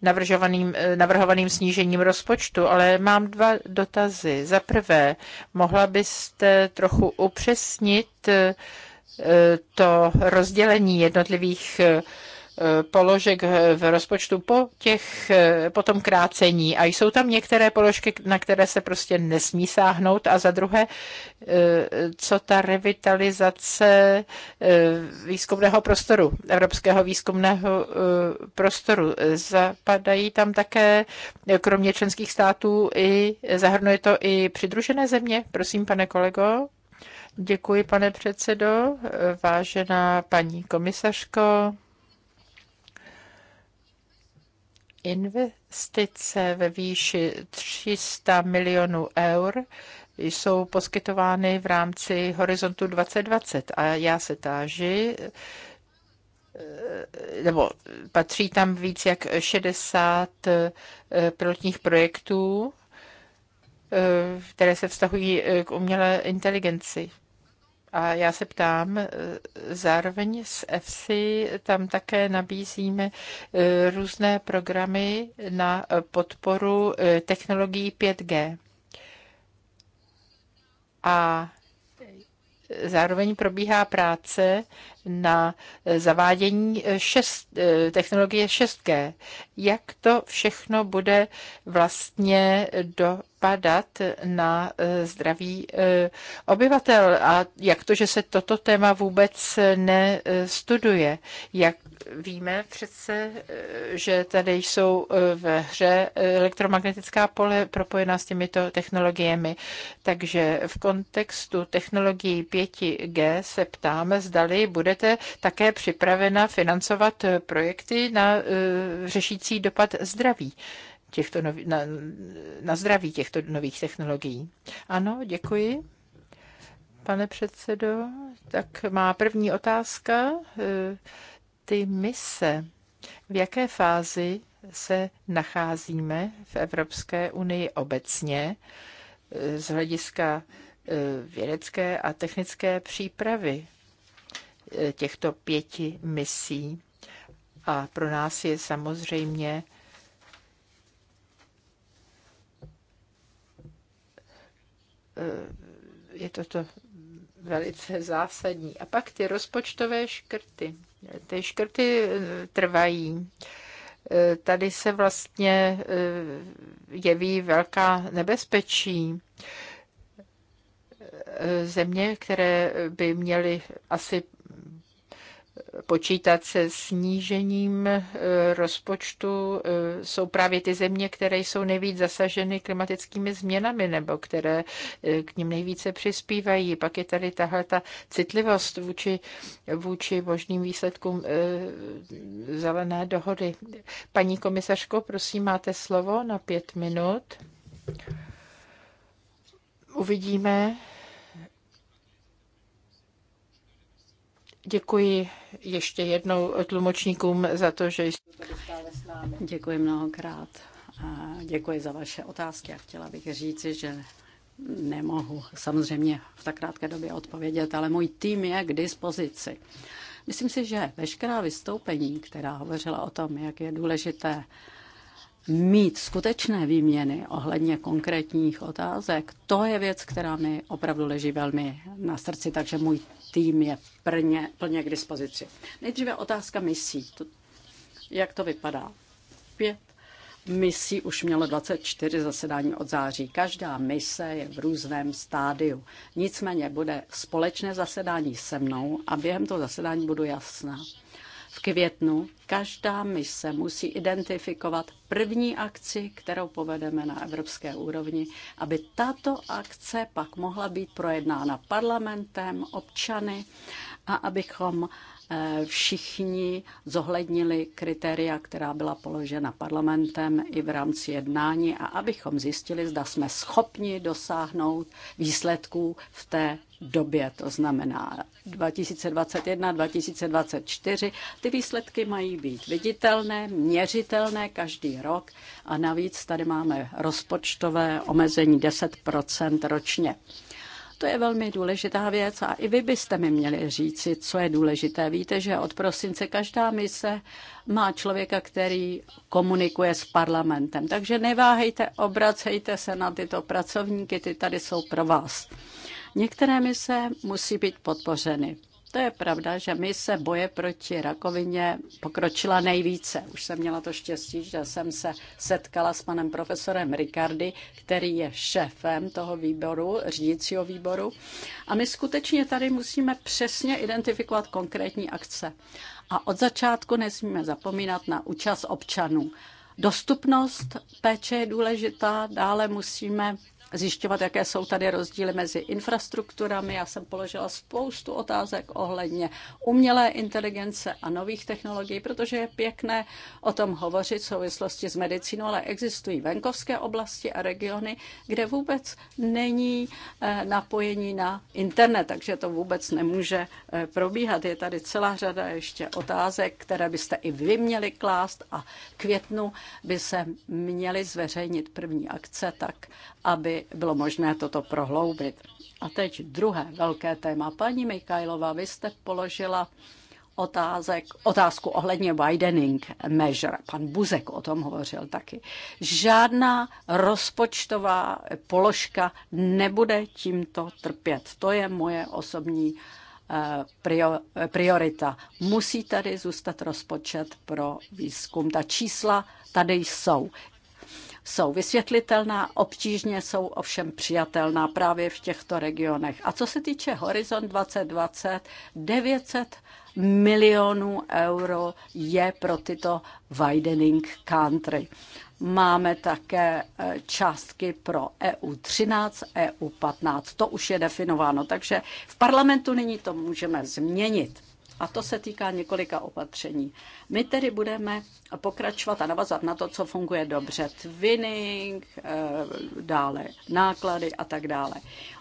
navrhovaným, eh, navrhovaným snížením rozpočtu, ale mám dva dotazy. Za prvé, mohla byste trochu upřesnit eh, eh, to rozdělení jednotlivých položek v rozpočtu po, těch, po tom krácení a jsou tam některé položky, na které se prostě nesmí sáhnout a za druhé, co ta revitalizace eh, výzkumného prostoru, evropského výzkumného eh, prostoru. Zapadají tam také, kromě členských států, i, zahrnuje to i přidružené země. Prosím, pane kolego. Děkuji, pane předsedo, vážená paní komisařko. Investice ve výši 300 milionů eur jsou poskytovány v rámci Horizontu 2020 a já se táži, eh, nebo patří tam víc jak 60 eh, pilotních projektů, eh, které se vztahují k umělé inteligenci. A já se ptám, e, zároveň s EFSI tam také nabízíme e, různé programy na podporu e, technologií 5G. A zároveň probíhá práce na eh, zavádění eh, šest, eh, technologie 6G. Jak to všechno bude vlastně dopadat na zdraví obyvatel a jak to, že se toto téma vůbec nestuduje. Jak víme přece, že tady jsou ve hře elektromagnetická pole propojená s těmito technologiemi. Takže v kontextu technologií 5G se ptáme, zdali bude budete také připravena financovat eh, projekty na eh, řešící dopad zdraví těchto nov, na, na zdraví těchto nových technologií. Ano, děkuji. Pane předsedo, tak má první otázka. Eh, ty mise, v jaké fázi se nacházíme v Evropské unii obecně z hlediska vědecké a technické přípravy těchto pěti misí. A pro nás je samozřejmě eh, je toto velice zásadní. A pak ty rozpočtové škrty. Ty škrty eh, trvají. Eh, tady se vlastně jeví velká nebezpečí. Země, které by měly asi počítat se snížením eh, rozpočtu, eh, jsou právě ty země, které jsou nejvíc zasaženy klimatickými změnami nebo které eh, k ním nejvíce přispívají. Pak je tady tahle ta citlivost vůči, vůči možným výsledkům zelené dohody. Paní komisařko, prosím, máte slovo na pět minut. Uvidíme, Děkuji ještě jednou tlumočníkům za to, že jste stále s námi. Děkuji mnohokrát. A děkuji za vaše otázky a chtěla bych říci, že nemohu samozřejmě v tak krátké době odpovědět, ale můj tým je k dispozici. Myslím si, že veškerá vystoupení, která hovořila o tom, jak je důležité mít skutečné výměny ohledně konkrétních otázek, to je věc, která mi opravdu leží velmi na srdci, takže můj tým je plně, plně k dispozici. Nejdříve otázka misí. Jak to vypadá? Pět misí už mělo 24 zasedání od září. Každá mise je v různém stádiu. Nicméně bude společné zasedání se mnou a během toho zasedání budu jasná v květnu každá mise musí identifikovat první akci, kterou povedeme na evropské úrovni, aby tato akce pak mohla být projednána parlamentem, občany a abychom všichni zohlednili kritéria, která byla položena parlamentem i v rámci jednání a abychom zjistili, zda jsme schopni dosáhnout výsledků v té době, to znamená 2021, 2024. Ty výsledky mají být viditelné, měřitelné každý rok a navíc tady máme rozpočtové omezení 10 ročně. To je velmi důležitá věc a i vy byste mi měli říci, co je důležité. Víte, že od prosince každá mise má člověka, který komunikuje s parlamentem. Takže neváhejte, obracejte se na tyto pracovníky, ty tady jsou pro vás. Některé mise musí být podpořeny. To je pravda, že my se boje proti rakovině pokročila nejvíce. Už jsem měla to štěstí, že jsem se setkala s panem profesorem Ricardy, který je šéfem toho výboru, řídícího výboru. A my skutečně tady musíme přesně identifikovat konkrétní akce. A od začátku nesmíme zapomínat na účast občanů. Dostupnost péče je důležitá, dále musíme zjišťovat, jaké jsou tady rozdíly mezi infrastrukturami. Já jsem položila spoustu otázek ohledně umělé inteligence a nových technologií, protože je pěkné o tom hovořit v souvislosti s medicínou, ale existují venkovské oblasti a regiony, kde vůbec není eh, napojení na internet, takže to vůbec nemůže eh, probíhat. Je tady celá řada ještě otázek, které byste i vy měli klást a květnu by se měly zveřejnit první akce tak, aby bylo možné toto prohloubit. A teď druhé velké téma. Paní Mikajlova, vy jste položila otázek, otázku ohledně widening measure. Pan Buzek o tom hovořil taky. Žádná rozpočtová položka nebude tímto trpět. To je moje osobní eh, priorita. Musí tady zůstat rozpočet pro výzkum. Ta čísla tady jsou jsou vysvětlitelná, obtížně jsou ovšem přijatelná právě v těchto regionech. A co se týče Horizon 2020, 900 milionů euro je pro tyto widening country. Máme také e, částky pro EU13, EU15. To už je definováno, takže v parlamentu nyní to můžeme změnit a to se týká několika opatření. My tedy budeme pokračovat a navazat na to, co funguje dobře. Twinning, eh, dále náklady a tak dále.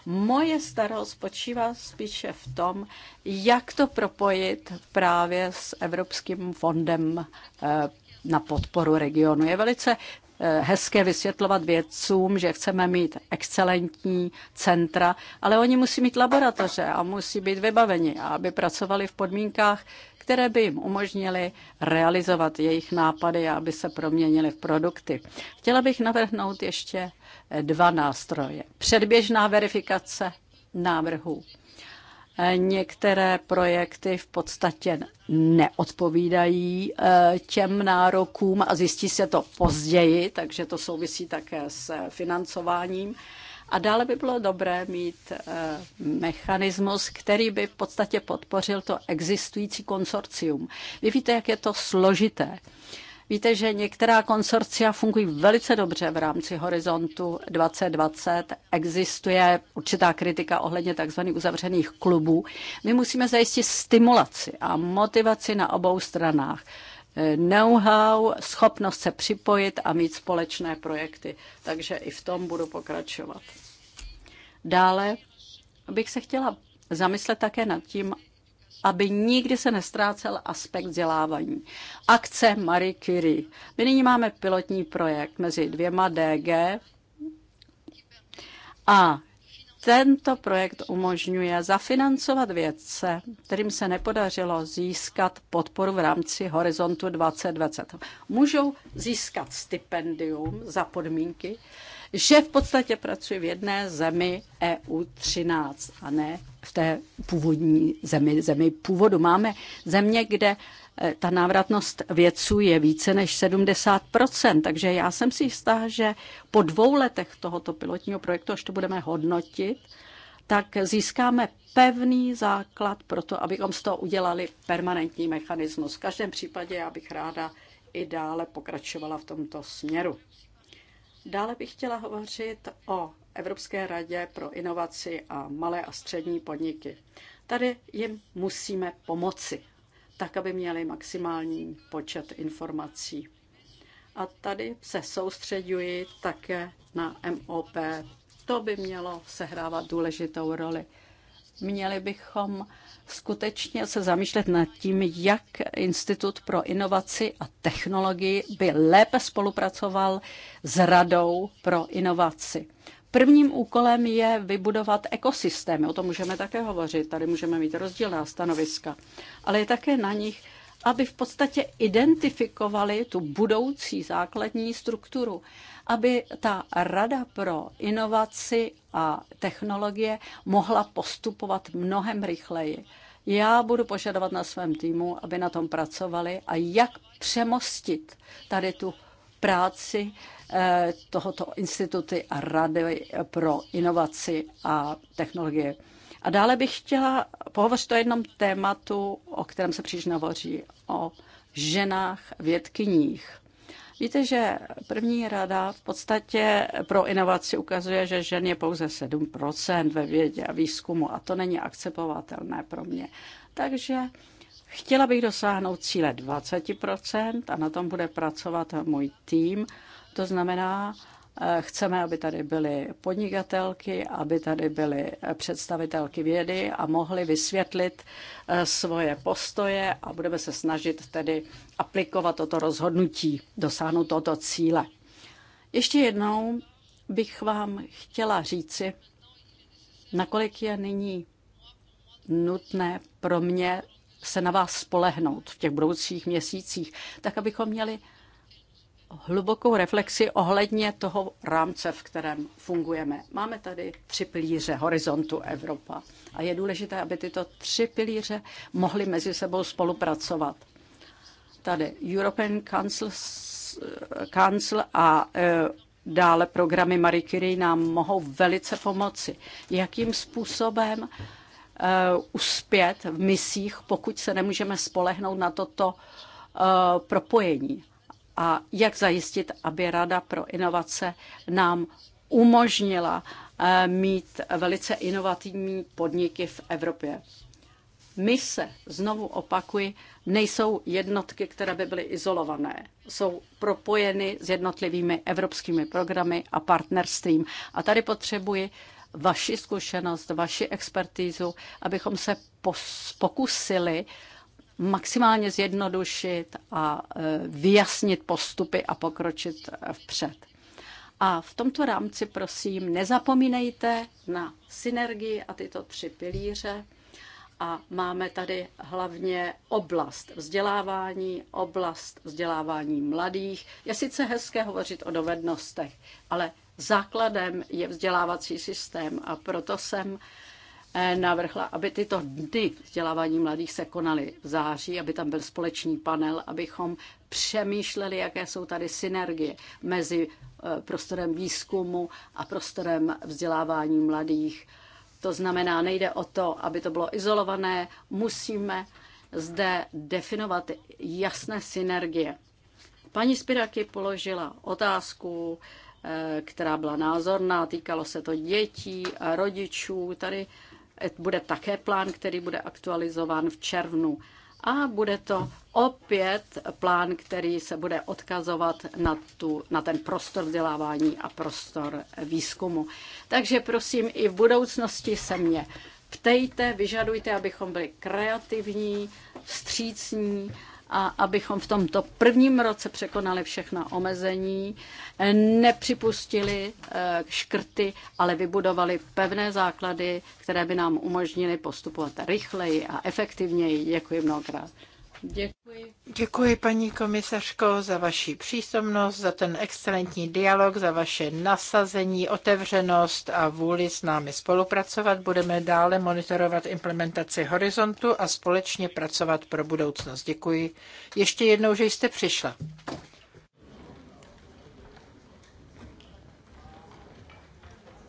Moje starost spočívá spíše v tom, jak to propojit právě s Evropským fondem eh, na podporu regionu. Je velice Eh, hezké vysvětlovat vědcům, že chceme mít excelentní centra, ale oni musí mít laboratoře a musí být vybaveni, aby pracovali v podmínkách, které by jim umožnily realizovat jejich nápady a aby se proměnily v produkty. Chtěla bych navrhnout ještě eh, dva nástroje. Předběžná verifikace návrhů. Některé projekty v podstatě neodpovídají eh, těm nárokům a zjistí se to později, takže to souvisí také s financováním. A dále by bylo dobré mít eh, mechanismus, který by v podstatě podpořil to existující konsorcium. Vy víte, jak je to složité. Víte, že některá konsorcia fungují velice dobře v rámci Horizontu 2020. Existuje určitá kritika ohledně tzv. uzavřených klubů. My musíme zajistit stimulaci a motivaci na obou stranách know-how, schopnost se připojit a mít společné projekty. Takže i v tom budu pokračovat. Dále bych se chtěla zamyslet také nad tím, aby nikdy se nestrácel aspekt vzdělávání. Akce Marie Curie. My nyní máme pilotní projekt mezi dvěma DG a tento projekt umožňuje zafinancovat vědce, kterým se nepodařilo získat podporu v rámci Horizontu 2020. Můžou získat stipendium za podmínky, že v podstatě pracuji v jedné zemi EU 13 a ne v té původní zemi, zemi původu. Máme země, kde eh, ta návratnost vědců je více než 70%, takže já jsem si jistá, že po dvou letech tohoto pilotního projektu, až to budeme hodnotit, tak získáme pevný základ pro to, abychom z toho udělali permanentní mechanismus. V každém případě já bych ráda i dále pokračovala v tomto směru. Dále bych chtěla hovořit o Evropské radě pro inovaci a malé a střední podniky. Tady jim musíme pomoci, tak aby měli maximální počet informací. A tady se soustředuji také na MOP. To by mělo sehrávat důležitou roli. Měli bychom skutečně se zamýšlet nad tím, jak Institut pro inovaci a technologii by lépe spolupracoval s Radou pro inovaci. Prvním úkolem je vybudovat ekosystémy, o tom můžeme také hovořit, tady můžeme mít rozdílná stanoviska, ale je také na nich, aby v podstatě identifikovali tu budoucí základní strukturu, aby ta Rada pro inovaci a technologie mohla postupovat mnohem rychleji. Já budu požadovat na svém týmu, aby na tom pracovali a jak přemostit tady tu práci eh, tohoto instituty a Rady pro inovaci a technologie. A dále bych chtěla pohovořit o jednom tématu, o kterém se příliš nehovoří, o ženách vědkyních. Víte, že první rada v podstatě pro inovaci ukazuje, že žen je pouze 7% ve vědě a výzkumu a to není akceptovatelné pro mě. Takže chtěla bych dosáhnout cíle 20% a na tom bude pracovat můj tým. To znamená, Eh, chceme, aby tady byly podnikatelky, aby tady byly eh, představitelky vědy a mohly vysvětlit eh, svoje postoje a budeme se snažit tedy aplikovat toto rozhodnutí, dosáhnout tohoto cíle. Ještě jednou bych vám chtěla říci, nakolik je nyní nutné pro mě se na vás spolehnout v těch budoucích měsících, tak abychom měli hlubokou reflexi ohledně toho rámce, v kterém fungujeme. Máme tady tři pilíře horizontu Evropa a je důležité, aby tyto tři pilíře mohly mezi sebou spolupracovat. Tady European Council, Council a e, dále programy Marie Curie nám mohou velice pomoci. Jakým způsobem e, uspět v misích, pokud se nemůžeme spolehnout na toto e, propojení a jak zajistit, aby Rada pro inovace nám umožnila eh, mít velice inovativní podniky v Evropě. My se znovu opakuji, nejsou jednotky, které by byly izolované. Jsou propojeny s jednotlivými evropskými programy a partnerstvím. A tady potřebuji vaši zkušenost, vaši expertízu, abychom se pokusili maximálně zjednodušit a e, vyjasnit postupy a pokročit vpřed. A v tomto rámci, prosím, nezapomínejte na synergii a tyto tři pilíře. A máme tady hlavně oblast vzdělávání, oblast vzdělávání mladých. Je sice hezké hovořit o dovednostech, ale základem je vzdělávací systém a proto jsem Eh, navrhla, aby tyto dny vzdělávání mladých se konaly v září, aby tam byl společný panel, abychom přemýšleli, jaké jsou tady synergie mezi eh, prostorem výzkumu a prostorem vzdělávání mladých. To znamená, nejde o to, aby to bylo izolované, musíme zde definovat jasné synergie. Paní Spiraky položila otázku, eh, která byla názorná, týkalo se to dětí a rodičů. Tady bude také plán, který bude aktualizován v červnu. A bude to opět plán, který se bude odkazovat na, tu, na ten prostor vzdělávání a prostor výzkumu. Takže prosím, i v budoucnosti se mě ptejte, vyžadujte, abychom byli kreativní, vstřícní a abychom v tomto prvním roce překonali všechna omezení, nepřipustili eh, škrty, ale vybudovali pevné základy, které by nám umožnily postupovat rychleji a efektivněji. Děkuji mnohokrát. Děkuji. Děkuji, paní komisařko, za vaši přítomnost, za ten excelentní dialog, za vaše nasazení, otevřenost a vůli s námi spolupracovat. Budeme dále monitorovat implementaci horizontu a společně pracovat pro budoucnost. Děkuji ještě jednou, že jste přišla.